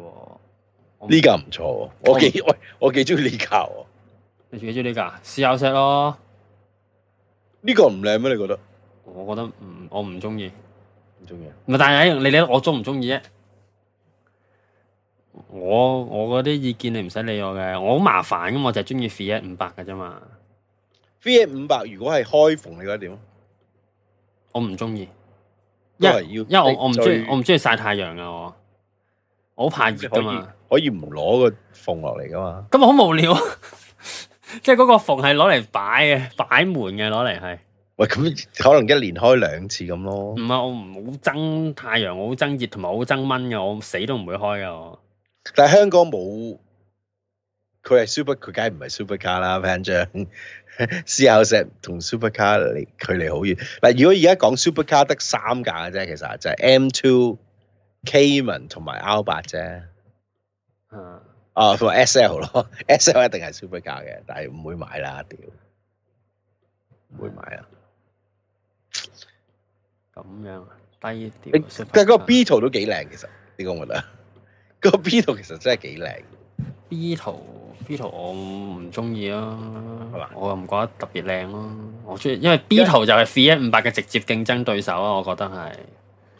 呢架唔錯，我幾喂我，不我幾中意呢架。啊、你自己中意呢架。試下
set 咯，呢個唔靚咩？你覺得？我覺得唔，我唔中意。唔中意啊！咪但係你你我中唔中意啫？我我嗰啲意見你唔使理我嘅，我好麻煩噶嘛，就係中意 F A 五百嘅啫嘛。
F A 五百如果係開篷，你覺得點？我唔中意，因為要因為我我唔中意我唔
中意曬太陽噶我。我好怕熱噶嘛可，可以唔攞個
縫落嚟噶嘛？
咁啊好無聊、啊，即係嗰個縫係攞嚟擺嘅，擺門嘅，攞嚟係。
喂，咁可能一年開兩次咁咯。唔係，我唔好憎
太陽，我好憎熱同埋好憎蚊嘅，我死都唔會開噶。我
但係香港冇，佢係 super，佢梗係唔係 super car 啦，班長。 C R S 同 super car 距離好遠。嗱，如果而家講 super car 得三架嘅啫，其實就係 M two。Cayman 同埋 R8 啫，哦、啊 SL 啊同埋 S L 咯，S L 一定係 super car 嘅，但係唔會買啦，屌、啊，唔會買啦，咁樣低調，欸、Super Car 但係個 B 圖都幾靚，其實點解我覺得， 個 B 圖其實真係幾靚。B 圖 B 圖我唔中意啊，係嘛吧，我又唔覺得特別靚咯，
我中意，因為 B 圖就係 FE 五百嘅直接競爭對手啊，我覺得係。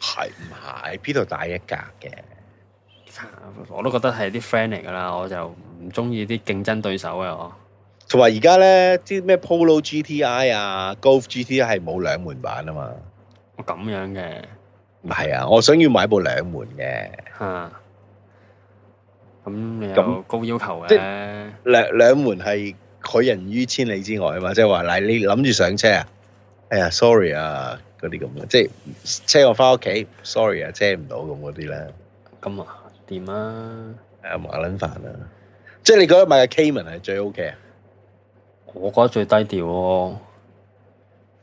係唔係？邊度大一格嘅？我都覺得係啲 friend 嚟噶啦，我
就唔中意啲競爭對手嘅我。同埋而家咧，啲咩 Polo GTI 啊，Golf GTI 係冇兩門版啊嘛。咁樣嘅。唔係啊，我想要買部兩門嘅。吓、啊，咁你有咁高要求嘅。兩兩門係拒人於千里之外啊嘛，即係話，嗱，你諗住上車啊？哎呀，sorry 啊。嗰啲咁嘅，即係車我翻屋企，sorry 啊，車唔到咁嗰啲啦。咁啊，點啊？阿馬撚煩啊，即係你覺得買阿 Cayman 係最 OK 啊？我覺得最低調喎。哦，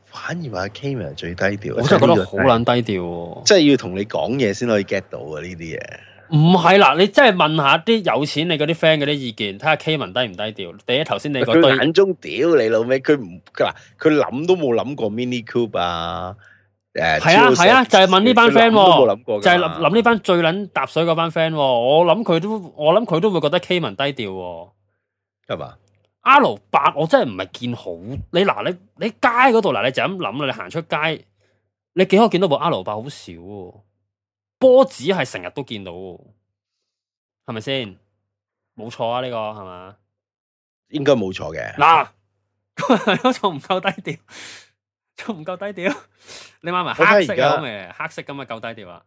反而買阿 Cayman 最低調。我真係覺得好撚低調。哦，即係要同你講嘢先可以 get 到啊呢啲嘢。這
唔係啦，你真係問下啲有錢你嗰啲 friend 嗰啲意見，睇下 K 文低唔低調？第一頭先你個眼
中屌你老味，佢唔嗱，佢諗都冇諗過 Mini Cooper 啊。誒、啊，係啊係啊，就係、是、問呢班 friend，就係諗諗
呢班最撚搭水嗰班 friend。我諗佢都，我諗佢都會覺得 K 文低調、啊。係嘛吧？R 八我真係唔係見好，你嗱你你街嗰度嗱，你就咁諗啦，你行出街，你幾可見到部阿 R 伯好少、啊。波子係成日都見到，係咪先？冇錯啊，呢、這個係嘛？應該冇錯嘅。嗱、啊，夠夠我仲唔夠低調，仲唔夠低調？你買埋黑色咁嘅，黑色咁啊夠低調啊！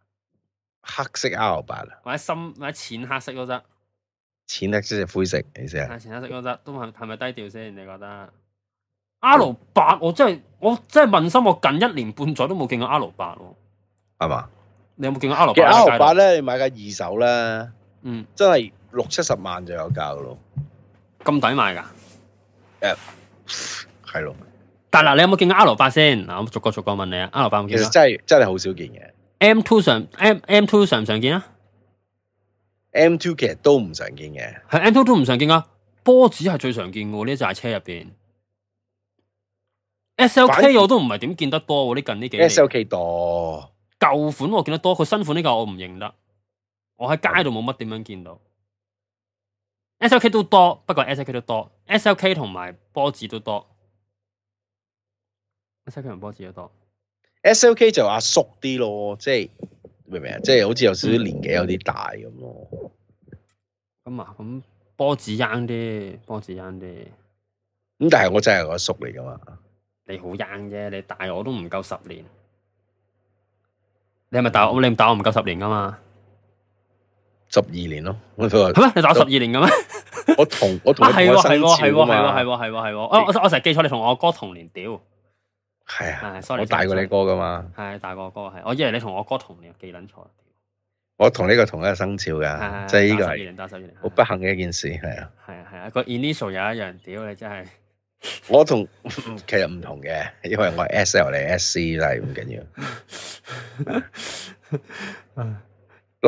黑色 R 八啊，
或者深或者淺黑色都得，
淺黑色就灰色，你
識啊？淺黑色都得，都係係咪低調先？你覺得 R 八？我真係我真係問心，我近一年半載都冇見過 R 八咯，係嘛？
你有冇見過 R8？其實 R8 咧，你買架二手啦，嗯，真係六七十萬就有價咯，
咁抵買噶？誒，
係咯。
但嗱，你有冇見過 R8 先？嗱，逐個逐個問你 R8 冇見過。其實
真係真係好少見嘅。
2 M two 常 M M two 常唔常見啊
？M two 其實都唔常見
嘅。係 M two 都唔常見啊？波子係最常見嘅呢紮車入邊。S L K 反正 我都唔係點見得多喎，呢近呢幾年 S, 正
L K 多。舊款我見
得多，佢新款呢個我唔認得，我喺街度冇乜點樣見到。S L K 都多，不過 S L K 都多，S L K 同埋波子都多
，S L K 同波子都多。S L K 就阿叔啲咯，即係明唔明啊？即係好似有少少年紀有啲大咁咯。
咁啊，咁波子 young 啲，波子 young 啲。咁、嗯、但係我真係個阿叔嚟噶嘛？你好 young 啫，你大我都唔夠十年。你咪打我，你唔打我唔夠十年噶嘛？十二年咯，我都係咩？你打我十二年噶咩？
我同我同係係係係
係係我我成日記錯你同我哥同年，屌！係啊，sorry 我大過你哥噶嘛？係大過我哥，係我以為你同我哥同年，記捻錯。
我同呢個同一個生肖噶，就係呢個十二年打十二年。好不幸嘅一件事係啊，係啊
係啊，個 initial 有一樣屌你真係。
我同其實唔同嘅，因為我係 S L 嚟，S C 嚟、 啊，唔緊要。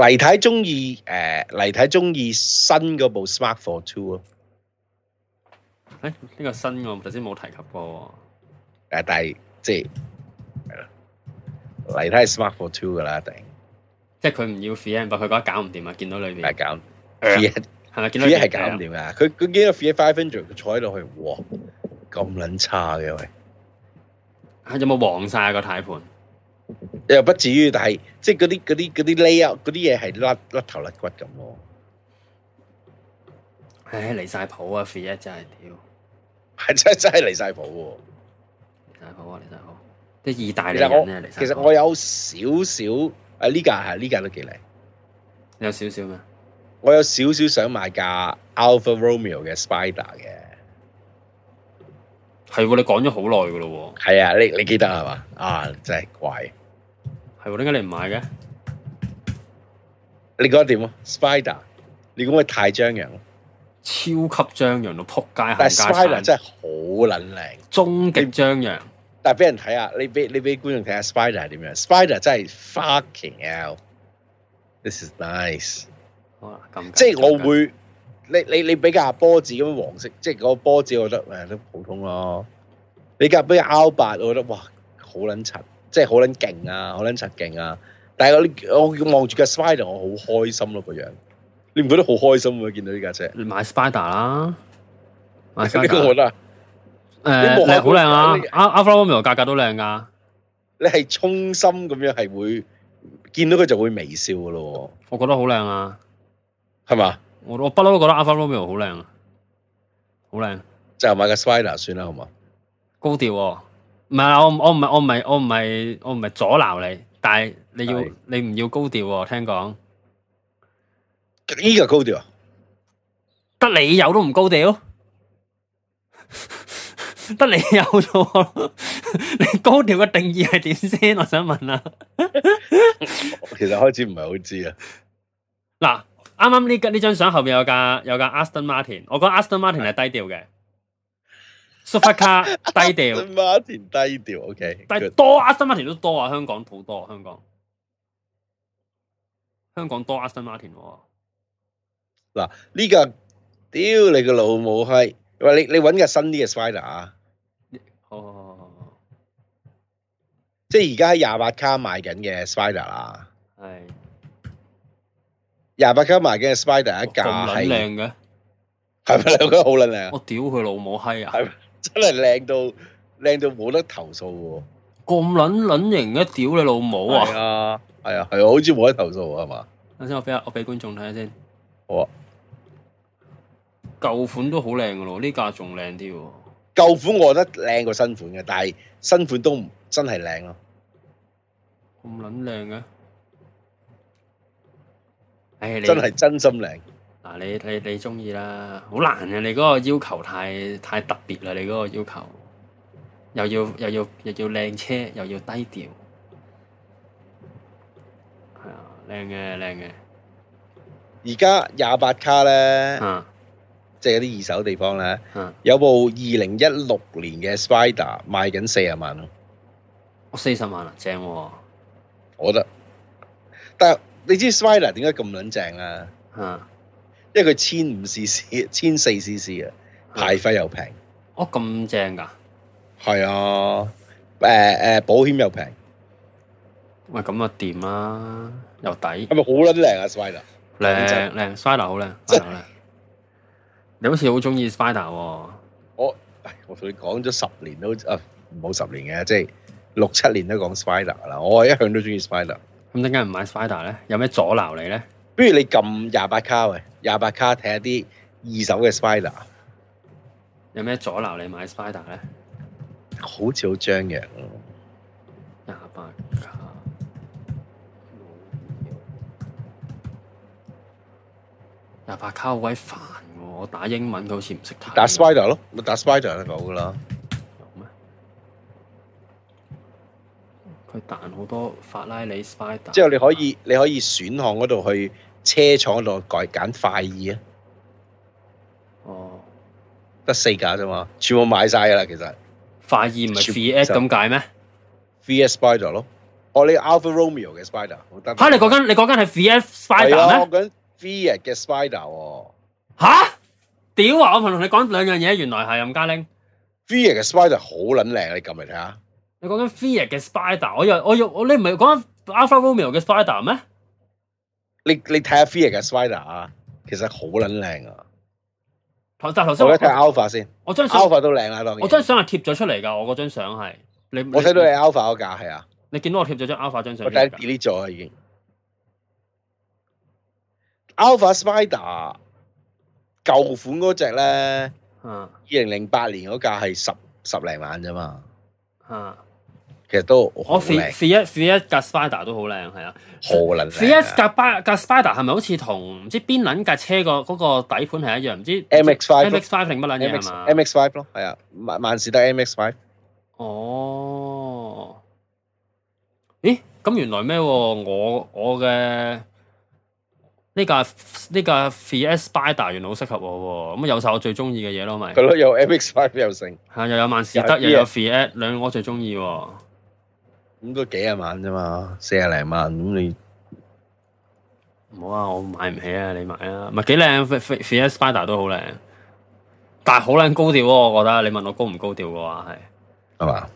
黎太中意誒，黎太中意新嗰部 Smart for Two 咯。
誒、欸、呢、這個新嘅我頭先冇提及過。誒、啊，
但係即係係啦，黎太係 Smart for Two 噶啦，但係即
係佢唔要 Fiat，但係佢覺得搞唔掂啊！見 到你哋係搞，係咪見到係搞
唔掂啊？佢佢見到 Fiat Five Hundred，佢坐喺度去。咁撚差嘅喂，係、啊、有冇黃晒、啊？個胎盤？又不至於。但係即係嗰啲嗰啲嗰啲 layer 嗰啲嘢係甩甩頭甩骨咁喎、啊。唉、哎，離晒譜啊肥仔真係屌，係真真係離晒譜喎！離曬譜啊！離曬譜！啲意大利人咧，其實我有少少，啊呢架係呢、啊、架都幾靚，有少少咩？我有少少想買架 Alfa Romeo 嘅 Spider 嘅。係喎，你講咗好耐噶咯喎。係啊，你你記得係嘛？啊，真係貴。係喎、啊，點解你唔買嘅？你覺得點啊？Spider，你估佢太張揚？超級張揚到撲街但。但係 Spider 真係好撚靚，終極張揚。但係俾人睇下，你俾你俾觀眾睇下 Spider 點樣？Spider 真係 fucking out。This is nice。啊，咁即係我會。敢你你你比較波子咁黃色，即係嗰個波子，我覺得誒都普通咯。你架比較 R 八，我覺得哇，好撚塵，即係好撚勁啊，好撚塵勁啊。但係我望住架 Spider，我好 Sp 開心咯、啊，個樣。你唔覺得好開心喎、啊？見到呢架車，買 Spider 啦 得，買架車。誒靚好靚啊，你
啊阿阿 f l 格，價格都靚啊。
你係衷心咁樣係會見到佢就會微笑噶咯。我覺得好靚啊，係嘛？我我不嬲都覺得 Alfa Romeo 好靚啊，好靚！就買個 Spider 算啦，好唔好？高調
喎、啊，唔係我我唔係我唔係我唔係我唔係阻撓你，但係你要的你唔要高調喎、啊？聽講呢個高調、啊，得你有都唔高調，得 你有咗， 你高調嘅定義係點先？我想問啊！
其實開始唔係好知啊，
嗱。 啱啱呢呢張相後面有架有架 Aston Martin，我覺得 Aston Martin 係低調嘅，Supercar 低調 ，Aston
Martin 低調，OK，但
係多 Aston Martin 都多啊，香港好多，香港香港多 Aston Martin，哦。
嗱呢個屌你個老母閪，喂你你揾個新啲嘅 Spider 啊？哦，即係而家廿八卡賣緊嘅 Spider 啊？係。廿八卡埋嘅 Spider 一架，咁撚靚嘅，係咪你覺得好撚靚？我屌佢老母閪啊！係咪真係靚到靚到冇得投訴？咁撚撚型嘅屌你老母啊！係啊係啊係啊，好似冇得投訴係嘛？
等先，我俾下我俾觀眾睇下先。
好啊，舊款都好靚嘅咯，呢架仲靚啲。舊款我覺得靚過新款嘅，但係新款都真係靚咯。
咁撚靚嘅？哎、真
係
真心靚，嗱你你你中意啦，好難啊，你嗰、啊、個要求太太特別啦，你嗰個要求又要又要又要靚車，又要低調，係
啊，靚嘅靚嘅。而家廿八卡咧，即係啲二手地方咧，有部二零一六年嘅 Spider 賣緊四十萬咯，四十萬啊，萬萬正啊，我覺得，但係你知 Spider 點解咁撚正啊？嗯、啊，因為佢千五 CC，千四 CC 啊，排費又平、啊。哦，咁正㗎？係啊，誒、呃、誒，保險又平。喂，咁啊掂啊，又抵。係咪好撚靚啊 Spider？
靚靚亮就 Spider 好靚
s 好靚就。你好似好中意 Spider、啊、我，我同你講咗十年都啊唔好十年嘅，即、就、係、是、六七年都講 Spider 啦。我一向都中意 Spider。咁點解唔買 Spider 咧？有咩阻撓你咧？不如你撳廿八卡喂，廿八卡睇下啲二手嘅 Spider。有咩阻撓你買 Spider 咧？好似好張揚咯、啊，廿八卡。廿八卡好鬼煩喎、啊！我打英文佢好似唔識睇。打 Spider 咯，咪打 Spider 就好噶啦。佢彈好多法拉利 Spider，之後你可以、啊、你可以選項嗰度去車廠度改揀快二啊！哦，得四架咋嘛，全部買晒噶啦，其實快二唔係 V8 咁解咩？V8 Spider 咯，哦，你 Alfa Romeo 嘅 Sp、啊、Spider，好得嚇你嗰間
你嗰間係 V8 Spider 咩？我嗰
間 V8 嘅 Spider 喎，
嚇屌啊！我同、啊啊、你講兩樣嘢，原來係任家鈴
V8 嘅 Spider 好撚靚你撳嚟睇下。你講緊 Fiat 嘅 Spider，我又我又我你唔係講 Alfa Romeo 嘅 Spider 咩？你你睇下 Fiat 嘅 Spider 啊，其實好捻靚啊！頭但先我睇 Alfa 先，我
張 Alfa 都靚啦，當然我張相係貼咗出嚟噶，我嗰張相
係我睇看到你 Alfa 嗰架係啊！你見到我貼咗張 Alfa 張相，我 delete 咗啊，已經 Alfa Spider 舊款嗰隻咧，二零零八年嗰架係十十零萬啫嘛，嗯。其實都我、oh, Fiat、Fiat 一架 Spider 都好靚，係啊，好靚。Fiat
一架 Spider 係咪好似同唔知邊輪架車個嗰、那個底盤係一樣？唔知 MX5 MX5 定乜撚嘢
MX5 咯，係啊，萬事得 MX5 哦，咦？咁原來咩？我我
嘅呢架呢架 Fiat Spider 原來好適合我喎。咁有又晒我最中意嘅嘢咯，咪。佢都
有 MX5、啊、又剩，
係、啊、又有萬事得，又有 Fiat，兩個我最中意。咁都幾啊萬啫嘛，四啊零萬咁你，唔好啊，我買唔起啊，你買啊，唔係幾靚，f 菲菲斯 Spider 都好靚，但係好靚高調咯，我覺得，你問我高唔高調嘅話係係嘛？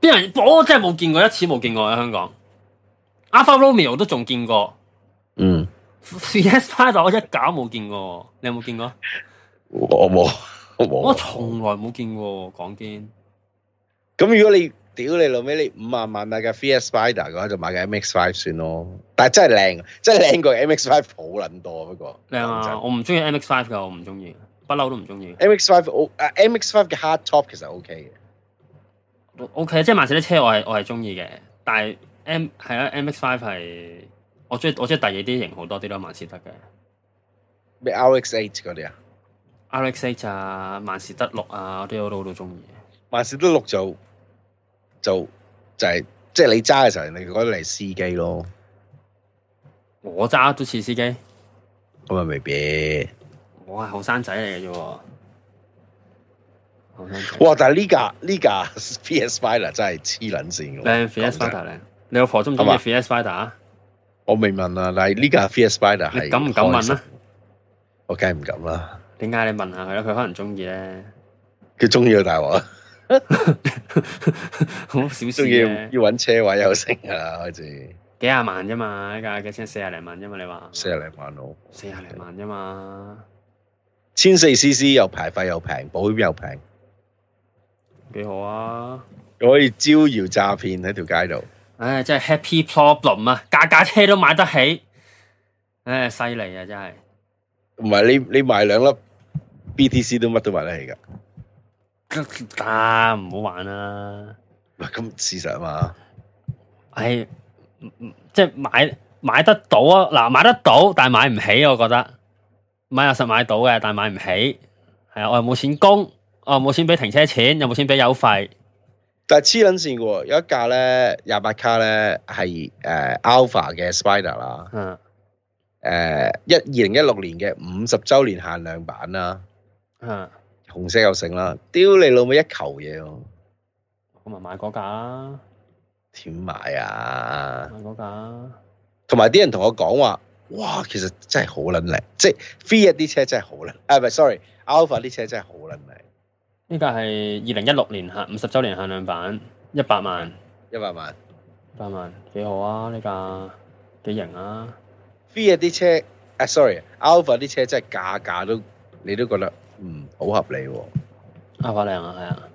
邊吧人我真係冇見過一次冇見過喺香港，Alfa Romeo 都仲見過，見過
見
過嗯，菲斯 Spider 我一搞冇見過，你有冇見過？
我冇，我從來冇見過，講真咁如果你？屌你老尾，你五萬萬大架 Fiat Spider 嘅話，就買架 M X Five 算咯，但係真係靚，真係靚過 M X Five 好捻多。不過，靚啊，我唔中意 M X Five 噶，我唔中意，不嬲都唔中意。M X Five，啊 M X Five 嘅 Hard Top 其
實 O K 嘅，O K 啊，即係萬事得車我係我係中意嘅，但係 M 係啊 M X Five 係我中意，我中意第二啲型好多啲咯，萬事得嘅
咩 R X Eight 嗰啲啊，R X Eight 啊，萬事得六啊，嗰啲我都我都中意。萬事得六就。就就係即係你揸嘅時候，你覺得係司機咯。我揸都似司機，咁啊未必。我係後生仔嚟嘅啫。後生
仔。
哇！但係呢架呢架 F8 Spider 真係黐撚線嘅。F8 Spider 嚟，你老婆中唔中意 F8 Spider 啊？我未問啊，但係呢架 F8 Spider 係。敢唔敢問啊？我梗係唔敢啦。點解你問下佢咧？佢可能中意咧。佢中意個大鑊。好少少嘅，要揾車位又升啊。好似始幾廿萬啫嘛，一架嘅
車四廿零萬啫、哦、嘛，你話四廿零萬好？四廿零萬啫嘛，
千四 CC 又排費又平，保險又平，幾好啊！可以招搖詐騙喺條街度，
唉、哎，真係 Happy Problem 啊！架架車都買得起，唉、哎，犀利啊！真
係，唔係你你買兩粒 BTC 都乜都買得起噶。唔好、啊、玩啦！唔係咁事實啊嘛，係、哎、即係買買
得到啊，嗱買得到，但係買唔起，我覺得買又實買到嘅，但係買唔起，係啊，我又冇錢供，我又冇錢俾停車錢，又冇錢俾油費，
但係黐捻線嘅，有一架咧廿八卡咧係誒 Alpha 嘅 Spider 啦、啊，嗯、呃，誒一二零一六年嘅五十周年限量版啦，嗯、啊。紅色又剩啦，丟你老母一球嘢喎、啊！我咪買嗰架、啊，點買啊？買嗰架、啊。同埋啲人同我講話，哇，其實真係好撚靚，即係 Fiat 啲車真係好撚，誒、啊、唔係，sorry，Alfa 啲車真係好撚靚。
呢架係二零一六年限五十週年限量版，
一百萬，一百萬，一百萬，幾好啊？呢架幾型啊？Fiat 啲車，誒、啊、sorry，Alfa 啲車真係價價都你都覺得。嗯，好合理喎、哦。Alpha 靚啊，係啊。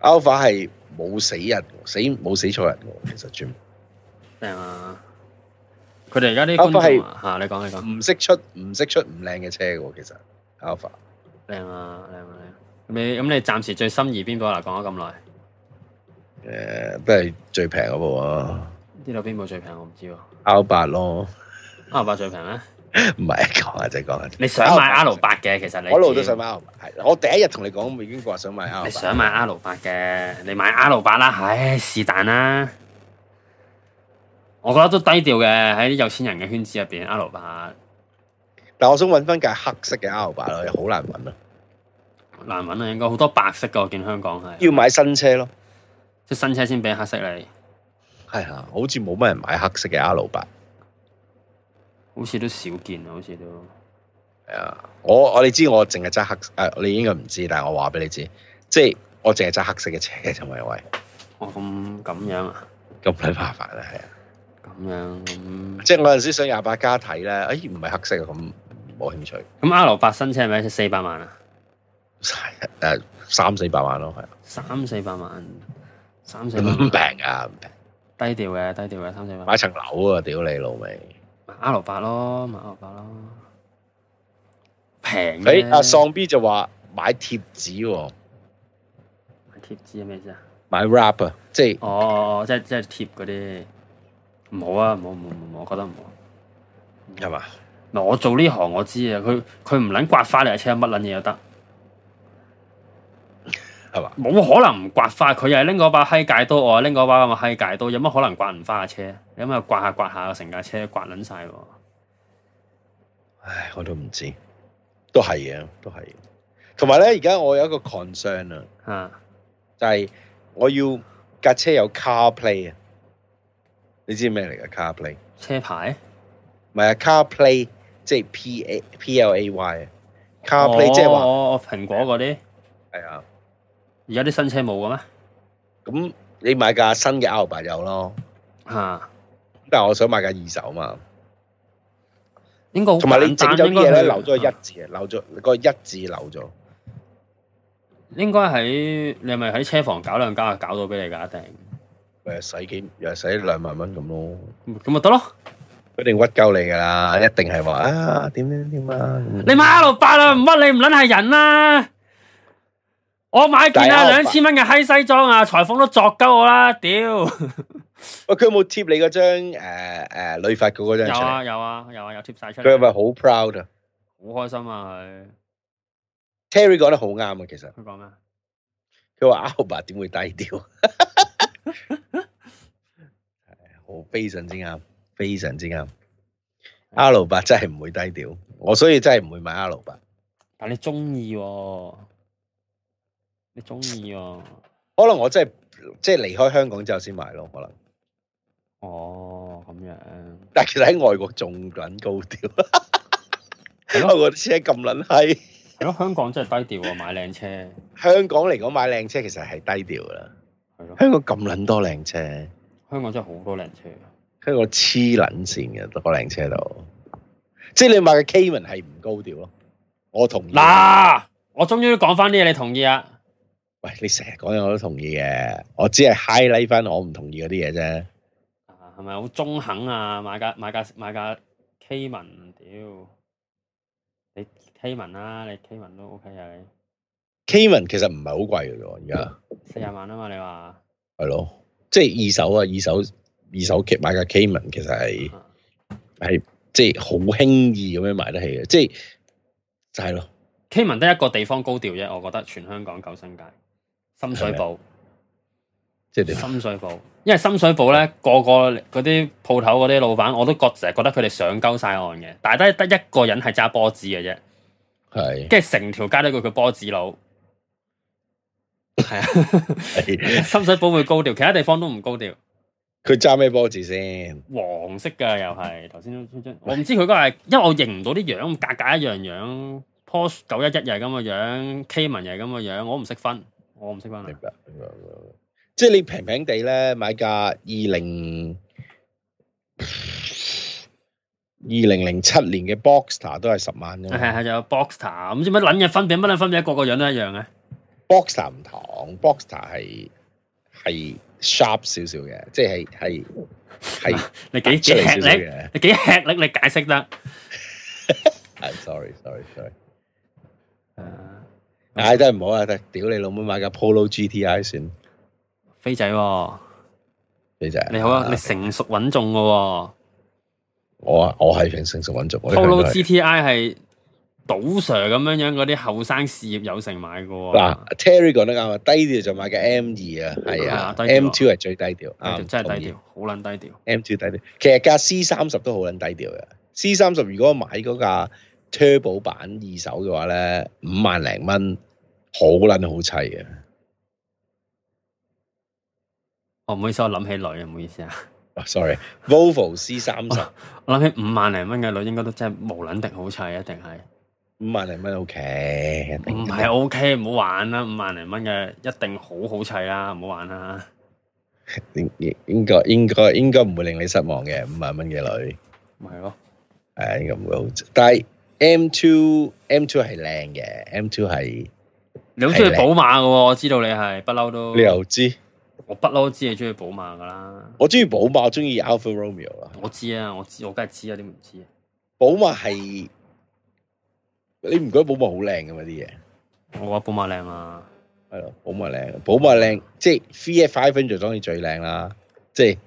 Alpha 係冇死人，死冇死錯人嘅，其實 j a m 靚啊！佢哋而家啲 a l 吓你講你講，唔識出唔識出唔靚嘅車嘅，其實 Alpha。靚啊
靚啊靚！啊你咁你暫時最心儀邊部啊？講咗咁耐。誒、yeah,，
都係最平嗰部啊！呢
度邊部最平我唔知
喎。阿爾 a 咯。p h a 最平咩？唔係一個啊，即係講你想買 R 八嘅，其實你我一路都想買 R 八，的，係我第一日同你講，我已經話想買 R 八。你想
買 R 八嘅，的你買 R 八啦，唉，是但啦。我覺得都低調嘅，喺啲有錢人嘅圈子入邊，R 八。但我想揾翻
架黑色嘅 R 八
咯，又好難揾啊，
難揾啊，應
該好多白色噶，我見香港係
要買新車咯，即係新車先俾黑色你，係啊，好似冇乜人買黑色嘅 R 八。好似都少見啊！好似都係啊！我我你知我淨係揸黑誒，你應該唔知，但係我話俾你知，即係我淨係揸黑色嘅車嘅陳偉偉。就是、哦，咁咁樣啊？咁鬼麻煩啊！係啊，咁樣咁。嗯、即係我有陣時上廿八家睇咧，哎，唔係黑色啊，咁冇興趣。咁 R8 新車係咪 四百萬啊？誒，三四百萬咯，係。三四百萬，三四百萬唔平啊，唔平。低調嘅，
低調嘅三四百萬。買
層樓啊！屌你老味。
阿羅伯咯，買阿羅伯咯，平啲。誒、欸，阿、啊、喪 B 就話買貼紙、哦，買貼紙係咩意思啊？
買 rap 啊、就是，即
係哦哦哦，即係即係貼嗰啲。唔好啊，唔好唔好唔好，我覺得唔好。係嘛吧？嗱，我做呢行我知啊，佢佢唔撚刮花你台車，乜撚嘢又得。係嘛？冇可能唔刮花，佢又拎嗰把閪界刀，我拎嗰把咁嘅閪界刀，有乜可能刮唔花嘅車？有咩刮下刮下，成架車刮撚晒
喎！唉，我都唔知，都係嘅，都係。同埋咧，而家我有一個 concern 啊，就係我要架車有 CarPlay 啊，你知咩嚟噶 CarPlay？車牌？唔係啊，CarPlay 即係 P A P L A Y CarPlay 即係話蘋果嗰啲，係啊。而家啲新車冇嘅咩？咁你買架新嘅阿爾拜有咯。吓，但係我想買架二手啊嘛。應該同埋你整咗啲嘢咧，留咗個一字，留咗個一字，留咗。
應該喺你係咪喺車房搞兩間啊？搞到俾你噶一定。
誒，使幾又係使兩萬蚊咁咯。咁咪得咯？佢定屈鳩你噶啦，一定係話啊，點點點啊咁。
你買阿爾拜啦，唔屈你唔捻係人啦。我買件啊，兩千蚊嘅閪西裝啊，裁縫都作鳩我啦，屌！
喂、呃，佢有冇貼你嗰張誒誒女發嘅嗰張，有啊有啊
有啊，有貼、啊、晒、啊、
出嚟。佢係咪好 proud 啊？
好開心啊！佢
Terry 講得好啱啊，其實佢講咩？佢話阿盧伯點會低調？係， 非常之啱，非常之啱。阿盧伯真係唔會低調，嗯、我所以真係唔會買阿盧伯。但你中意喎。你中意啊？可能我真係即係離開香港之後先買咯，可能。哦，咁樣。但係其實喺外國仲捻高調。係 咯的，我啲車咁捻閪。如果香港真係低調啊，買靚車。香港嚟講買靚車其實係低調㗎啦。係咯。香港咁捻多靚車。香港真係好多靚車。香港黐捻線嘅，得嗰多靚車度。即係你買嘅 Cayman 係唔高調咯，我同意。嗱，我
終於講翻啲嘢，你同意啊？
喂，你成日講嘢我都同意嘅，我只係 highlight 翻我唔同意嗰啲嘢啫。
係咪好中肯啊？買架買架買架 Cayman，屌、啊！你 Cayman 啦，你 Cayman 都 OK 啊你
！Cayman 其實唔係好貴嘅啫，而家四十萬啊嘛，你話係咯？即係、就是、二手啊，二手二手機買架 Cayman 其實係係即係好輕易咁樣買得起嘅，即係就係、是、咯。就是、Cayman 得一個地
方高調啫，我覺得全香港九新界，深水埗，即係嗎深水埗，因為深水埗咧，嗯、個個嗰啲鋪頭嗰啲老闆，我都覺成日覺得佢哋上鳩晒岸嘅，但係得得一個人係揸波子嘅啫，
係，
跟住成條街都叫佢波子佬，係啊，深水埗會高調，其他地方都唔高調。
佢揸咩波子先？黃色嘅
又係，頭
先都我
唔知佢嗰個係，因為我認唔到啲樣，格格一樣樣，樣，Post 九一一又係咁嘅樣
，Cayman 又係咁
嘅樣，我唔識分。我唔識翻明白
明白。即係你平平地咧買架二零二零零七年嘅 Boxster 都係十萬啫。係係，
有 Boxster 唔知乜捻嘢分別乜捻分別？各個個樣都一樣嘅。Boxster 唔
同，Boxster 係係 sharp 少少嘅，即係係係你幾出你幾吃力，你幾吃力，你解釋得。Sorry，sorry，sorry sorry, sorry.、uh。唉，真係唔好啊！屌你老母買架 Polo GTI 算，飛仔、哦，飛仔，你好啊！你成熟穩重噶、哦，我我係成成熟穩重。Polo GTI
係賭是 Sir 咁樣樣，嗰啲後生事業有成買噶、哦。嗱、
啊、，Terry 講得啱啊，啊，低調就買架 M 二啊，係啊，M two 係最低調真係低調，好撚、嗯、低調。M two 低調，其實架 C 三十都好撚低調嘅。C 三十如果買嗰架。車保版二手嘅話咧，五萬零蚊好撚好砌嘅。
我唔好意思，我諗起女嘅，唔好意思啊。哦，sorry，Volvo C 三十，我諗起五萬零蚊嘅女應該都真係無撚定好砌一定係五萬零蚊 OK，唔係 OK，唔好玩啦，五萬零蚊嘅一定好好砌啊，唔好玩啦。
應應應該應該應該唔會令你失望嘅，五萬蚊嘅女咪係咯，係、哦、應該唔會好低。M2，M2 係靚嘅，M2 係，M 2, M 2 M 你好中意寶
馬噶？我知道你係不嬲都。你又知？我不嬲知你中意寶馬噶啦。
我中意寶馬，我中意阿爾法羅密歐啊。
我知，我知，知我啊，我知，我梗係知，
啊。你唔知。寶馬係，你唔覺得寶馬好靚噶嘛？啲嘢。我覺得寶馬靚啊，係咯，寶馬靚，寶馬靚，即係 three five hundred 當然最靚啦，即係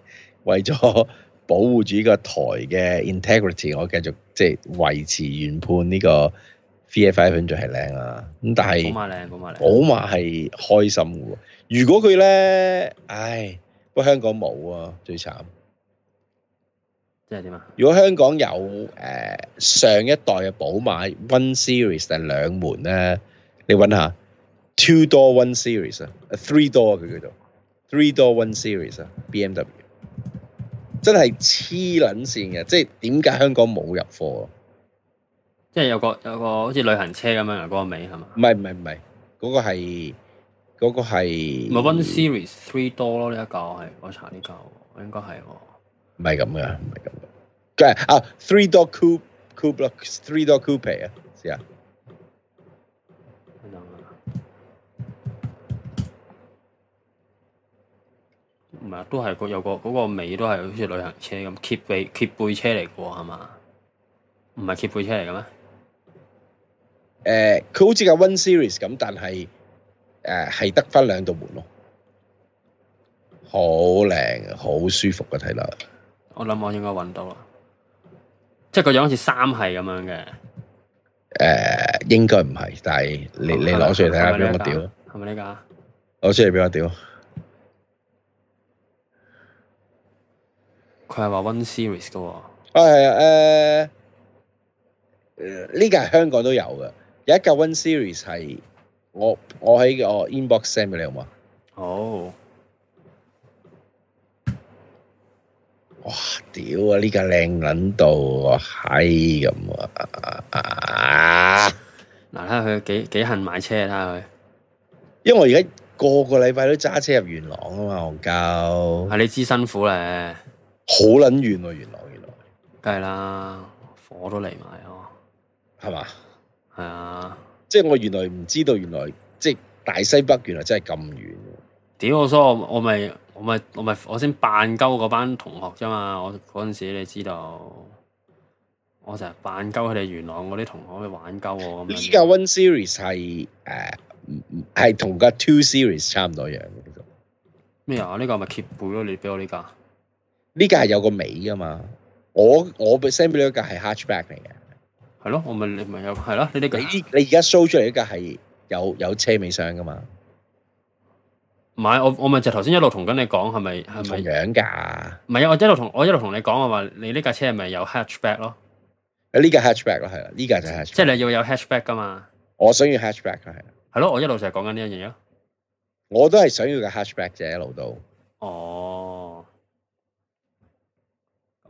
為咗。保護住呢個台嘅 integrity，我繼續即係維持原判呢個 f i 分座係靚啊！咁但係，寶馬靚，寶馬靚，寶馬係開心嘅喎。如果佢咧，唉，不過香港冇啊，最慘。即係點啊？如果香港有誒、呃、上一代嘅寶馬 One Series 定兩門咧，你揾下 Two Door One Series 啊，Three Door 佢嗰度 Three Door One Series 啊，BMW。真係黐撚線嘅，即係點解香港冇入貨？
即係有個有個好似旅行車咁樣嗰、那個尾係
嘛？唔係唔係唔係，嗰、那個係嗰、那個 One
Series Three Door 咯？呢一舊係我查呢、這、舊、個，應該係喎、哦。唔係
咁嘅，唔係咁嘅。咁、ah, 啊 Three Door Coupe Coupe Three Door Coupe 啊，係啊。
唔係，都係個有個嗰、嗰個尾都係好似旅行車咁，揭背揭背車嚟嘅係嘛？
唔係揭背車嚟嘅咩？誒、呃，佢好似架 One Series 咁，但係誒係得返兩道門咯，好靚，好舒服嘅睇落。我諗我應該揾到啦，
即係個樣好似三系咁樣嘅。
誒、呃，應該唔係，但係你、啊、你攞出嚟睇下俾我屌，係咪呢架？攞出嚟俾我屌。
佢係話 One Series 噶喎，
係啊，誒、啊，呢個係香港都有嘅，有一架 One Series 係是我我喺個 inbox send 俾你好嘛？好，哦、哇，屌啊！呢個靚撚到，啊！嘿咁啊！
嗱，睇下佢幾幾恨買
車啊！睇下佢，因為我而家個個禮拜都揸車入元朗啊嘛，戇鳩，係、啊、你知辛苦咧。好撚遠啊，原來原來，梗係啦，火都嚟埋哦，係嘛吧？係啊，即係我原來唔知道，原來即係大西北原來真係咁遠。屌，我所以，我咪我咪
我咪我先扮鳩嗰班同學啫嘛，我嗰陣時你知道，我成日扮鳩佢哋元朗嗰啲同學去玩鳩我咁。呢
架 One Series 係誒，係同架 Two Series 差唔多樣嘅呢個。咩啊？呢個咪 keep 背咯，你俾我呢個。呢架係有個尾噶嘛？我我 send 俾你一架係 hatchback 嚟嘅，係咯。我問你，你，你，咪有係咯？你你你你而家 show 出嚟一架係有有車尾箱噶嘛？唔係，我我問就頭先一路同緊你講，係
咪係咪樣噶？唔係啊，我一路同我一路同你講我話你呢架車係咪有 hatchback 咯？
誒，呢架 hatchback 咯，係啦，呢架
就係即係你要有 hatchback 噶嘛？
我想要 hatchback 啊，係
啊，係咯，我一路就係講緊呢樣嘢咯。
我都係想要嘅 hatchback 啫，一路都哦。Oh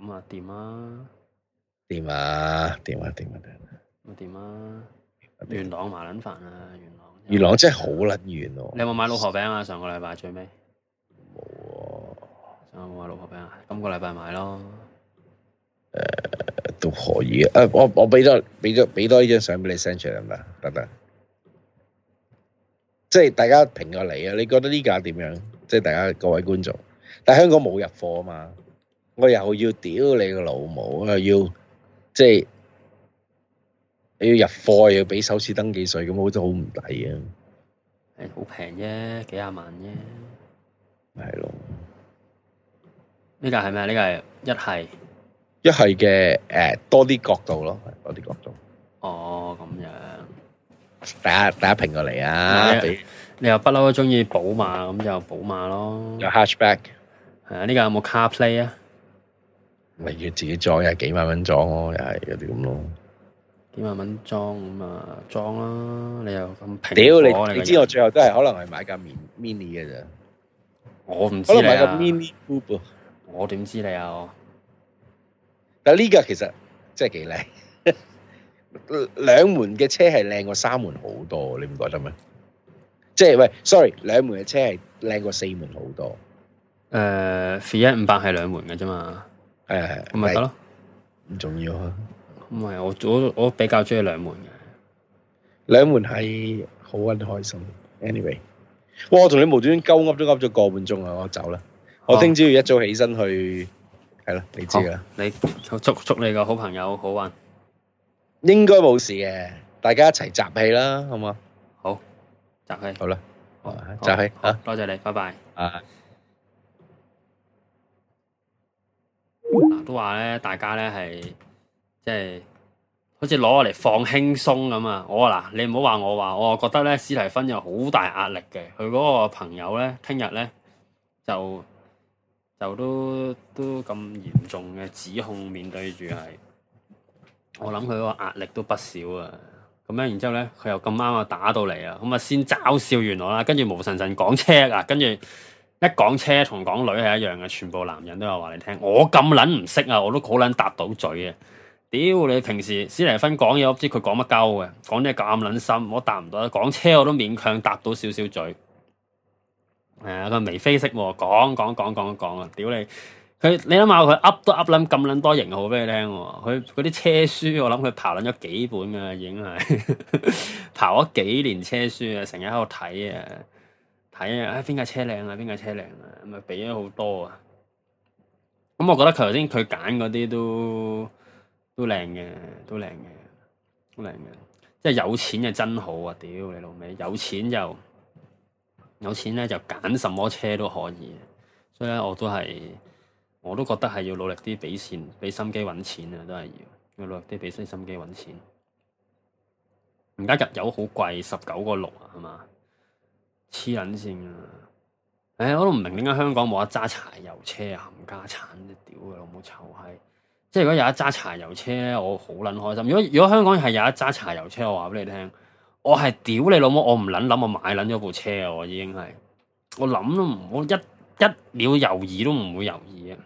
咁啊，掂啊，掂啊，掂
啊，掂啊，掂啊！掂啊，元朗麻捻飯啊，
元朗。元朗真係好捻遠喎。你有冇買老婆餅
啊？上個禮拜最尾。冇啊！仲有冇買老婆餅啊？
今個禮拜買咯。誒，都可以啊！我我俾多俾多俾多呢張相俾你 send 出嚟，得唔得？得唔得？即係大家評下嚟啊！你覺得呢架點樣？即係大家各位觀眾，但係香港冇入貨啊嘛。我又要屌你個老母，我又要即係你要入貨，又要俾首次登記稅，咁好似好唔抵啊！誒、欸，好平啫，幾廿萬啫，係咯了。呢、這
個係咩？呢個係一係
一係嘅誒、欸，多啲角度咯，多啲角度。哦，咁樣大。大家大家平
過嚟啊！你，平你又不嬲都中意寶馬，咁就寶馬咯。有 hatchback 係啊？呢、這個有冇 CarPlay 啊？
例你要自己裝，又係幾萬蚊裝咯，又係有啲咁咯。
幾萬蚊裝咁啊，裝啦！你又咁平？屌你！你知我最後都係可能
係買架 mini 嘅咋？我唔知，可能買個 mini coupe。我點知你啊？你啊但係呢架其實真係幾靚，兩 門嘅車係靚過三門好多，你唔覺得咩？即係、就是、喂，sorry，兩門嘅車係靚過四門好多。
誒、uh,，Fiat 500係兩門嘅啫嘛。係係，唔係得咯，唔重要啊。
唔係我我我比較中意兩門嘅，兩門係好溫開心。Anyway，哇！我同你無端端溝噏都噏咗個半鐘啊，我走啦。我聽朝要一早起身去，係啦，你知啦。你祝祝你個好朋友好運，應該冇事嘅。大家一齊集氣啦，好唔好？好，集氣好啦，好，集氣。多謝你，拜拜。啊。
都話咧，大家咧係即係好似攞嚟放輕鬆咁啊！我嗱，你唔好話我話，我覺得咧史提芬有好大壓力嘅。佢嗰個朋友咧，聽日咧就就都都咁嚴重嘅指控面對住係，我諗佢個壓力都不少啊。咁樣，然之後咧，佢又咁啱啊打到嚟啊，咁啊先嘲笑完我啦，跟住無神神講車啊，跟住。一講車同講女係一樣嘅，全部男人都有話你聽。我咁撚唔識啊，我都好撚答到嘴嘅。屌你平時史尼芬講嘢，我唔知佢講乜鳩嘅，講啲嘢咁撚深，我答唔到。講車我都勉強答到少少嘴。誒，佢眉飛色喎，講講講講講啊！屌你，佢你諗下佢噏都噏撚咁撚多型號俾你聽喎，佢嗰啲車書我諗佢爬撚咗幾本嘅，啊，已經係刨咗幾年車書啊，成日喺度睇啊！睇啊！邊架車靚啊，邊架車靚啊？邊架車靚啊？咪畀咗好多啊！咁我覺得佢頭先佢揀嗰啲都都靚嘅，都靚嘅，都靚嘅。即係有錢就真好啊！屌你老味，有錢就有錢咧就揀什麼車都可以。所以咧，我都係我都覺得係要努力啲，畀錢畀心機揾錢啊！都係要要努力啲，畀啲心機揾錢。而家入油好貴，十九個六啊，係嘛？黐撚線啊，誒，我都唔明點解香港冇得揸柴油車啊，冚家鏟啫！屌佢老母臭閪！即係如果有得揸柴油車咧，我好撚開心。如果如果香港係有得揸柴油車，我話俾你聽，我係屌你老母！我唔撚諗我買撚咗部車啊，我已經係我諗都唔，好，一一秒猶豫都唔會猶豫嘅。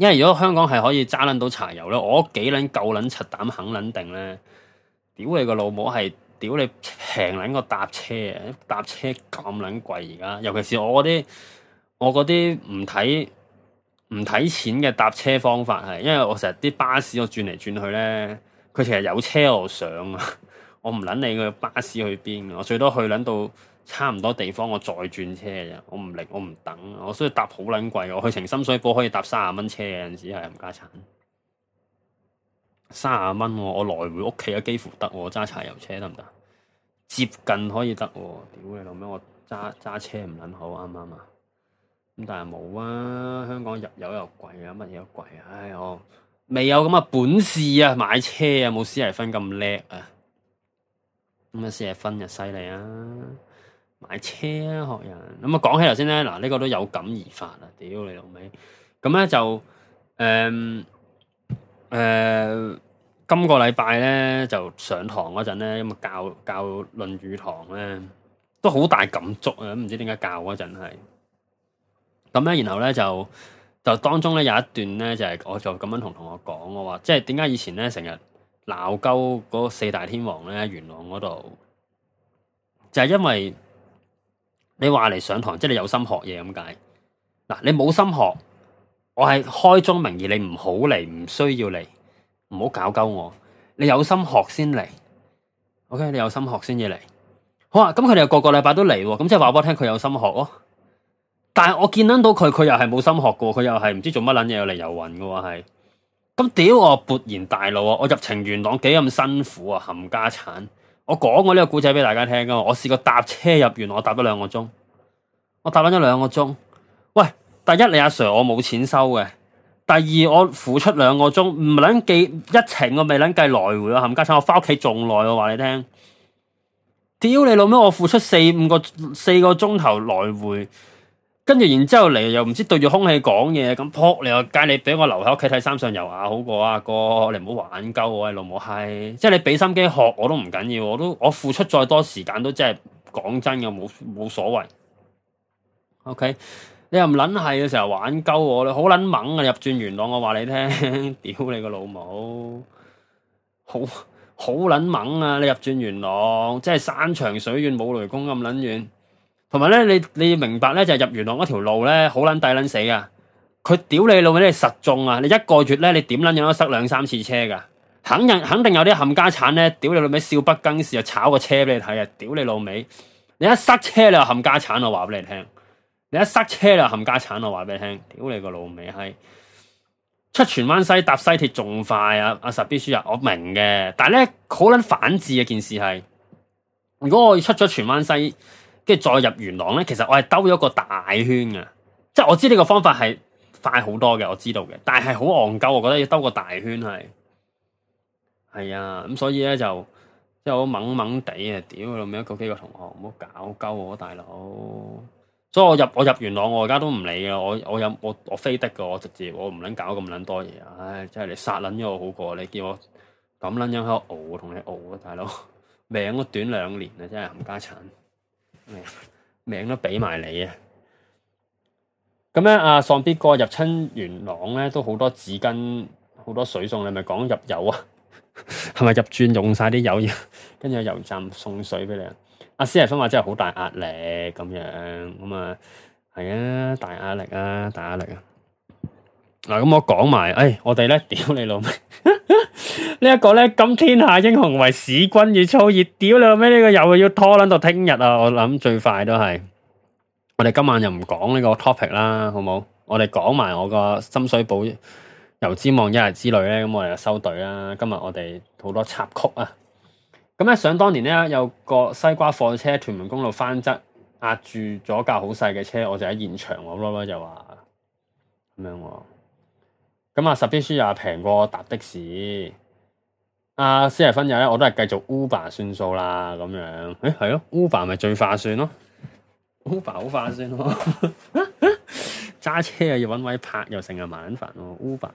因為如果香港係可以揸撚到柴油咧，我幾撚夠撚柒膽肯撚定咧！屌你個老母係～屌你平卵個搭車啊！搭車咁卵貴而家，尤其是我嗰啲，我嗰啲唔睇唔睇錢嘅搭車方法係，因為我成日啲巴士我轉嚟轉去咧，佢成日有車我上啊，我唔捻你個巴士去邊啊，我最多去捻到差唔多地方我再轉車咋，我唔嚟我唔等，我需要搭好卵貴，我去程深水埗可以搭三十蚊車，有陣時係冚家鏟。三十蚊我來回屋企啊，幾乎得我揸柴油車得唔得？接近可以得，屌你老味，我揸揸車唔撚好啱唔啱啊？咁但係冇啊，香港入油又貴啊，乜嘢都貴唉、啊哎、我未有咁嘅本事啊買車啊冇四廿分咁叻啊，咁啊四廿分就犀利啊買車啊學人咁啊講起頭先咧嗱呢、這個都有感而發啊屌你老味。咁咧就誒。嗯誒、呃，今個禮拜咧就上堂嗰陣咧，咁啊教教《論語》堂咧，都好大感觸啊！唔知點解教嗰陣係咁咧，然後咧就就當中咧有一段咧就係、是，我就咁樣同同學講我話，即係點解以前咧成日鬧交嗰四大天王咧，元朗嗰度就係、是、因為你話嚟上堂，即、就、係、是、你有心學嘢咁解，嗱你冇心學。我係開宗明義，你唔好嚟，唔需要嚟，唔好搞鳩我。你有心學先嚟，OK？你有心學先至嚟，好啊。咁佢哋又個個禮拜都嚟，咁即係話俾我聽佢有心學咯。但係我見捻到佢，佢又係冇心學噶，佢又係唔知做乜捻嘢嚟遊魂噶係。咁屌我勃然大怒啊！我入情元朗幾咁辛苦啊，冚家鏟！我講過呢個故仔俾大家聽噶，我試過搭車入元朗，我搭咗兩個鐘，我搭翻咗兩個鐘，喂。第一，你、啊、阿 Sir，我冇錢收嘅；第二，我付出兩個鐘，唔諗計一程我能，我未諗計來回咯。冚家鏟，我翻屋企仲耐，我話你聽。屌你老母，我付出四五個四個鐘頭來回，跟住然之後嚟又唔知對住空氣講嘢咁扑你，我介你俾我留喺屋企睇《三上游》，啊好過啊哥，哥，你唔好玩鳩我、啊，老母閪、哎！即係你俾心機學我都唔緊要，我都，我，都我付出再多時間都真係講真嘅，冇冇所謂。OK。你又唔撚係嘅時候玩鳩我，你好撚猛啊！入轉元朗，我話你聽，屌 你個老母，好好撚猛啊！你入轉元朗，即係山長水遠冇雷公咁撚遠。同埋咧，你你要明白咧，就係、是、入元朗嗰條路咧，好撚抵撚死啊！佢屌你老味，你實中啊！你一個月咧，你點撚樣都塞兩三次車噶，肯肯定有啲冚家鏟咧，屌你老味，笑不更事又炒個車俾你睇啊！屌你老味，你一塞車你又冚家鏟，我話俾你聽。你一塞車就冚家鏟！我話畀你聽，屌你個老味，係出荃灣西搭西鐵仲快啊！阿、啊、十必書啊，我明嘅，但係咧好撚反智嘅件事係，如果我出咗荃灣西，跟住再入元朗咧，其實我係兜咗個大圈嘅，即係我知呢個方法係快好多嘅，我知道嘅，但係好戇鳩，我覺得要兜個大圈係，係啊，咁所以咧就即係我懵懵地啊，屌你個老味，嗰幾個同學唔好搞鳩我大佬。所以我入我入元朗，我而家都唔理啊。我有我入我我飛的噶，我直接我唔捻搞咁撚多嘢，唉，真係你殺撚咗我好過，你叫我咁撚樣喺度熬，同你熬啊，大佬命都短兩年啊，真係冚家鏟，命都畀埋你了那啊！咁咧，阿喪逼哥入親元朗咧，都好多紙巾，好多水送你，係咪講入油啊？係咪入轉用晒啲油，跟住油站送水畀你啊？啊！私人生活真係好大壓力咁樣，咁啊係啊，大壓力啊，大壓力啊！嗱，咁我講埋，哎，我哋咧，屌你老味！ 這呢一個咧，今天下英雄為使君與操耳，屌你老味，呢個又要拖捻到聽日啊！我諗最快都係我哋今晚又唔講呢個 topic 啦，好冇？我哋講埋我個深水埗油尖旺一日之旅咧，咁我哋就收隊啦。今日我哋好多插曲啊！咁咧，想當年咧，有個西瓜貨車屯門公路翻側，壓住咗架好細嘅車，我就喺現場一。我囉囉就話咁樣。咁啊，十邊書又平過搭的士。阿四十分友咧，我都係繼續 Uber 算數啦。咁樣誒，係咯，Uber 咪最化算咯。Uber 好化算喎，揸 車要又要搵位泊又成日麻煩喎，Uber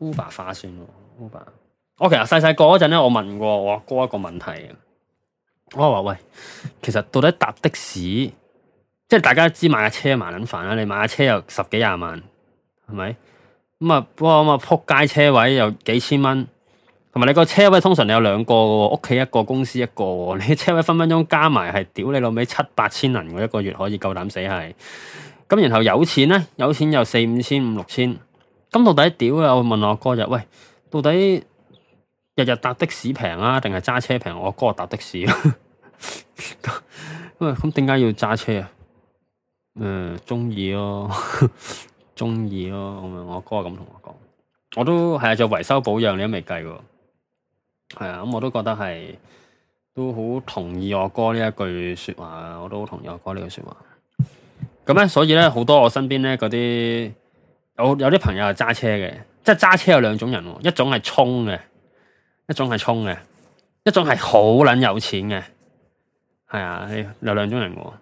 Uber 化算喎，Uber。我其實細細個嗰陣咧，okay, 小小我問過我阿哥，哥一個問題啊。我話喂，其實到底搭的士，即係大家都知買架車麻撚煩啦。你買架車又十幾廿萬，係咪？咁啊，不過咁啊，嗯、仆街車位又幾千蚊，同埋你個車位通常你有兩個喎，屋企一個，公司一個。你車位分分鐘加埋係屌你老味七八千人嘅一個月可以夠膽死係。咁然後有錢咧，有錢又四五千五六千。咁到底屌啊？我問我阿哥就喂，到底？日日搭的士平啊，定係揸車平？我哥搭的士，咁咁點解要揸車啊？嗯，中意咯，中意咯。咁樣我哥咁同我講，我都係啊，做維修保養你都未計喎。係啊，咁我都覺得係，都好同意我哥呢一句說話啊。我都好同意我哥呢句說話。咁咧，所以咧，好多我身邊咧嗰啲有有啲朋友係揸車嘅，即係揸車有兩種人，一種係衝嘅。一種係冲嘅，一種係好捻有錢嘅，係啊，有兩種人，哦。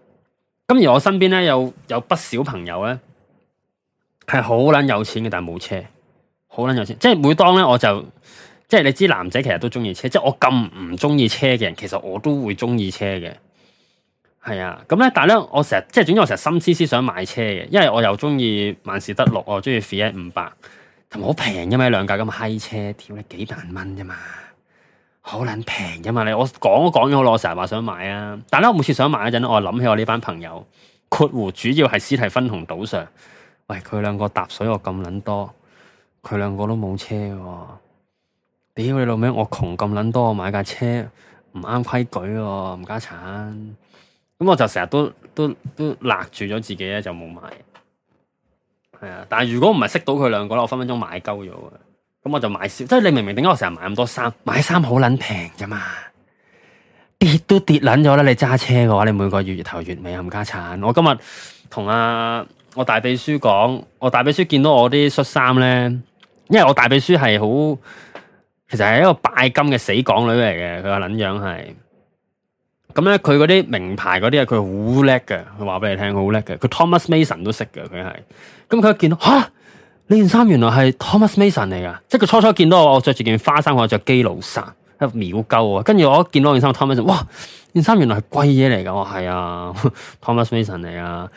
咁而我身邊咧有有不少朋友咧係好捻有錢嘅，但係冇車，好捻有錢。即係每當咧，我就即係你知男仔其實都中意車。即係我咁唔中意車嘅人，其實我都會中意車嘅。係啊，咁咧，但係咧，我成日即係總之我成日心思思想買車嘅，因為我又中意萬事得六，我中意 Fiat 五百。同好平啫嘛，兩兩架咁嘅閪車，屌你幾萬蚊啫嘛，好撚平啫嘛！你我講都講咗好耐我成日話想買啊，但係我每次想買嗰陣我諗起我呢班朋友括弧主要係屍體分紅島上，喂佢兩個搭水我咁撚多，佢兩個都冇車喎，屌你老味！我窮咁撚多，我買架車唔啱規矩喎，啊，唔家產，咁我就成日都都都勒住咗自己咧，就冇買。係啊，但係如果唔係識到佢兩個，我分分鐘買鳩咗嘅，咁我就買少。即係你明明點解我成日買咁多衫？買衫好捻平咋嘛？跌都跌捻咗啦！你揸車嘅話，你每個月月頭月尾冚家鏟。我今日同阿我大秘書講，我大秘書見到我啲恤衫咧，因為我大秘書係好，其實係一個拜金嘅死港女嚟嘅，佢個捻樣係。咁咧，佢嗰啲名牌嗰啲啊，佢好叻嘅，佢話俾你聽，好叻嘅，佢 Thomas Mason 都識嘅，佢係。咁佢又見到吓！呢件衫原來係 Thomas Mason 嚟噶，即係佢初初見到我，我著住件花衫，我着基佬衫，一秒鳩喎。跟住我一見到件衫，Thomas 哇，件衫原來係貴嘢嚟噶，哇係啊，啊，Thomas Mason 嚟啊，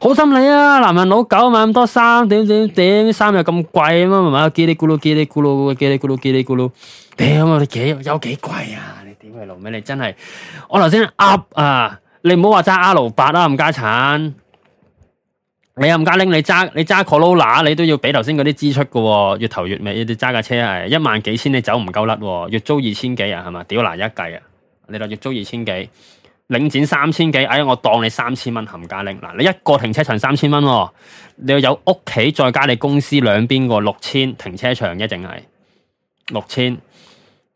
好心理啊，男人老狗買咁多衫，點點點衫又咁貴啊嘛，咪嘰哩咕嚕嘰哩咕嚕，嘰哩咕嚕嘰哩咕嚕，屌我哋幾有幾貴啊？你點去老尾？你真係，我頭先噏啊，你唔好話揸 R 八啊，冚家鏟。你冚家拎，你揸你揸 Corolla 你都要畀頭先嗰啲支出喎、哦。月頭月尾你揸架車係一萬幾千，你走唔夠甩，月租二千幾啊，係嘛？屌嗱，一計啊，你話月租二千幾，領展三千幾，哎，呀，我當你三千蚊冚家拎，嗱，你一個停車場三千蚊，哦，你要有屋企再加你公司兩邊個六千停車場，一定係六千。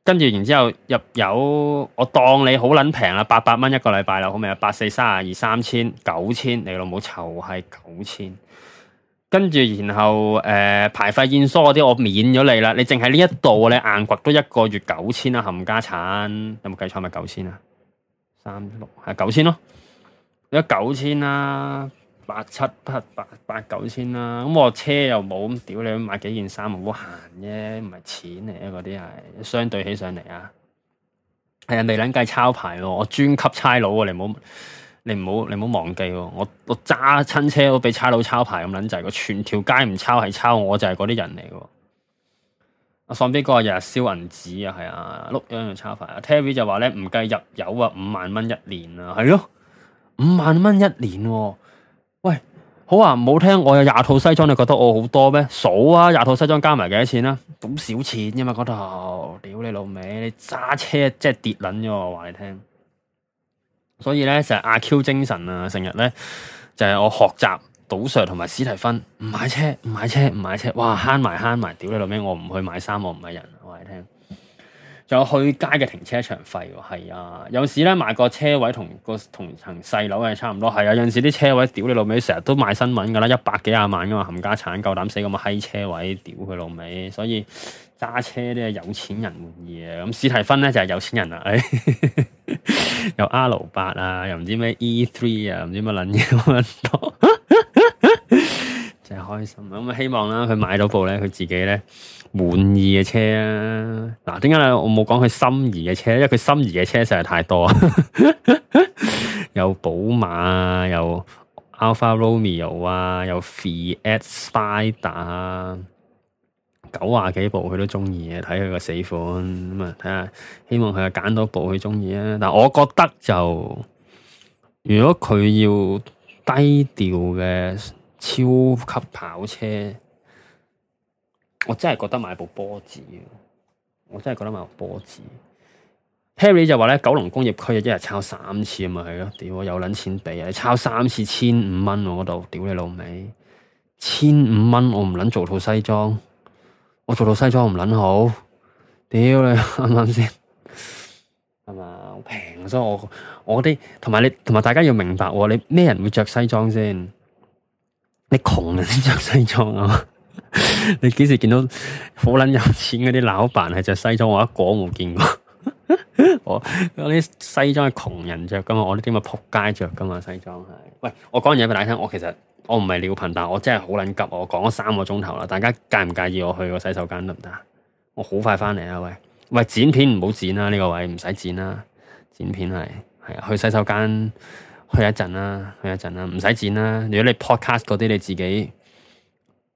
跟住，然之後入油我當你好捻平啦，八百蚊一個禮拜啦，好唔好啊？八四三廿二三千九千，你老母求係九千。跟住然後誒、呃，排廢煙疏嗰啲我免咗你啦，你淨係呢一度你硬掘都一個月九千啦，冚家產有冇計錯咪九千啊？三六係九千咯，有九千啦。八七匹八八九千啦、啊，咁我車又冇，咁屌你，買幾件衫好閒啫，唔係錢嚟啊！嗰啲係相對起上嚟啊，係人哋撚計抄牌喎，我專級差佬喎，你唔好你唔好你唔好忘記喎，我我揸親車都俾差佬抄牌咁撚滯，個、就係、全條街唔抄係抄我就係嗰啲人嚟嘅、啊。我放邊個日日燒銀紙啊？係啊，碌樣嘅抄牌、啊。Terry 就話咧唔計入油啊，五萬蚊一年啊，係咯、啊，五萬蚊一年、啊。嗯喂，好話，唔好聽，我有廿套西裝，你覺得我好多咩？數啊，廿套西裝加埋幾多錢啦？咁少錢啫、啊、嘛，嗰度，屌你老味，你揸車即係跌卵咗，我話你聽。所以咧成日阿 Q 精神啊，成日咧就係、是、我學習杜 Sir 同埋史提芬，唔買車，唔買車，唔買，買車，哇慳埋慳埋，屌你老味！我唔去買衫，我唔係人，我話你聽。有去街嘅停車場費喎，係啊，有時咧買個車位同個同層細樓係差唔多，係啊，有陣時啲車位屌你老味，成日都賣新聞㗎啦，一百幾廿萬㗎嘛，冚家鏟夠膽死咁啊，閪車位屌佢老味。所以揸車啲係有錢人玩意啊，咁史提芬咧就係、是、有錢人、哎、 有啊，又 R 八、e、啊，又唔知咩 E three 啊，唔知乜撚嘢，乜、啊、多。開心咁啊！希望啦，佢買到部咧，佢自己咧滿意嘅車啊！嗱，點解咧？我冇講佢心儀嘅車，因為佢心儀嘅車實在太多，有寶馬啊，有 Alfa Romeo 啊，有 Fiat Spider 啊，九廿幾部佢都中意嘅，睇佢個死款咁啊！睇下，希望佢揀到部佢中意啊！但係我覺得就，如果佢要低調嘅。超級跑車，我真係覺得買部波子，我真係覺得買部波子。Harry 就話咧，九龍工業區一日抄三次啊嘛，係咯，屌，我有捻錢俾啊？抄三次千五蚊，我度，屌你老味，千五蚊我唔捻做套西裝，我做套西裝唔捻好，屌你啱啱先？係嘛，平所以我我啲同埋你同埋大家要明白，你咩人會着西裝先？你窮人先着西裝啊！ 你幾時見到好捻有錢嗰啲老闆係着西裝？我一個都冇見過 我。我啲西裝係窮人着噶嘛？我啲點解撲街着噶嘛？西裝係。喂，我講完嘢俾大家聽。我其實我唔係尿頻，但我真係好捻急。我講咗三個鐘頭啦，大家介唔介意我去個洗手間得唔得？我好快翻嚟啊！喂喂，剪片唔好剪啦，啊，呢、這個位唔使剪啦，啊。剪片係係去洗手間。去一陣啦，去一陣啦，唔使剪啦。如果你 podcast 嗰啲，你自己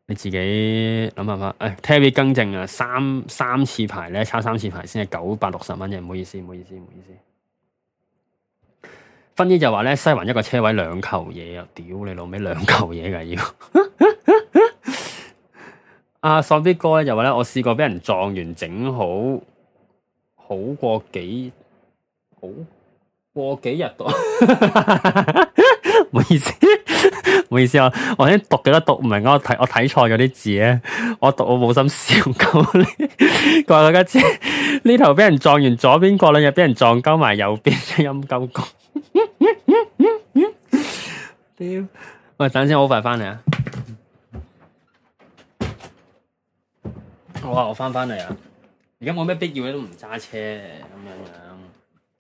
你自己諗辦法。誒、哎，Terry 更正啊，三三次牌咧，差三次牌先係九百六十蚊啫。唔好意思，唔好意思，唔好意思。芬姨 就話咧，西環一個車位兩嚿嘢啊！屌你老味，兩嚿嘢噶要。阿喪啲哥咧就話咧，我試過俾人撞完整好，好過幾好。過幾日讀，唔好意思，唔好意思，我已經讀幾多讀唔明，我睇我睇錯咗啲字咧，我讀我冇心笑，咁怪大家知。呢頭俾人撞完左邊，過兩日俾人撞鳩埋右邊，陰鳩公。喂，等先，好快翻嚟啊！我話我翻翻嚟啊！而家冇咩必要咧，都唔揸車咁樣。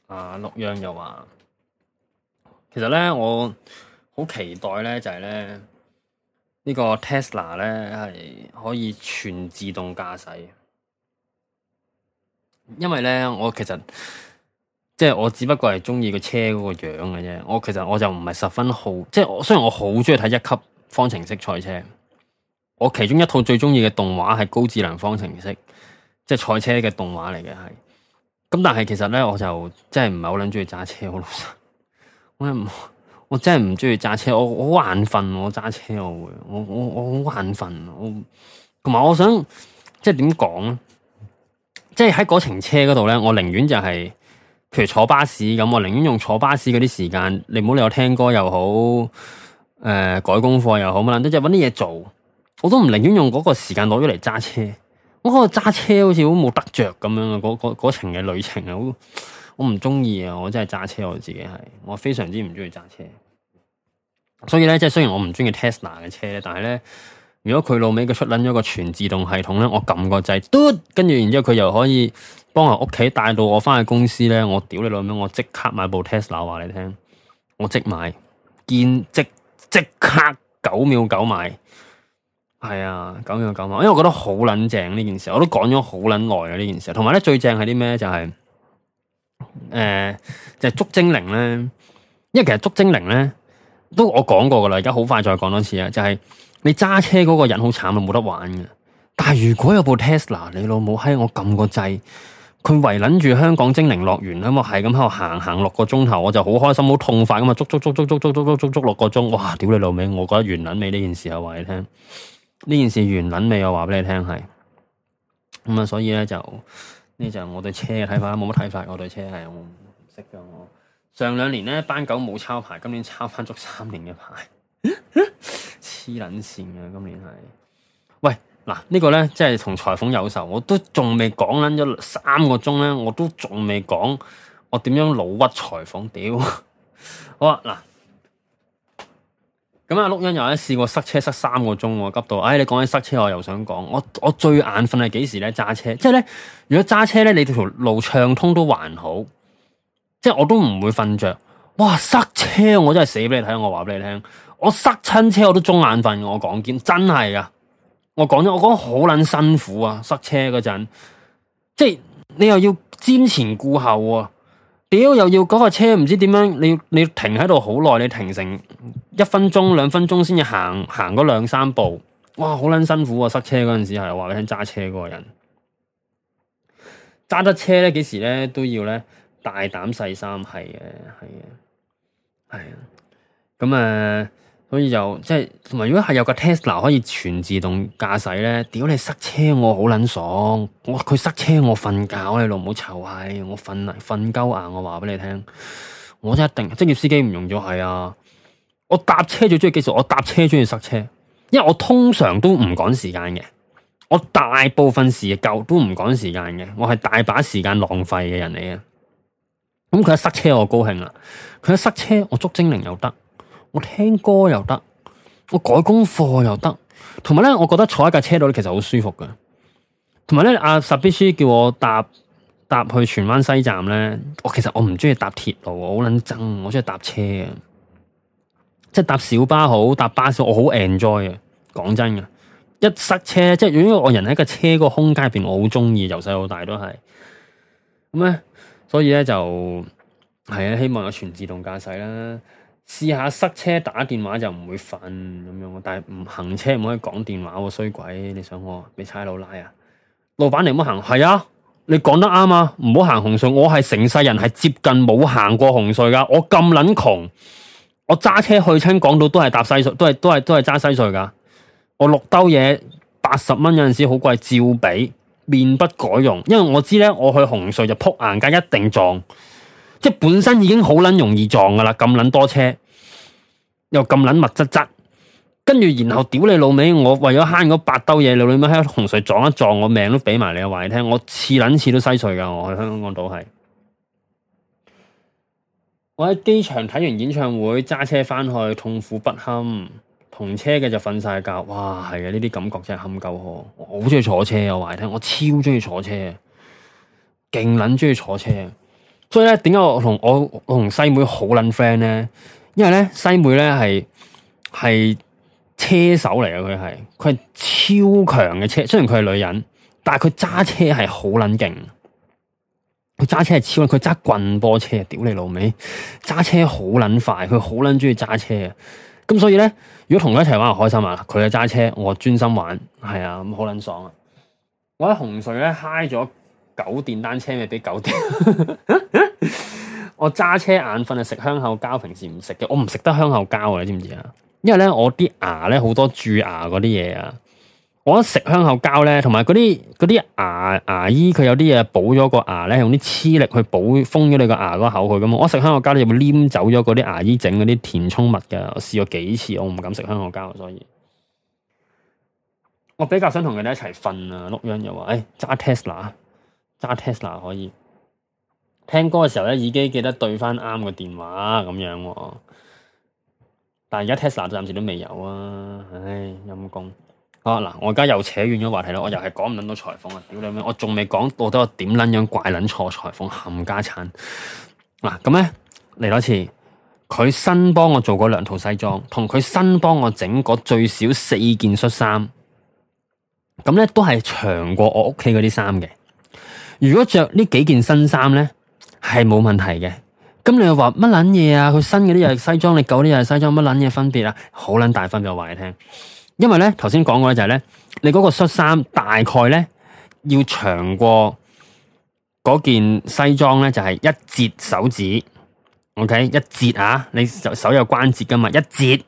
啊，陸洋又話，其實咧，我好期待咧，就係咧呢個 Tesla 咧係可以全自動駕駛。因為咧，我其實即係我只不過係中意個車嗰個樣嘅啫。我其實我就唔係十分好，即係我雖然我好中意睇一級方程式賽車，我其中一套最中意嘅動畫係高智能方程式，即係賽車嘅動畫嚟嘅係。.咁但係其實咧，我就真係唔係好捻中意揸車，我老實，我唔，我真係唔中意揸車，我好眼瞓，我揸車，我會，我我我好眼瞓，我同埋我，我，我想，即係點講咧？即係喺嗰程車嗰度咧，我寧願就係、是，譬如坐巴士咁，我寧願用坐巴士嗰啲時間，你唔好理我聽歌又好，誒、呃、改功課又好，乜捻都即係搵啲嘢做，我都唔寧願用嗰個時間攞咗嚟揸車。我嗰個揸車好似好冇得着咁樣啊！嗰程嘅旅程啊，好我唔中意啊！我真係揸車，我自己係我非常之唔中意揸車。所以咧，即係雖然我唔中意 Tesla 嘅車，但係咧，如果佢老尾佢出捻咗個全自動系統咧，我撳個掣，嘟，跟住然之後佢又可以幫我屋企帶到我翻去公司咧，我屌你老味，我即刻買部 Tesla 話你聽，我即買，見即即刻九秒九買。係啊，咁樣咁啊，9, 因為我覺得好捻正呢件事，我都講咗好捻耐啊呢件事。同埋咧最正係啲咩？就係、是、誒、呃，就係、是、捉精靈咧。因為其實捉精靈咧都我講過噶啦，而家好快再講多次、就是、amo, 啊。就係你揸車嗰個人好慘啊，冇得玩嘅。但係如果有部 Tesla，你老母喺我撳個掣，佢圍捻住香港精靈樂園咁我，係咁喺度行行六個鐘頭，我就好開心，好痛快咁嘛，捉捉捉捉捉捉捉捉捉六個鐘，哇！屌你老味，我覺得完捻尾呢件事啊，話你聽。呢件事完捻未？我話俾你聽係，咁啊、嗯，所以咧就呢就我對車嘅睇法冇乜睇法。我對車係我唔識噶我上兩年咧班狗冇抄牌，今年抄翻足三年嘅牌，黐捻線嘅。今年係，喂嗱、這個、呢個咧，即係同裁縫有仇。我都仲未講捻咗三個鐘咧，我都仲未講我點樣老屈裁縫屌哇嗱。 好啊咁啊，錄音又咧試過塞車塞三個鐘喎，急到，哎，你講緊塞車，我又想講，我我最眼瞓係幾時咧？揸車，即係咧，如果揸車咧，你條路暢通都還好，即係我都唔會瞓着。哇，塞車我真係死俾你睇，我話俾你聽，我塞親車我都中眼瞓，我講堅真係噶，我講咗，我講好撚辛苦啊，塞車嗰陣，即係你又要瞻前顧後喎。屌又要嗰個車唔知點樣，你你停喺度好耐，你停成一分鐘兩分鐘先至行行嗰兩三步，哇好撚辛苦啊！塞車嗰陣時係話俾你聽，揸車嗰個人揸得車咧，幾時咧都要咧大膽細心係嘅，係嘅，係啊咁啊！所以就即係，同埋如果係有個 Tesla 可以全自動駕駛咧，屌你塞車我好撚爽，我佢塞車我瞓覺，你老母臭閪，我瞓泥瞓鳩硬，我話俾你聽，我，我就一定職業司機唔用咗係啊！我搭車最中意技術，我搭車最中意塞車，因為我通常都唔趕時間嘅，我大部分時間夠都唔趕時間嘅，我係大把時間浪費嘅人嚟嘅。咁佢一塞車我高興啦，佢一塞車我捉精靈又得。我聽歌又得，我改功課又得，同埋咧，我覺得坐一架車度咧，其實好舒服㗎。同埋咧，阿十必叔叫我搭搭去荃灣西站咧，我其實我唔中意搭鐵路，我好捻憎，我中意搭車啊，即係搭小巴好，搭巴士好，我好 enjoy 啊，講真嘅，一塞車，即係如果我人喺架車個空間入邊，我好中意，由細到大都係。咁咧，所以咧就係啊，希望有全自動駕駛啦。試下塞車打電話就唔會瞓咁樣，但係唔行車唔可以講電話喎，衰鬼！你想我俾差佬拉啊？老闆你唔好行，係啊，你講得啱啊！唔好行紅隧，我係成世人係接近冇行過紅隧噶，我咁捻窮，我揸車去親港島都係搭西隧，都係都係都係揸西隧噶。我落兜嘢八十蚊有陣時好貴，照俾面不改容，因為我知呢，我去紅隧就撲硬間一定撞。即係本身已經好撚容易撞噶啦，咁撚多車，又咁撚密質質，跟住然後屌你老味，我為咗慳嗰八兜嘢，老味咩喺紅隧撞一撞，我命都畀埋你啊！話你聽，我次撚次都西碎噶，我去香港島係。我喺機場睇完演唱會，揸車返去痛苦不堪。同車嘅就瞓晒覺，哇係啊！呢啲感覺真係堪夠呵。我好中意坐車啊，話你聽，我超中意坐車，勁撚中意坐車。所以咧，點解我同我同西妹好撚 friend 咧？因為咧，西妹咧係係車手嚟啊！佢係佢係超強嘅車，雖然佢係女人，但係佢揸車係好撚勁。佢揸車係超，佢揸棍波車，屌你老味。揸車好撚快，佢好撚中意揸車啊！咁所以咧，如果同佢一齊玩，開心啊！佢又揸車，我專心玩，係啊，咁好撚爽啊！我喺洪水咧嗨咗。九電單車咪俾九電， 我揸車眼瞓啊！食香口膠，平時唔食嘅，我唔食得香口膠啊！你知唔知啊？因為咧，我啲牙咧好多蛀牙嗰啲嘢啊，我一食香口膠咧，同埋嗰啲啲牙牙醫佢有啲嘢補咗個牙咧，用啲黐力去補封咗你個牙嗰口佢咁，我食香口膠你就會黏走咗嗰啲牙醫整嗰啲填充物噶，我試過幾次，我唔敢食香口膠，所以我比較想同佢哋一齊瞓啊！碌音又話，誒揸 Tesla。揸 Tesla 可以聽歌嘅時候咧，耳機記得對翻啱個電話咁樣啊。但係而家 Tesla 暫時都未有啊，唉，陰公。好嗱，我而家又扯遠咗話題啦，我又係講唔捻到裁縫啊！屌你咩？我仲未講到底我點捻樣怪捻錯裁縫冚家鏟呢。嗱咁咧嚟多次，佢新幫我做過兩套西裝，同佢新幫我整過最少四件恤衫。咁咧都係長過我屋企嗰啲衫嘅。如果着呢幾件新衫咧，係冇問題嘅。咁你又話乜捻嘢啊？佢新嗰啲又係西裝，你舊啲又係西裝，乜捻嘢分別啊？好捻大分俾我話你聽。因為咧，頭先講過咧就係咧，你嗰個恤衫大概咧要長過嗰件西裝咧，就係一截手指，OK，一截啊，你就手有關節噶嘛，一截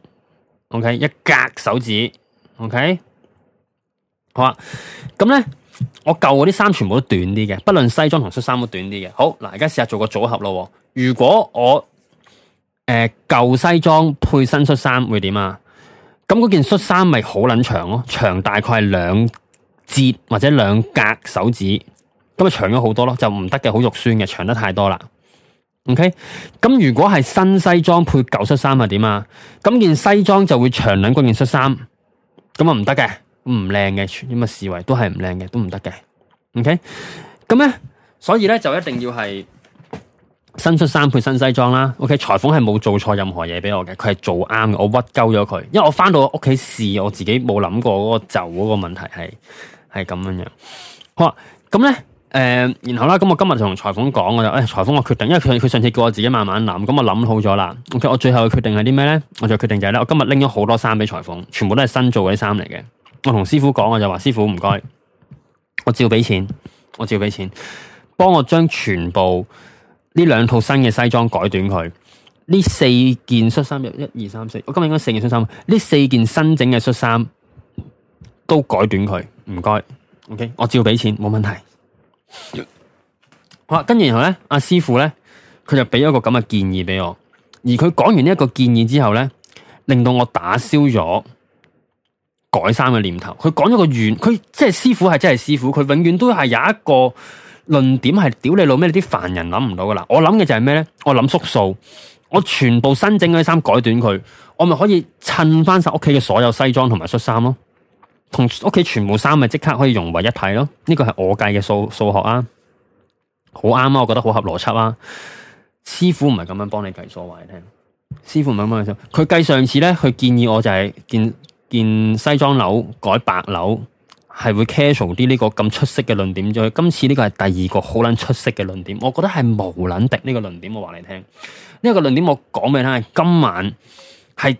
，OK，一格手指，OK，好啊，咁咧。我舊嗰啲衫全部都短啲嘅，不論西裝同恤衫都短啲嘅。好，嗱，而家試下做個組合咯。如果我誒舊、呃、西裝配新恤衫會點啊？咁嗰件恤衫咪好捻長咯，長大概係兩節或者兩格手指，咁啊長咗好多咯，就唔得嘅，好肉酸嘅，長得太多啦。OK，咁如果係新西裝配舊恤衫係點啊？咁件西裝就會長捻過件恤衫，咁啊唔得嘅。唔靚嘅，咁啊，視為都係唔靚嘅，都唔得嘅。OK，咁咧，所以咧就一定要係新出三配新西裝啦。OK，裁縫係冇做錯任何嘢俾我嘅，佢係做啱嘅。我屈鳩咗佢，因為我翻到屋企試，我自己冇諗過嗰個就嗰個問題係係咁樣樣。好啦，啊，咁咧誒，然後啦，咁我今日就同裁縫講我就誒，裁縫我決定，因為佢佢上次叫我自己慢慢諗，咁我諗好咗啦。OK，我最後嘅決定係啲咩咧？我就決定就係咧，我今日拎咗好多衫俾裁縫，全部都係新做嘅啲衫嚟嘅。我同師傅講，我就話師傅唔該，我照俾錢，我照俾錢，幫我將全部呢兩套新嘅西裝改短佢，呢四件恤衫，入一、二、三、四，我今日應該四件恤衫，呢四件新整嘅恤衫都改短佢，唔該，OK，我照俾錢，冇問題。好啦，跟住然後咧，阿、啊、師傅咧，佢就俾咗個咁嘅建議俾我，而佢講完呢一個建議之後咧，令到我打消咗。改衫嘅念頭，佢講咗個原，佢即係師傅係真係師傅，佢永遠都係有一個論點係屌你老咩，你啲凡人諗唔到噶啦。我諗嘅就係咩咧？我諗縮數，我全部新整嘅啲衫改短佢，我咪可以襯翻晒屋企嘅所有西裝同埋恤衫咯，同屋企全部衫咪即刻可以融為一體咯。呢個係我計嘅數數學啊，好啱啊，我覺得好合邏輯啊。師傅唔係咁樣幫你計數話你聽，師傅唔係咁樣計，佢計上次咧，佢建議我就係、是、見。見西裝樓改白樓，係會 casual 啲呢個咁出色嘅論點。再今次呢個係第二個好捻出色嘅論點，我覺得係無捻敵呢個論點。我話你聽，呢個論點我講俾你聽，係今晚係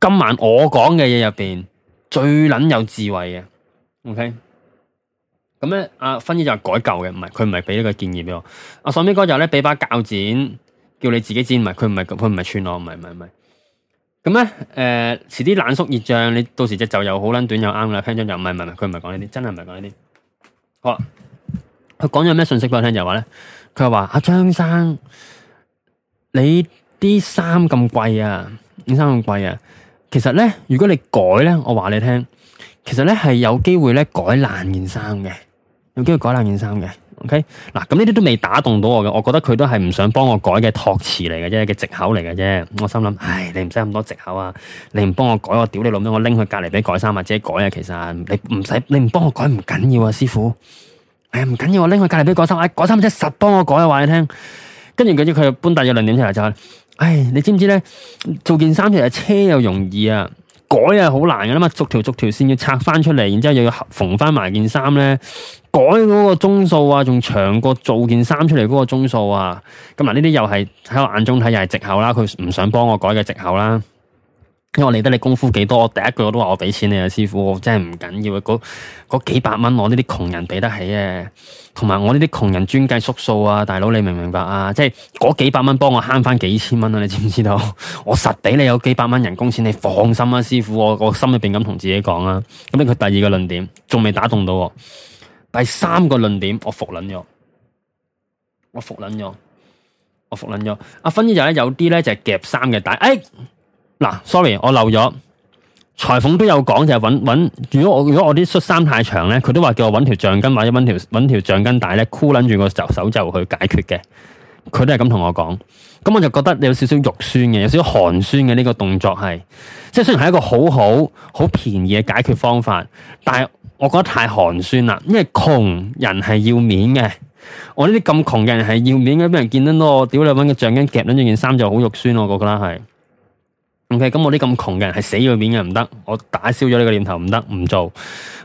今晚我講嘅嘢入邊最捻有智慧嘅。OK，咁咧，阿芬姨就係改舊嘅，唔係佢唔係俾呢個建議俾我。阿、啊、上面哥就咧俾把鉸剪，叫你自己剪埋。佢唔係佢唔係串我，唔係唔係唔係。咁咧，誒遲啲冷縮熱脹，你到時隻袖又好攆短又啱啦。聽張就唔係唔係唔係，佢唔係講呢啲，真係唔係講呢啲。好，佢講咗咩信息俾我聽就係話咧，佢話：阿張生，你啲衫咁貴啊，件衫咁貴啊。其實咧，如果你改咧，我話你聽，其實咧係有機會咧改爛件衫嘅，有機會改爛件衫嘅。OK 嗱，咁呢啲都未打動到我嘅，我覺得佢都係唔想幫我改嘅托詞嚟嘅啫，嘅借口嚟嘅啫。我心諗，唉，你唔使咁多借口啊，你唔幫我改我屌你老母，我拎去隔籬俾改衫或者改啊。其實你唔使你唔幫我改唔緊要啊，師傅，哎呀唔緊要，我拎去隔籬俾改衫，改衫即實幫我改啊。話你聽，跟住佢就搬大嘅論點出嚟就係，唉，你知唔知咧做件衫其實車又容易啊。改係好難噶啦嘛，逐條逐條線要拆翻出嚟，然之後又要縫翻埋件衫咧，改嗰個鐘數啊，仲長過做件衫出嚟嗰個鐘數啊，咁嗱呢啲又係喺我眼中睇又係借口啦，佢唔想幫我改嘅借口啦。因為我理得你功夫幾多，我第一句我都話我俾錢你啊，師傅，我真係唔緊要啊。嗰幾百蚊，我呢啲窮人俾得起啊。同埋我呢啲窮人專計縮數啊，大佬你明唔明白啊？即係嗰幾百蚊幫我慳翻幾千蚊啊，你知唔知道？我實俾你有幾百蚊人工錢，你放心啊，師傅，我我心裏邊咁同自己講啊。咁呢個第二個論點仲未打動到我，第三個論點我服撚咗，我服撚咗，我服撚咗。阿芬姨就有啲咧就係夾衫嘅，大、哎、係、嗱，sorry，我漏咗裁縫都有講，就係搵搵。如果我如果我啲恤衫太長咧，佢都話叫我搵條橡筋，或者搵條搵條橡筋帶咧，箍捻住個手袖去解決嘅。佢都係咁同我講，咁我就覺得有少少肉酸嘅，有少少寒酸嘅呢個動作係，即係雖然係一個好好好便宜嘅解決方法，但係我覺得太寒酸啦。因為窮人係要面嘅，我呢啲咁窮嘅人係要面嘅，俾人見到囉，屌你，搵個橡筋夾捻住件衫就好肉酸，我覺得係。O K，咁我啲咁窮嘅人係死要面嘅唔得，我打消咗呢個念頭唔得，唔做。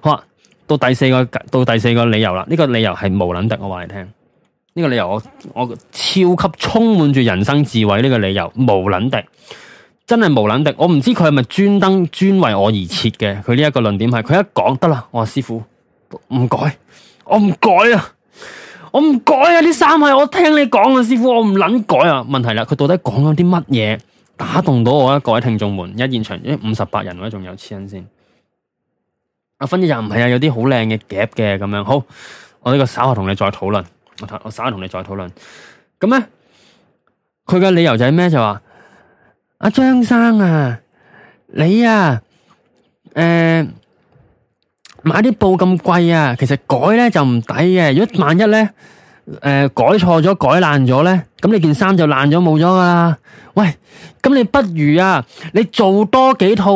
好啊！到第四個到第四個理由啦，呢個理由係無捻敵，我話你聽，呢個理由我我超級充滿住人生智慧呢個理由無捻敵，真係無捻敵。我唔知佢係咪專登專為我而設嘅？佢呢一個論點係，佢一講得啦，我話師傅唔改，我唔改啊，我唔改啊！呢三係我聽你講啊，師傅，我唔捻改啊。問題啦，佢到底講咗啲乜嘢？打動到我啊！各位聽眾們，而家現場一五十八人，仲有千欣先。阿芬姐又唔係啊，有啲好靚嘅夾嘅咁樣。好，我呢個稍後同你再討論。我稍我稍後同你再討論。咁咧，佢嘅理由就係咩就話，阿張生啊，你啊，誒，買啲布咁貴啊，其實改咧就唔抵嘅。如果萬一咧，誒、呃，改錯咗，改爛咗咧，咁你件衫就爛咗冇咗噶啦。喂，咁你不如啊，你做多幾套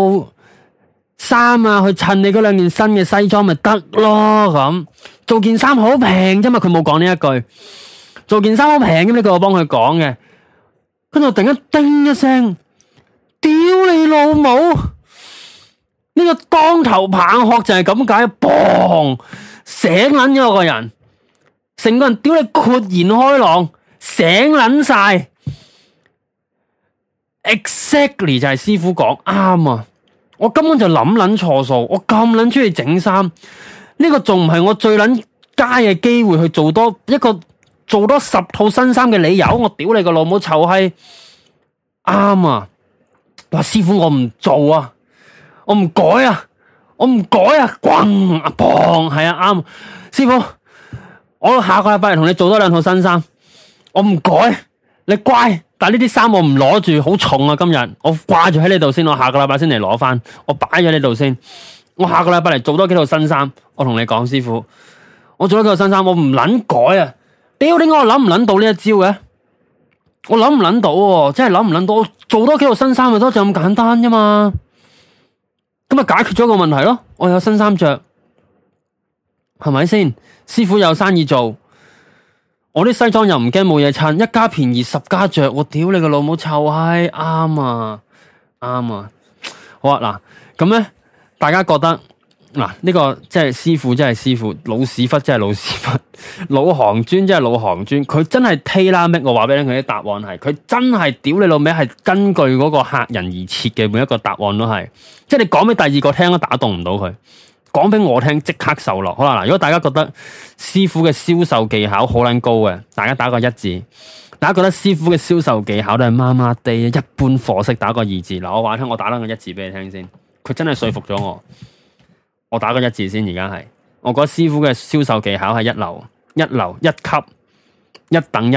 衫啊，去襯你嗰兩件新嘅西裝咪得咯咁。做件衫好平啫嘛，佢冇講呢一句。做件衫好平嘅咩？呢句我幫佢講嘅，跟住突然間叮一聲，屌 你老母！呢、這個當頭棒喝就係咁解，嘣醒捻咗個人。成個人屌你豁然開朗醒捻晒，exactly 就係師傅講啱啊！我根本就諗捻錯數，我咁捻中意整衫，呢、這個仲唔係我最捻佳嘅機會去做多一個做多十套新衫嘅理由？我屌你個老母臭閪！啱啊！哇師傅，我唔做啊，我唔改啊，我唔改啊！咣、呃呃呃、啊磅係啊啱，師傅。我下個禮拜嚟同你做多兩套新衫，我唔改，你乖。但呢啲衫我唔攞住，好重啊！今日我掛住喺呢度先，我下個禮拜先嚟攞翻，我擺咗呢度先。我下個禮拜嚟做多幾套新衫，我同你講，師傅，我做多幾套新衫，我唔捻改啊！屌，點解我諗唔捻到呢一招嘅？我諗唔捻到喎，真係諗唔捻到。做多幾套新衫咪多着咁簡單啫嘛，咁咪解決咗個問題咯，我有新衫着。係咪先？師傅有生意做，我啲西裝又唔驚冇嘢襯，一家便宜十家着。我屌你個老母臭閪，啱啊，啱啊。好啊，嗱，咁咧，大家覺得嗱呢個即係師傅，即係師傅，老屎忽即係老屎忽，老行尊即係老行尊。佢真係推啦，咩？我話俾你佢啲答案係，佢真係屌你老味，係根據嗰個客人而設嘅每一個答案都係，即係你講俾第二個聽都打動唔到佢。講俾我聽，即刻受落。好啦嗱，如果大家覺得師傅嘅銷售技巧好撚高嘅，大家打個一字；大家覺得師傅嘅銷售技巧都係麻麻地，一般貨式打個二字。嗱，我話聽，我打兩個一字俾你聽先。佢真係說服咗我，我打個一字先。而家係，我覺得師傅嘅銷售技巧係一流，一流，一級，一等一。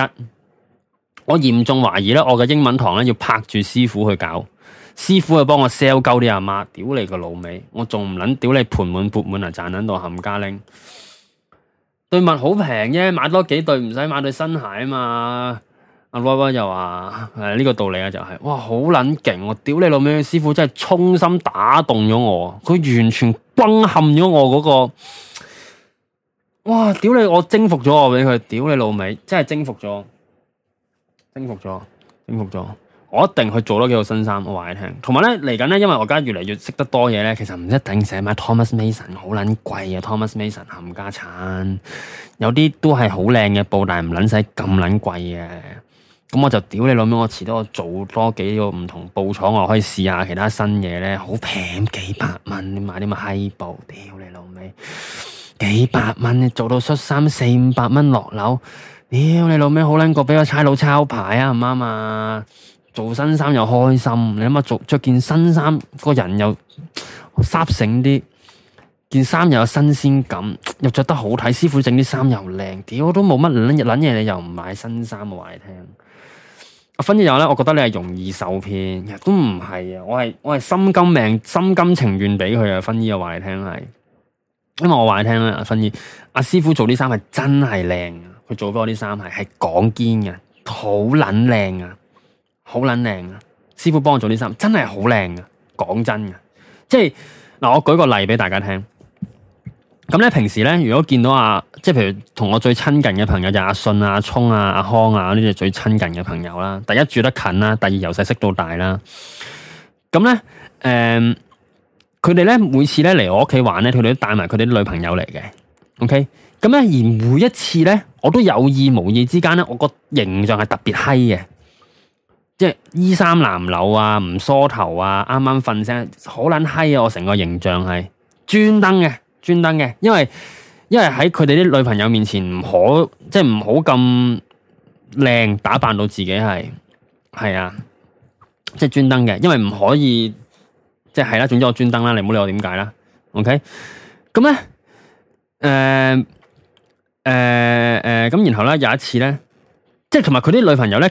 我嚴重懷疑咧，我嘅英文堂咧要拍住師傅去搞。師傅又幫我 sell 鳩啲阿媽，屌你個老味！我仲唔捻屌你盤滿缽滿啊，賺捻到冚家拎。對襪好平啫，買多幾對唔使買對新鞋啊嘛。阿威威又話，係呢個道理啊，就係，哇，好捻勁，我屌你老味！師傅真係衷心打動咗我，佢完全崩陷咗我嗰個，哇，屌你，我征服咗我俾佢，屌你老味！真係征服咗，征服咗，征服咗。我一定去做多幾套新衫，我話你聽。同埋咧，嚟緊咧，因為我而家越嚟越識得多嘢咧，其實唔一定成日買 Thomas Mason，好撚貴啊！Thomas Mason 冚家產，有啲都係好靚嘅布，但係唔撚使咁撚貴嘅。咁我就屌你老味，我遲到我做多幾套唔同布廠，我可以試下其他新嘢咧，好平幾百蚊，你買啲乜閪布？屌你老味，幾百蚊你做到恤衫四五百蚊落樓？屌你老味，好撚過俾個差佬抄牌啊？唔啱啊！做新衫又開心，你諗下做着件新衫，個人又濕醒啲，件衫又有新鮮感，又着得好睇。師傅整啲衫又靚，屌都冇乜捻嘢，捻嘢你又唔買新衫，我話你聽。阿芬姨又咧，我覺得你係容易受騙，都唔係啊，我係我係心甘命心甘情願俾佢啊。芬姨又話你聽係，因為我話你聽啦，芬姨，阿、啊、師傅做啲衫係真係靚啊，佢做俾我啲衫係係講堅嘅，好捻靚啊。好捻靚啊！師傅幫我做啲衫，真係好靚啊！講真噶，即係嗱，我舉個例俾大家聽。咁咧，平時咧，如果見到啊，即係譬如同我最親近嘅朋友就阿信啊、阿聰啊、阿康啊，呢啲最親近嘅朋友啦，第一住得近啦，第二由細識到大啦。咁咧，誒、嗯，佢哋咧每次咧嚟我屋企玩咧，佢哋都帶埋佢哋啲女朋友嚟嘅。OK，咁咧而每一次咧，我都有意無意之間咧，我個形象係特別嗨嘅。即係衣衫襤褸啊，唔梳頭啊，啱啱瞓醒，好撚閪啊！我成個形象係專登嘅，專登嘅，因為因為喺佢哋啲女朋友面前唔可，即係唔好咁靚打扮到自己係係啊，即係專登嘅，因為唔可以即係啦、啊，總之我專登啦，你唔好理我點解啦，OK？咁咧，誒誒誒，咁、呃呃、然後咧有一次咧，即係同埋佢啲女朋友咧。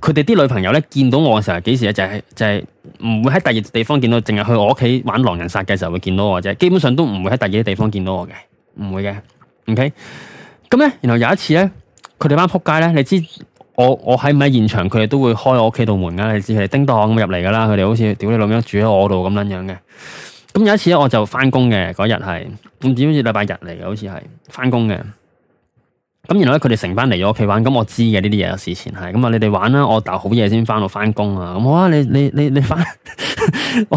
佢哋啲女朋友咧，見到我嘅時候幾時咧？就係就係唔會喺第二地方見到，淨係去我屋企玩狼人殺嘅時候會見到我啫。基本上都唔會喺第二啲地方見到我嘅，唔會嘅。OK，咁咧，然後有一次咧，佢哋班仆街咧，你知我我喺唔喺現場，佢哋都會開我屋企度門噶，你知係叮噹咁入嚟噶啦。佢哋好似屌你老味住喺我度咁撚樣嘅。咁有一次咧，我就翻工嘅嗰日係，咁點知禮拜日嚟嘅，好似係翻工嘅。咁然後咧，佢哋成班嚟咗屋企玩，咁我知嘅呢啲嘢事前係咁啊！你哋玩啦，我但好夜先翻到翻工啊！咁好啊，你你你你翻， 我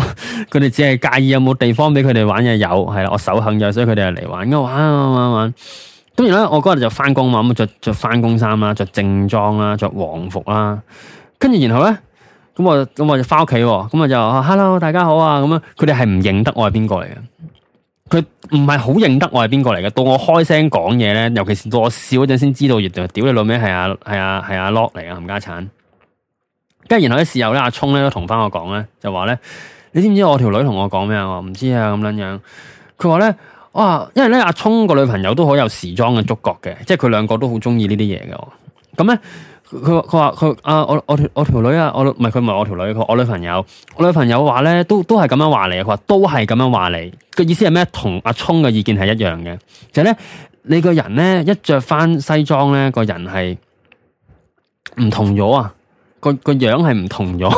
佢哋只係介意有冇地方俾佢哋玩嘅有，係啦，我手痕咗，所以佢哋嚟玩咁玩玩玩。咁然，然後我嗰日就翻工嘛，咁著着翻工衫啦，着、啊、正裝啦、啊，着皇服啦、啊。跟住然後咧，咁我咁我、啊、我就翻屋企，咁我就話，hello 大家好啊，咁啊佢哋係唔認得我係邊個嚟嘅。佢唔係好認得我係邊個嚟嘅，到我開聲講嘢咧，尤其是到我笑嗰陣先知道，原來屌你老味係阿係阿係阿 lock 嚟啊，冚、啊啊、家鏟。跟住然後啲室友咧，阿聰咧都同翻我講咧，就話咧，你知唔知我條女同我講咩啊？我唔知啊咁樣樣。佢話咧，哇、啊，因為咧阿聰個女朋友都好有時裝嘅觸覺嘅，即係佢兩個都好中意呢啲嘢嘅。咁咧。佢話佢話佢啊我我我條女啊，我唔係佢唔係我條女，佢我,我,我女朋友，我女朋友話咧都都係咁樣話你啊，佢話都係咁樣話你，個意思係咩？同阿聰嘅意見係一樣嘅，就係、是、咧你個人咧一着翻西裝咧個人係唔同咗啊，個個樣係唔同咗，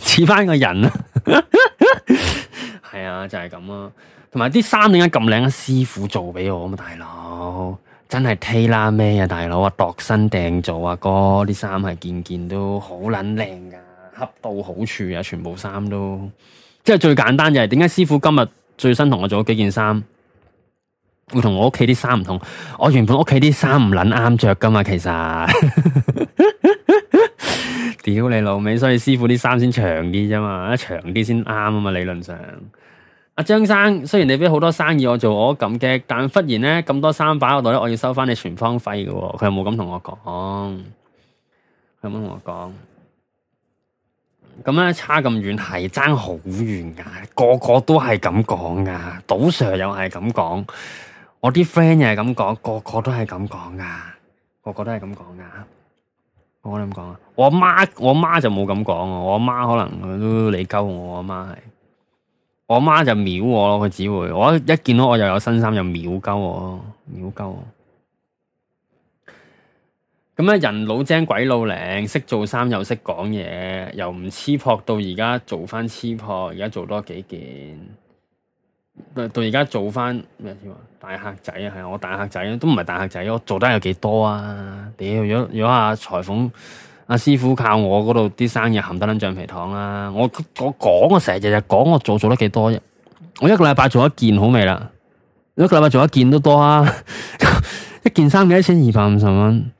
似 翻個人啊, 啊，係、就是、啊就係咁咯，同埋啲衫點解咁靚啊？師傅做俾我啊嘛大佬。真係推啦咩啊大佬，啊度身訂做啊哥，啲衫係件件都好撚靚噶，恰到好處啊，全部衫都即係最簡單，就係點解師傅今日最新同我做咗幾件衫，會我同我屋企啲衫唔同，我原本屋企啲衫唔撚啱着噶嘛，其實 屌你老味。所以師傅啲衫先長啲啫嘛，長一長啲先啱啊嘛理論上。阿張生，雖然你畀好多生意我做，我都感激，但忽然咧咁多三把喺度咧，我，我要收翻你全方費嘅喎，佢又冇咁同我講，佢冇同我講，咁咧差咁遠，係爭好遠噶，個個都係咁講噶，賭 Sir 又係咁講，我啲 friend 又係咁講，個個都係咁講噶，個個都係咁講噶，我點講啊？我媽我媽就冇咁講，我阿媽可能都你溝我，我阿媽係。我媽就秒我咯，佢只會我一見到我又有新衫就秒鳩我，秒鳩我。咁咧人老精鬼老靈，識做衫又識講嘢，又唔黐破，到而家做翻黐破，而家做多幾件。到而家做翻咩添啊？大客仔啊，係啊，我大客仔都唔係大客仔，我做得有幾多啊？屌，如果如果阿裁縫。阿師傅靠我嗰度啲生意含得撚橡皮糖啦，啊！我我講我成日日日講我做做得幾多啫？我一個禮拜做一件好未啦？一個禮拜做一件都多啊！ 一件衫一千二百五十蚊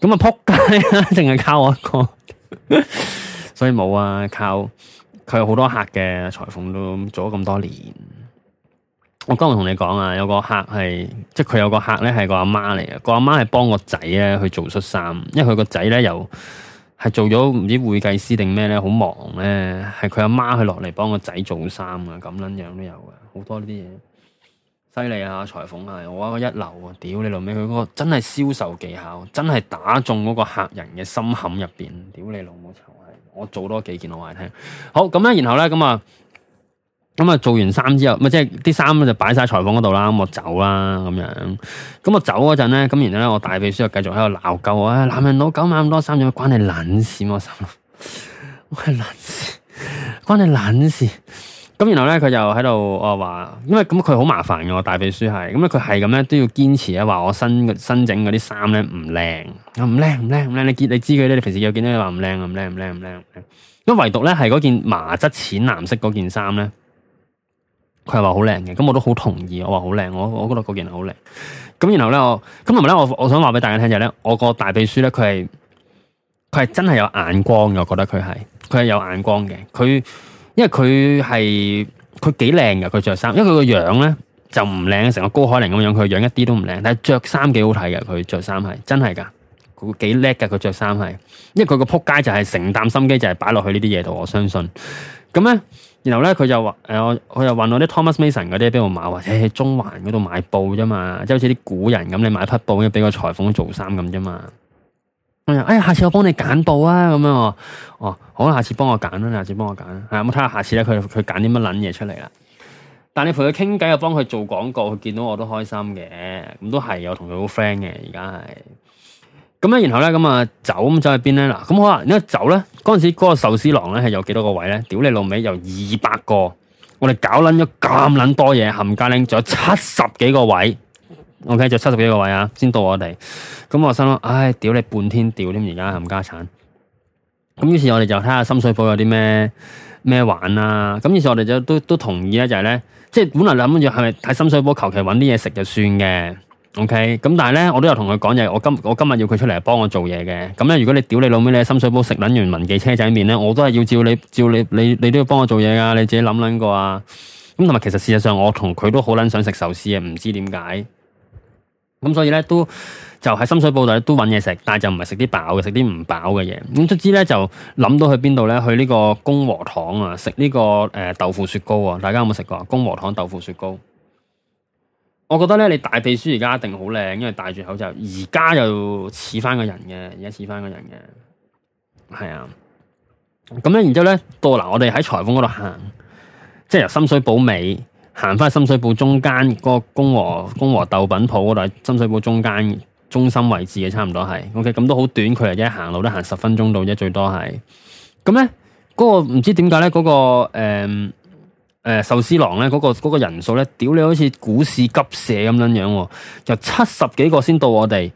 咁啊撲街啊！淨係靠我一個， 所以冇啊！靠佢有好多客嘅裁縫都做咗咁多年。我剛才同你講啊，有個客係即係佢有個客咧係個阿媽嚟嘅，個阿媽係幫個仔咧去做恤衫，因為佢個仔咧又。係做咗唔知會計師定咩咧，好忙咧。係佢阿媽去落嚟幫個仔做衫啊，咁捻樣都有嘅，好多呢啲嘢。犀利啊，裁縫啊，我一個一流啊。屌你老尾，佢嗰個真係銷售技巧，真係打中嗰個客人嘅心坎入邊。屌你老母臭閪！我做多幾件我話你聽。好咁呢，然後咧咁啊。咁啊做完衫之後，咪即係啲衫就擺晒裁縫嗰度啦。咁我走啦咁樣。咁我走嗰陣咧，咁然後咧我大秘書又繼續喺度鬧鳩我啊！男人老狗買咁多衫，有咩關你撚事？我心諗，我係撚事，關你撚事。咁然後咧佢就喺度我話，因為咁佢好麻煩嘅，我大秘書係。咁佢係咁咧都要堅持啊，話我新新整嗰啲衫咧唔靚，唔靚唔靚唔靚。你見你知佢咧，你平時有見咧話唔靚，唔靚唔靚唔靚。咁唯獨咧係嗰件麻質淺藍色嗰件衫咧。佢係話好靚嘅，咁我都好同意。我話好靚，我我覺得嗰件好靚。咁然後咧，我咁同埋咧，我我想話俾大家聽就係咧，我個大秘書咧，佢係佢係真係有眼光嘅。我覺得佢係，佢係、就是、有眼光嘅。佢因為佢係佢幾靚嘅。佢着衫，因為佢個樣咧就唔靚，成個高海寧咁樣。佢個樣一啲都唔靚，但係着衫幾好睇嘅。佢着衫係真係噶，佢幾叻噶。佢着衫係，因為佢個仆街就係成擔心機，就係擺落去呢啲嘢度。我相信咁咧。然後咧，佢就話：誒、呃，我佢就問我啲 Thomas Mason 嗰啲喺邊度買，或者喺中環嗰度買布啫嘛，即係好似啲古人咁，你買匹布要俾個裁縫做衫咁啫嘛。我又：哎呀，下次我幫你揀布啊，咁樣哦，哦，好，下次幫我揀啦，下次幫我揀，係、嗯、啊，冇睇下下次咧，佢佢揀啲乜撚嘢出嚟啦。但係你陪佢傾偈又幫佢做廣告，佢見到我都開心嘅，咁都係，有同佢好 friend 嘅，而家係。咁然後咧，咁啊，走咁走去邊咧？嗱，咁好啦，一走咧，嗰陣時嗰個壽司郎咧係有幾多個位咧？屌你老味，有二百個，我哋搞捻咗咁捻多嘢，冚家拎，仲有七十幾個位，OK，仲有七十幾個位啊，先到我哋。咁我心諗，唉、哎，屌你半天吊添，而家冚家鏟。咁於是我哋就睇下深水埗有啲咩咩玩啦，啊。咁於是我哋就都都同意咧，就是，就係咧，即係本來諗住係咪喺深水埗求其揾啲嘢食就算嘅。OK，咁但係咧，我都有同佢講嘢。我今我今日要佢出嚟幫我做嘢嘅。咁咧，如果你屌你老母，你喺深水埗食捻完文記車仔麵咧，我都係要照你照你你你都要幫我做嘢噶。你自己諗諗過啊。咁同埋，其實事實上我同佢都好捻想食壽司嘅，唔知點解。咁所以咧，都就喺深水埗度都搵嘢食，但係就唔係食啲飽嘅，食啲唔飽嘅嘢。咁卒之咧，就諗到去邊度咧？去呢個公和堂啊，食呢個，誒、呃、豆腐雪糕啊。大家有冇食過啊公和堂豆腐雪糕？我覺得咧，你大鼻叔而家一定好靚，因為戴住口罩，而家又似翻個人嘅，而家似翻個人嘅，係啊。咁咧，然之後咧，到嗱，我哋喺財豐嗰度行，即係由深水埗尾行翻深水埗中間嗰個公和公和豆品鋪嗰度，深水埗中間中心位置嘅，差唔多係。OK，咁都好短，佢又一行路都行十分鐘到啫，最多係。咁咧，嗰個唔知點解咧，嗰個誒。呃誒，呃，壽司郎咧嗰個嗰、嗰個人數咧，屌你好似股市急瀉咁樣樣，由七十幾個先到我哋，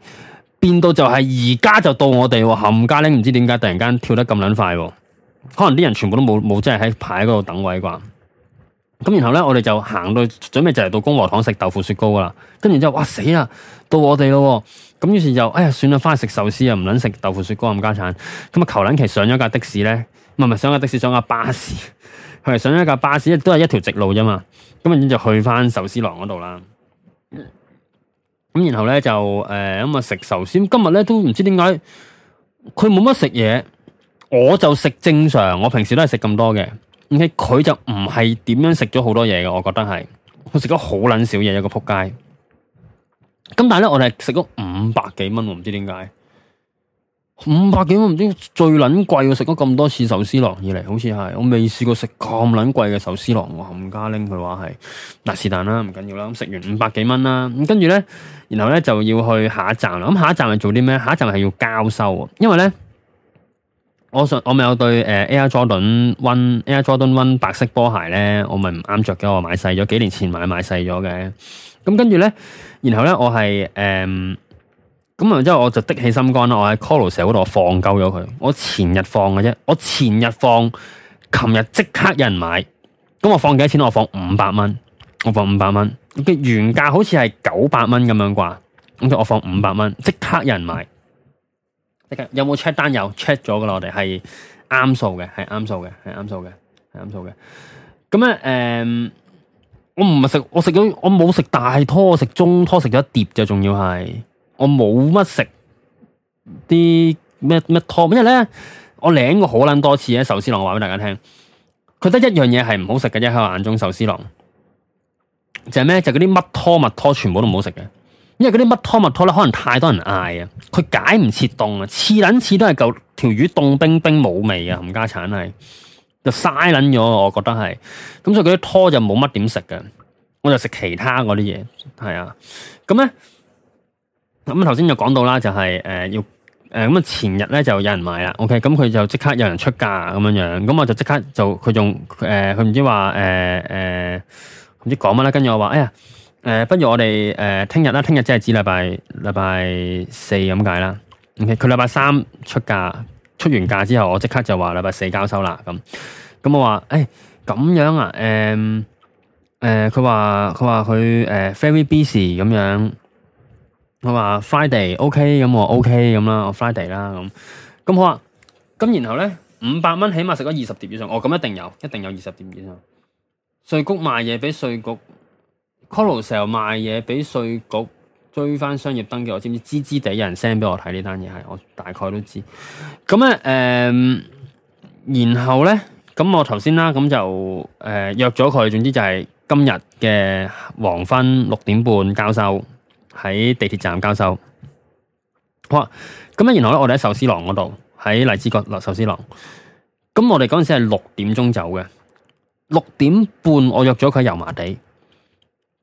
變到就係而家就到我哋，冚家拎唔知點解突然間跳得咁撚快，可能啲人全部都冇冇真係喺排嗰度等位啩。咁然後咧，我哋就行到準備就嚟到公和堂食豆腐雪糕噶啦，跟住之後就哇死啦，到我哋咯，咁於是就哎呀算啦，翻去食壽司啊，唔撚食豆腐雪糕，冚家鏟。咁啊求撚其上咗架的士咧，唔係唔係上架的士，上架巴士。上一架巴士，都係一條直路啫嘛。咁啊然就去翻壽司郎嗰度啦。咁然後咧就誒咁啊食壽司。今日咧都唔知點解，佢冇乜食嘢，我就食正常。我平時都係食咁多嘅，唔係佢就唔係點樣食咗好多嘢嘅。我覺得係，佢食咗好撚少嘢，一個仆街。咁但係咧，我哋食咗五百幾蚊，我唔知點解。五百幾蚊，唔知最撚貴，我食咗咁多次壽司郎，以嚟好似係我未試過食咁撚貴嘅壽司郎。我冚家拎佢話係，嗱是但啦，唔緊要啦。咁食完五百幾蚊啦，咁跟住咧，然後咧就要去下一站啦。咁下一站係做啲咩？下一站係要交收啊，因為咧，我上我咪有對誒 Air Jordan One Air Jordan One 白色波鞋咧，我咪唔啱着嘅，我買細咗，幾年前買買細咗嘅。咁、嗯、跟住咧，然後咧我係誒。呃咁啊，之後我就的起心肝啦。我喺 Carousell 嗰度，我放夠咗佢。我前日放嘅啫，我前日放，琴日即刻有人買。咁我放幾多錢？我放五百蚊。我放五百蚊嘅原價好似係九百蚊咁樣啩。咁即我放五百蚊，即刻有人買。即刻、嗯、有冇 check 單？有 check 咗㗎喇，我哋係啱數嘅，係啱數嘅，係啱數嘅，係啱數嘅。咁啊，誒，我唔係食，我食咗，我冇食大拖，食中拖，食咗一碟就仲要係。我冇乜食啲咩乜拖，因為咧我領過好捻多次咧壽司郎，話俾大家聽，佢得一樣嘢係唔好食嘅啫，喺我眼中壽司郎就係咩？就嗰啲乜拖乜拖，全部都唔好食嘅，因為嗰啲乜拖乜拖咧，可能太多人嗌啊，佢解唔切凍啊，次捻次都係夠條魚凍冰冰冇味嘅，冚家鏟係就嘥捻咗，我覺得係咁，所以嗰啲拖就冇乜點食嘅，我就食其他嗰啲嘢，係啊，咁咧。咁啊，頭先就講到啦，就是，就係誒要誒咁啊，前日咧就有人買啦，OK，咁佢就即刻有人出價咁樣樣，咁我就即刻就佢仲誒，佢唔、呃、知話誒誒唔知講乜啦，跟住我話，哎呀，誒、呃、不如我哋誒聽日啦，聽日即係指禮拜禮拜四咁解啦，OK，佢禮拜三出價，出完價之後我即刻就話禮拜四交收啦，咁咁我話誒咁樣啊，誒誒佢話佢話佢誒 very busy 咁樣。我話 Friday，OK，、okay, 咁我 OK 咁啦，我 Friday 啦咁，咁好啊。咁然後咧，五百蚊起碼食咗二十碟以上，哦，咁一定有，一定有二十碟以上。稅局賣嘢俾稅局，call 時候賣嘢俾稅局，追翻商業登記，我知唔知？知知地有人 send 俾我睇呢單嘢，係我大概都知。咁咧，誒，然後咧，咁我頭先啦，咁就誒、呃、約咗佢，總之就係今日嘅黃昏六點半交收。喺地鐵站交收，哇！咁咧，然後咧，我哋喺壽司郎嗰度，喺荔枝角落壽司郎。咁我哋嗰陣時係六點鐘走嘅，六點半我約咗佢油麻地。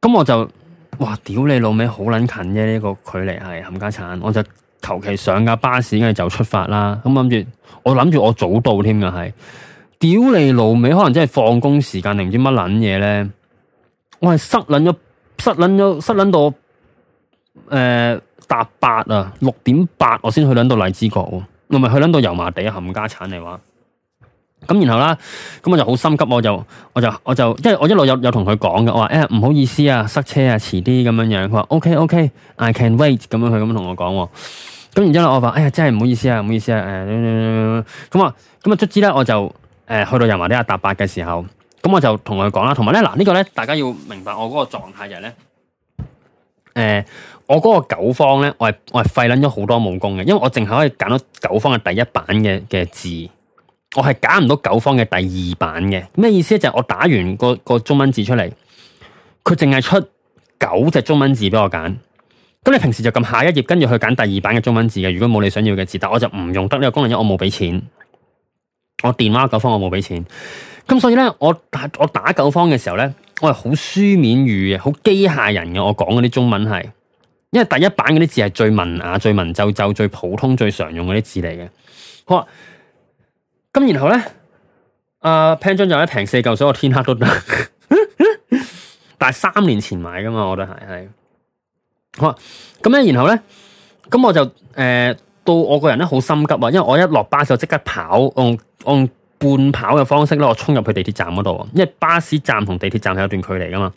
咁我就，哇！屌你老味，好撚近啫！呢個距離係冚家鏟，我就求其上架巴士，跟住就出發啦。咁諗住，我諗住我早到添嘅係，屌你老味，可能真係放工時間定唔知乜撚嘢咧。我係塞撚咗，塞撚咗，塞撚到。誒，搭八、呃、啊，六點八，我先去到攞到荔枝角喎，唔係去到油麻地啊，冚家產嚟話。咁然後啦，咁我就好心急，我就，我就，我就，即係我一路有有同佢講嘅，我話誒唔好意思啊，塞車啊，遲啲咁樣樣。佢話 O K O K，I can wait 咁樣,樣，佢咁同我講。咁然之後我話哎呀，真係唔好意思啊，唔好意思啊，誒、呃，咁、呃、話，咁、呃、啊，卒之咧，我就誒、呃、去到油麻地啊搭八嘅時候，咁我就同佢講啦，同埋咧嗱，這個、呢個咧，大家要明白我嗰個狀態就係咧。誒、呃，我嗰個九方咧，我係我係廢撚咗好多武功嘅，因為我淨係可以揀到九方嘅第一版嘅嘅字，我係揀唔到九方嘅第二版嘅。咩意思咧？就係，是，我打完嗰個、嗰個中文字出嚟，佢淨係出九隻中文字俾我揀。咁你平時就撳下一頁，跟住去揀第二版嘅中文字嘅。如果冇你想要嘅字，但我就唔用得呢個功能，因為我冇俾錢。我電話九方我冇俾錢。咁所以咧，我我打九方嘅時候咧。我係好書面語嘅，好機械人嘅。我講嗰啲中文係，因為第一版嗰啲字係最文雅、最文縐就最普通、最常用嗰啲字嚟嘅。好啊，咁然後咧，阿 Pan 樽就咧平四嚿水，所以我天黑都得。 但係三年前買噶嘛，我都係係。好啊，咁咧然後咧，咁我就誒、呃、到我個人咧好心急啊，因為我一落班就即刻跑，按按。半跑嘅方式咯，我衝入去地鐵站嗰度，因為巴士站同地鐵站係有段距離噶嘛。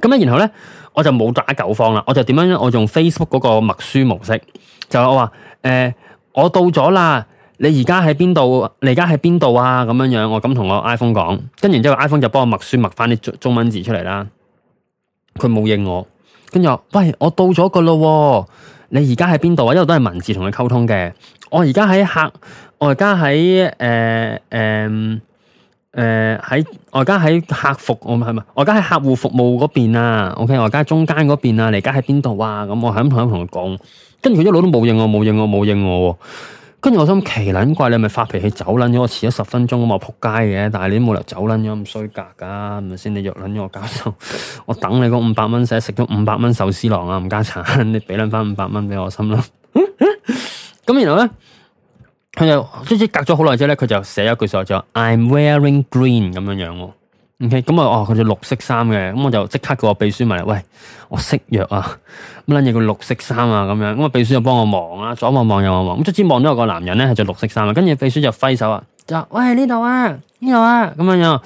咁咧，然後咧，我就冇打九方啦，我就點樣呢？我用 Facebook 嗰個默書模式，就說我話、欸、我到咗啦，你而家喺邊度？你而家喺邊度啊？咁樣樣，我咁同我 iPhone 講，跟然之後 iPhone 就幫我默書默翻啲中文字出嚟啦。佢冇應我，跟住話：喂，我到咗㗎咯，你而家喺邊度啊？因為都係文字同佢溝通嘅，我而家喺客。我而家喺誒誒誒喺我而家喺客服是是我係我而家喺客戶服務嗰邊啊？OK，我而家喺中間嗰邊啊？你而家喺邊度啊？咁我係咁同佢同佢講，跟住佢一路都冇應我，冇應我，冇應我。跟住我，我心奇撚怪你咪發脾氣走撚咗我遲咗十分鐘咁我仆街嘅，但係你都冇理由走撚咗咁衰格噶，係咪先？你約撚咗我教授，我等你嗰五百蚊食食咗五百蚊壽司郎啊，吳家茶，你俾撚翻五百蚊俾我心咯。咁、 嗯嗯、然後咧。佢就即係隔咗好耐之後咧，佢就寫一句說話，就 I'm wearing green 咁樣樣。OK，咁、嗯、啊，哦，佢着綠色衫嘅，咁我就即刻叫我秘書埋嚟，喂，我識約啊，乜捻嘢叫綠色衫啊？咁樣，咁啊，秘書就幫我忙啊，左望望右望望，咁卒之望到有個男人咧係着綠色衫，啊。跟住秘書就揮手就啊，就喂呢度啊，呢度啊，咁樣樣。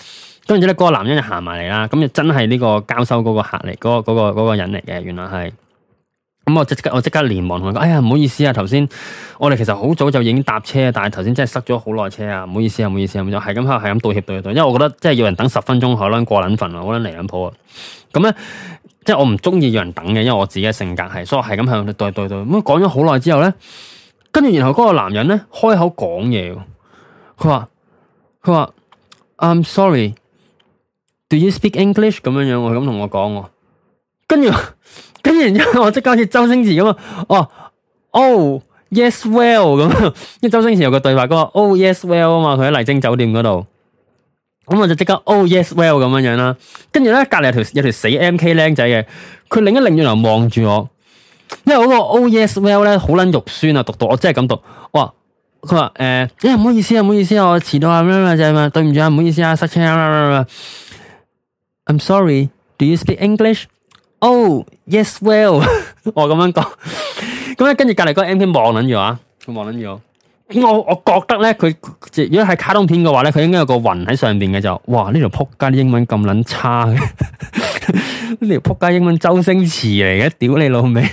跟住咧，個男人就行埋嚟啦，咁就真係呢個交收嗰個客嚟，嗰個嗰個個人嚟嘅，原來係。咁我即刻我即刻連忙同佢講，哎呀唔好意思啊，頭先我哋其實好早就已經搭車，但係頭先真係塞咗好耐車啊，唔好意思啊，唔好意思啊，咁樣，係咁向係咁道歉，對對，因為我覺得即係要人等十分鐘可能過卵份喎，好卵離卵譜啊！咁咧，即係我唔中意要人等嘅，因為我自己嘅性格係，所以係咁向對對對，咁講咗好耐之後咧，跟住然後嗰個男人咧開口講嘢，佢話佢話 I'm sorry，do you speak English？咁樣樣，佢咁同我講，跟住。跟住然之後我即刻好似周星馳咁啊，哦，oh yes well 咁，因為周星馳有個對白，嗰個 oh yes well 啊嘛，佢喺麗晶酒店嗰度，咁我就即刻 oh yes well 咁樣樣啦。跟住咧，隔籬有條有條死 MK 靚仔嘅，佢擰一擰轉頭望住我，因為嗰、嗰個 oh yes well 咧好撚肉酸啊，讀到我真係咁讀，哇！佢話誒，唔、唔好意思啊，唔好意思啊，我遲到啊咩咩，嘛，咋嘛？對唔住啊，唔好意思啊，sorry，I'm sorry. Do you speak English? Oh, yes, well. 哦，yes，well，我咁樣講，咁咧跟住隔籬嗰個 MK 望撚住我啊，佢望撚住我，我覺得咧佢如果係卡通片嘅話咧，佢應該有個雲喺上邊嘅就，哇，呢條撲街啲英文咁撚差，呢條撲街英文周星馳嚟嘅，屌你老味！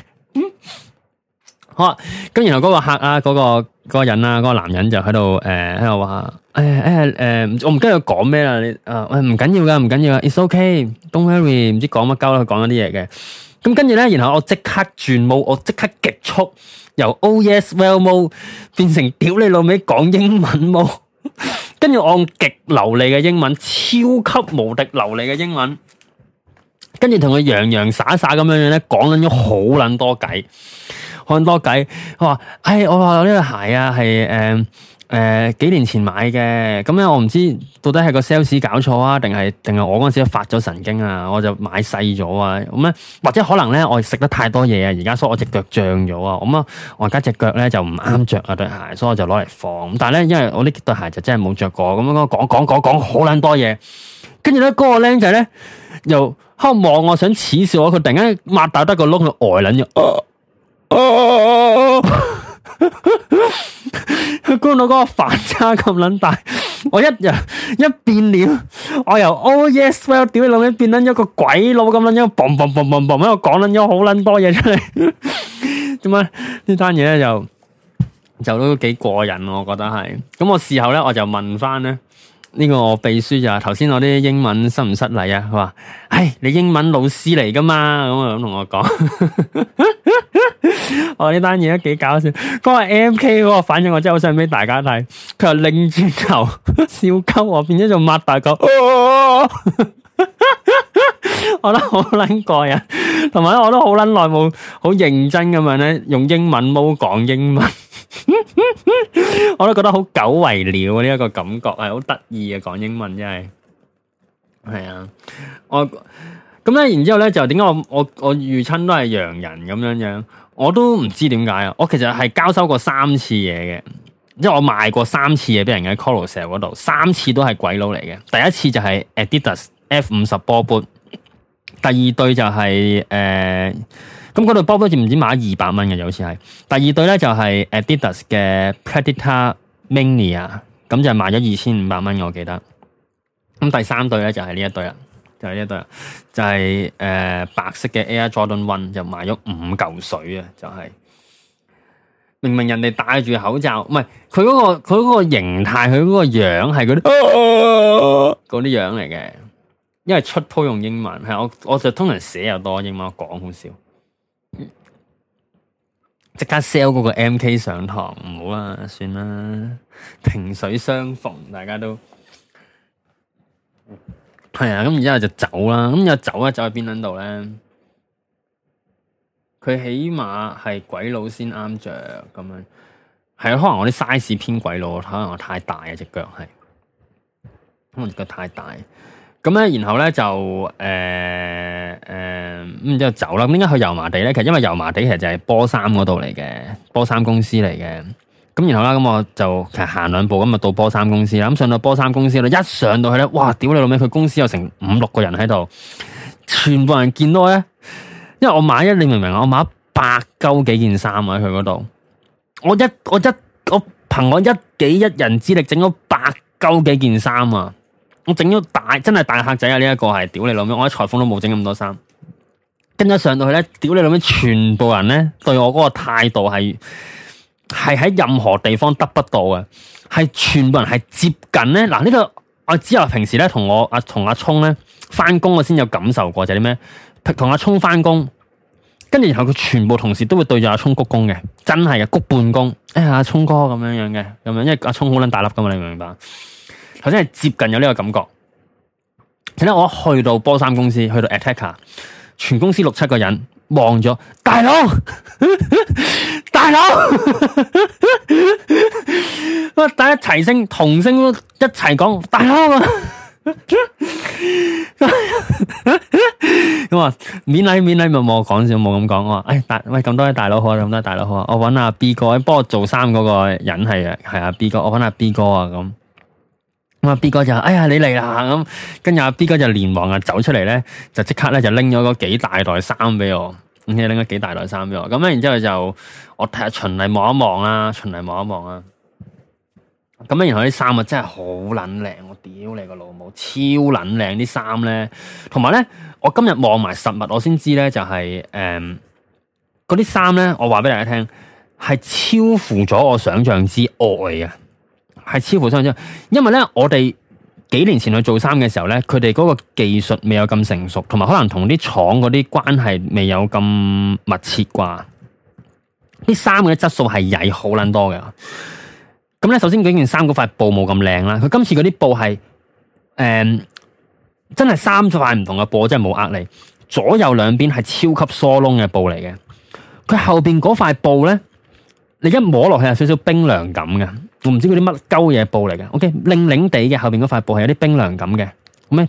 好啊，咁然後嗰個客啊，嗰個嗰個人啊，嗰個男人就喺度誒，喺度話誒誒誒，我唔記得佢講咩啦，你誒唔緊要噶，唔緊要噶，it's okay，don't worry，唔知講乜鳩啦，佢講緊啲嘢嘅。咁跟住咧，然後我即刻轉 mode，我即刻極速由 oh yes well mode 變成屌你老味講英文 mode，跟住我用極流利嘅英文，超級無敵流利嘅英文，跟住同佢洋洋灑灑咁樣樣咧，講捻咗好捻多偈。看多計，佢話，哎，我話呢對鞋啊，係誒誒幾年前買嘅，咁咧我唔知到底係個 sales 搞錯啊，定係定係我嗰陣時發咗神經啊，我就買細咗啊，咁咧或者可能咧我食得太多嘢啊，而家所以我隻腳脹咗啊，咁啊我而家隻腳咧就唔啱着啊對鞋，所以我就攞嚟放。但係咧因為我呢對鞋就真係冇着過，咁樣講講講講好撚多嘢，跟住咧嗰個僆仔咧又喺度望我，想恥笑我，佢突然間擘大得個窿去呆撚嘅，哦，佢觀到嗰個反差咁撚大，我一人一變臉，我又哦 yes，well，我屌你老味變捻咗個鬼佬咁捻樣，嘣嘣嘣嘣嘣喺度講捻咗好捻多嘢出嚟，點啊？呢單嘢咧就就都幾過癮，我覺得係。咁我事後咧，我就問翻咧。呢個我秘書就頭先我啲英文失唔失禮啊？佢話：，唉、哎，你英文老師嚟噶嘛？咁啊咁同我講，我呢單嘢都幾搞笑。嗰個 M K 嗰個，反正我真係好想俾大家睇。佢又擰住頭笑，給我變咗做擘大個。我覺得好捻過癮，同 埋我都好捻耐冇好認真咁樣咧，用英文冇講英文。 我都覺得好久違了呢、啊、一、這個感覺很啊，好得意啊，講英文真係，係啊，我咁咧，然之後咧就點解我我我遇親都係洋人咁樣樣，我都唔知點解啊，我其實係交收過三次嘢嘅，即係我賣過三次嘢俾人嘅，Colossus 嗰度三次都係鬼佬嚟嘅，第一次就係 Adidas F 五十波砵，第二對就係、是、誒。呃咁嗰度波都唔止買二百蚊嘅，好似係。第二對咧就係 Adidas 嘅 Predator Mini 啊，咁就係買咗二千五百蚊，我記得。咁第三對咧就係呢一對啦，就係呢一對啦，就係誒白色嘅 Air Jordan One 就買咗五嚿水啊！就係明明人哋戴住口罩，唔係佢嗰個佢嗰個形態，佢嗰個樣係嗰啲嗰啲樣嚟嘅，因為出鋪用英文係我我就通常寫又多英文，講好少。即刻 sell 嗰個 MK 上堂唔好啦，算啦，萍水相逢，大家都係啊，咁然之後就走啦，咁又走啊，走去邊撚度咧？佢起碼係鬼佬先啱着。咁樣，係啊，可能我啲 size 偏鬼佬，可能我太大啊，隻腳係，可能隻腳太大。咁咧、呃呃，然後咧就誒誒，咁之後走啦。咁點解去油麻地咧？其實因為油麻地其實就係波衫嗰度嚟嘅，波衫公司嚟嘅。咁然後啦，咁我就其實行兩步，咁啊到波衫公司啦。咁上到波衫公司啦，一上到去咧，哇！屌你老味，佢公司有成五六個人喺度，全部人見到咧。因為我買一，你明唔明啊？我買一百鳩幾件衫啊，喺佢嗰度。我一我一我憑我一己一人之力，整咗百鳩幾件衫啊！我整咗大真係大客仔啊！呢、這、一個係屌你老母，我喺裁縫都冇整咁多衫。跟咗上到去咧，屌你老母，全部人咧對我嗰個態度係係喺任何地方得不到嘅，係全部人係接近咧。嗱呢度我只有平時咧同我阿同阿聰咧翻工我先有感受過，就係啲咩同阿聰翻工，跟住、啊、然後佢全部同事都會對住阿聰鞠躬嘅，真係啊鞠半躬。哎、呀，阿聰哥咁樣樣嘅，咁樣因為阿聰好撚大粒㗎嘛，你明唔明白？頭先係接近咗呢個感覺，點解我去到波衫公司，去到 Attacker，全公司六七個人望咗，大佬，大佬，大家 一齊聲同聲一齊講，大佬啊！咁 啊， 免禮免禮，咪冇講笑，冇咁講。我話，大、哎，喂咁多位大佬好啊，咁多位大佬好啊，我搵阿 B 哥，幫我做衫嗰個，個人係啊，係啊 B 哥，我搵阿 B 哥啊咁。我 B 哥就，哎呀，你嚟啦咁，跟住阿 B 哥就連忙啊走出嚟咧，就即刻咧就拎咗嗰幾大袋衫俾我，咁樣拎咗幾大袋衫俾我，咁咧然之後就我睇下循例望一望啦，循例望一望啦。咁咧然後啲衫啊真係好撚靚，我屌你個老母，超撚靚啲衫咧，同埋咧我今日望埋實物，我先知咧就係誒嗰啲衫咧，我話俾大家聽係超乎咗我想象之外啊！係超乎想象，因為咧，我哋幾年前去做衫嘅時候咧，佢哋嗰個技術未有咁成熟，同埋可能同啲廠嗰啲關係未有咁密切啩。啲衫嘅質素係曳好撚多嘅。咁咧，首先嗰件衫嗰塊布冇咁靚啦，佢今次嗰啲布係誒，真係三十塊唔同嘅布，真係冇呃你。左右兩邊係超級疏窿嘅布嚟嘅，佢後邊嗰塊布咧，你一摸落去有少少冰涼感嘅。我唔知嗰啲乜鳩嘢布嚟嘅，OK，令令地嘅後邊嗰塊布係有啲冰涼感嘅，咁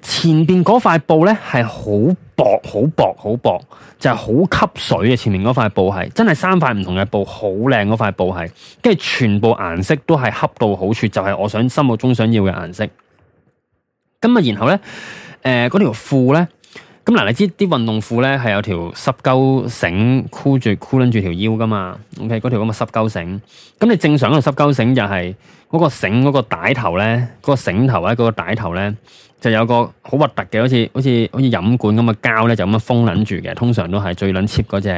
前邊嗰塊布呢係好薄，好薄，好薄，就係、是、好吸水嘅。前面嗰塊布係真係三塊唔同嘅布，好靚嗰塊布係，跟住全部顏色都係恰到好處，就係、是、我想心目中想要嘅顏色。咁啊，然後呢，誒、呃，嗰條褲呢。咁嗱，你知啲運動褲咧係有條濕鳩繩箍住箍撚住條腰噶嘛？OK，嗰條咁嘅濕鳩繩。咁你正常嗰個濕鳩繩就係嗰個繩嗰個帶頭咧，嗰、嗰個繩頭呢，嗰、嗰個帶頭咧，就有個好核突嘅，好似好似好似飲管咁嘅膠咧，就咁樣封撚住嘅。通常都係最撚 cheap 嗰隻。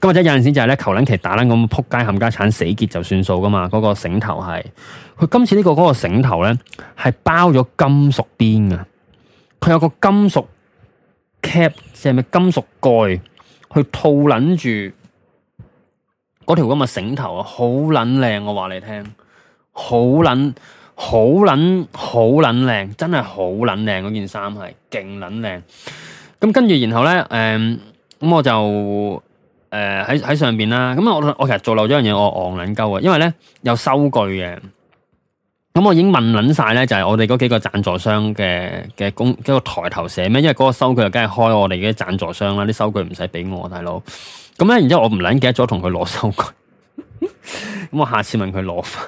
咁或者有陣時就係、是、咧，求撚其打撚咁，撲街冚家鏟死結就算數噶嘛。嗰個繩頭係佢今次呢個嗰個繩頭咧，係、這個那個、包咗金屬邊嘅。佢有個金屬。cap 即係咪金屬蓋，去套捻住嗰條咁嘅繩頭啊，好捻靚我話你聽，好捻好捻好捻靚，真係好捻靚嗰件衫係勁捻靚。咁跟住然後咧，誒、嗯，咁我就誒喺喺上邊啦。咁啊，我我其實做漏咗樣嘢，我昂捻鳩啊，因為咧有收據嘅。咁我已經問捻晒咧，就係、是、我哋嗰幾個贊助商嘅嘅公一個抬頭寫咩？因為嗰個收據又梗係開我哋嘅贊助商啦，啲收據唔使俾我大佬。咁咧，然之後我唔捻記得咗同佢攞收據。咁 我下次問佢攞翻。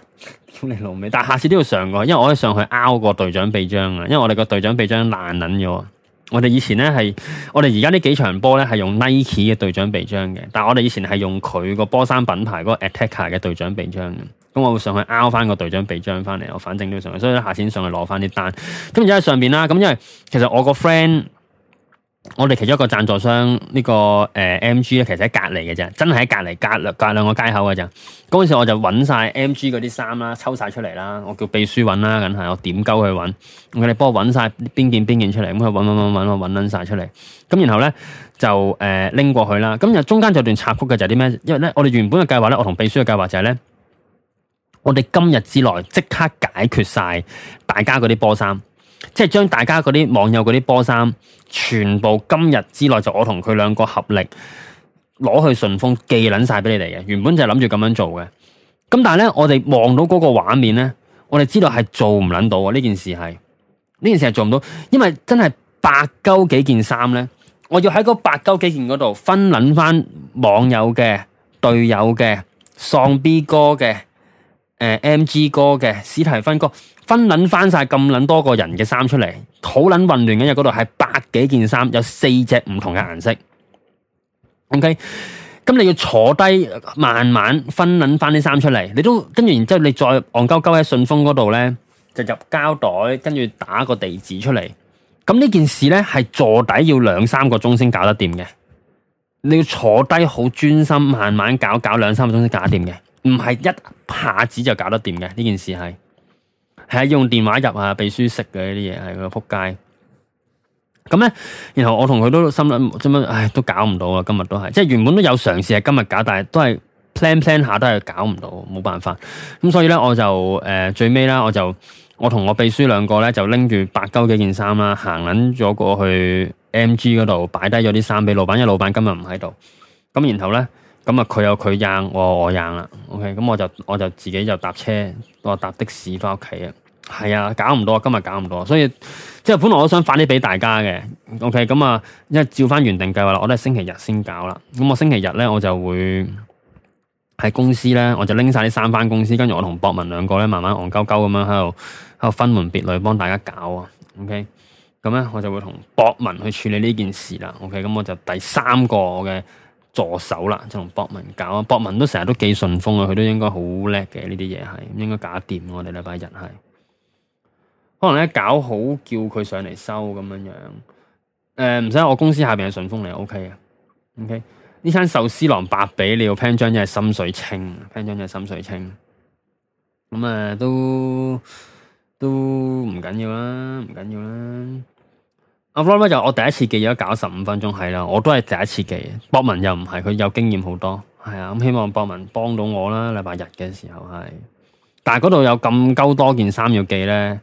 屌你老味！但下次都要上過，因為我一上去拗個隊長臂章啊，因為我哋個隊長臂章爛捻咗。我哋以前咧係，我哋而家呢幾場波咧係用 Nike 嘅隊長臂章嘅，但係我哋以前係用佢個波衫品牌嗰，那個 Attacker 嘅隊長臂章嘅。咁我會上去拗翻個隊長俾張翻嚟，我反正都要上去，所以咧下先上去攞翻啲單。咁而家喺上邊啦，咁因為其實我個 friend，我哋其中一個贊助商呢、這個誒 M G 咧，呃、MG，其實喺隔離嘅啫，真係喺隔離隔兩隔兩個街口嘅就，嗰陣時我就揾曬 M G 嗰啲衫啦，抽晒出嚟啦，我叫秘書揾啦，梗係我點鳩去揾，幫我哋幫我揾曬邊件邊件出嚟，咁佢揾揾揾揾我揾曬出嚟。咁然後咧就誒拎、呃、過去啦。咁就中間有段插曲嘅就係啲咩？因為咧我哋原本嘅計劃咧，我同秘書嘅計劃就係咧。我哋今日之內即刻解決晒大家嗰啲波衫，即係將大家嗰啲網友嗰啲波衫全部今日之內就我同佢兩個合力攞去順豐寄捻晒俾你哋嘅。原本就諗住咁樣做嘅，咁但係呢，我哋望到嗰個畫面呢，我哋知道係做唔捻到啊！呢件事係呢件事係做唔到，因為真係八鳩幾件衫呢，我要喺嗰八鳩幾件嗰度分捻翻網友嘅、隊友嘅、喪 B 哥嘅。誒，M. G. 哥嘅、史提芬哥分捻翻晒咁捻多個人嘅衫，出嚟，好捻混亂嘅，因為嗰度係百幾件衫，有四隻唔同嘅顏色。O. K. 咁你要坐低，慢慢分捻翻啲衫出嚟。你都跟住，然之後你再戇鳩鳩喺信封嗰度咧，就入膠袋，跟住打個地址出嚟。咁呢件事咧係坐底要兩三個鐘先搞得掂嘅。你要坐低好專心，慢慢搞搞兩三個鐘先搞得掂嘅。唔係一下子就搞得掂嘅。呢件事係係啊用電話入下秘書識嘅、那個、呢啲嘢係佢仆街咁咧，然後我同佢都心諗做乜唉都搞唔到啊！今日都係即係原本都有嘗試係今日搞，但係都係 plan plan 下都係搞唔到，冇辦法。咁所以咧我就誒最尾啦，我就、呃、我同我秘書兩個咧就拎住百鳩幾件衫啦，行緊咗過去 MG 嗰度擺低咗啲衫俾老闆，因為老闆今日唔喺度。咁然後咧。咁啊，佢有佢硬，我有我硬啦。OK，咁我就我就自己就搭車，我搭的士翻屋企啊。係啊，搞唔到啊，今日搞唔到，所以即係本來我都想快啲俾大家嘅。OK，咁啊，因為照翻原定計劃啦，我都係星期日先搞啦。咁我星期日咧，我就會喺公司咧，我就拎晒啲衫翻公司，跟住我同博文兩個咧，慢慢戇鳩鳩咁樣喺度喺度分門別類幫大家搞啊。OK，咁咧我就會同博文去處理呢件事啦。OK，咁我就第三個嘅。我助手啦，就同博文搞，博文都成日都寄順豐啊，佢都應該好叻嘅，呢啲嘢係，應該搞掂。我哋禮拜日係，可能咧搞好叫佢上嚟收咁樣樣，誒唔使我公司下邊嘅順豐嚟 OK 嘅。OK 呢餐壽司郎白俾你 pan 張真係心水清 pan 張真係心水清，咁啊都都唔緊要啦，唔緊要啦。阿就我第一次寄咗搞十五分鐘，係啦，我都係第一次寄。博文又唔係佢有經驗好多，係啊，咁希望博文幫到我啦。禮拜日嘅時候係，但係嗰度有咁鳩多件衫要寄咧，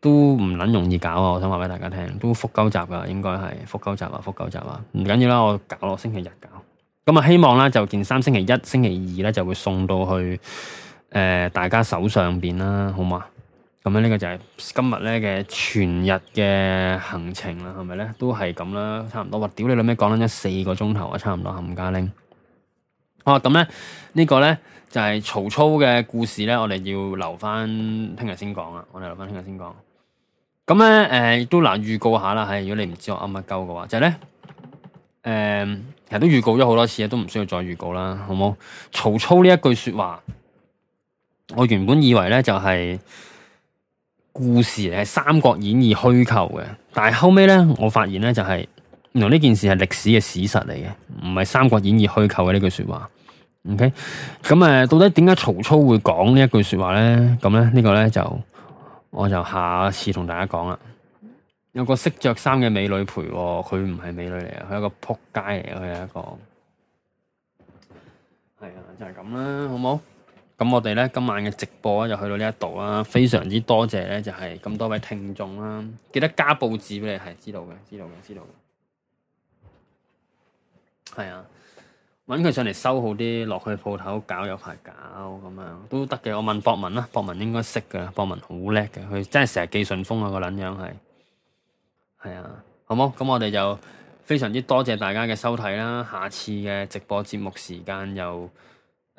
都唔撚容易搞啊！我想話俾大家聽，都複鳩雜噶，應該係複鳩雜啊，複鳩雜啊，唔緊要啦，我搞，我星期日搞。咁啊，希望啦，就件衫星期一、星期二咧就會送到去誒、呃、大家手上邊啦，好嗎？咁呢個就係今日咧嘅全日嘅行程啦，係咪咧？都係咁啦，差唔多。哇，屌你諗咩，講緊一四個鐘頭啊，差唔多，冚家拎。好，咁咧呢個咧就係、是、曹操嘅故事咧，我哋要留翻聽日先講啊，我哋留翻聽日先講。咁咧，誒、呃，亦都難預告下啦。係，如果你唔知我啱乜鳩嘅話，就咧、是，誒、呃，其實都預告咗好多次，都唔需要再預告啦，好冇？曹操呢一句說話，我原本以為咧就係、是。故事係《三國演義》虛構嘅，但係後尾呢，我發現呢就係、是，原來呢件事係歷史嘅史實嚟嘅，唔係《三國演義》虛構嘅呢句說話。OK，咁誒，到底點解曹操會講呢一句說話呢？咁呢，呢個呢，這個、就，我就下次同大家講啦。有個識着衫嘅美女陪，佢唔係美女嚟啊，佢係一個仆街嚟，佢係一個，係啊，就係咁啦，好冇好。咁我哋呢，今晚嘅直播咧就去到呢一度啦，非常之多謝呢，就係、是、咁多位聽眾啦、啊，記得加報紙俾你係知道嘅，知道嘅，知道嘅。係啊，揾佢上嚟收好啲落去鋪頭搞，有排搞咁樣都得嘅。我問博文啦，博文應該識噶，博文好叻嘅，佢真係成日寄順豐啊，個捻樣係，係啊，好冇？咁我哋就非常之多謝大家嘅收睇啦，下次嘅直播節目時間又。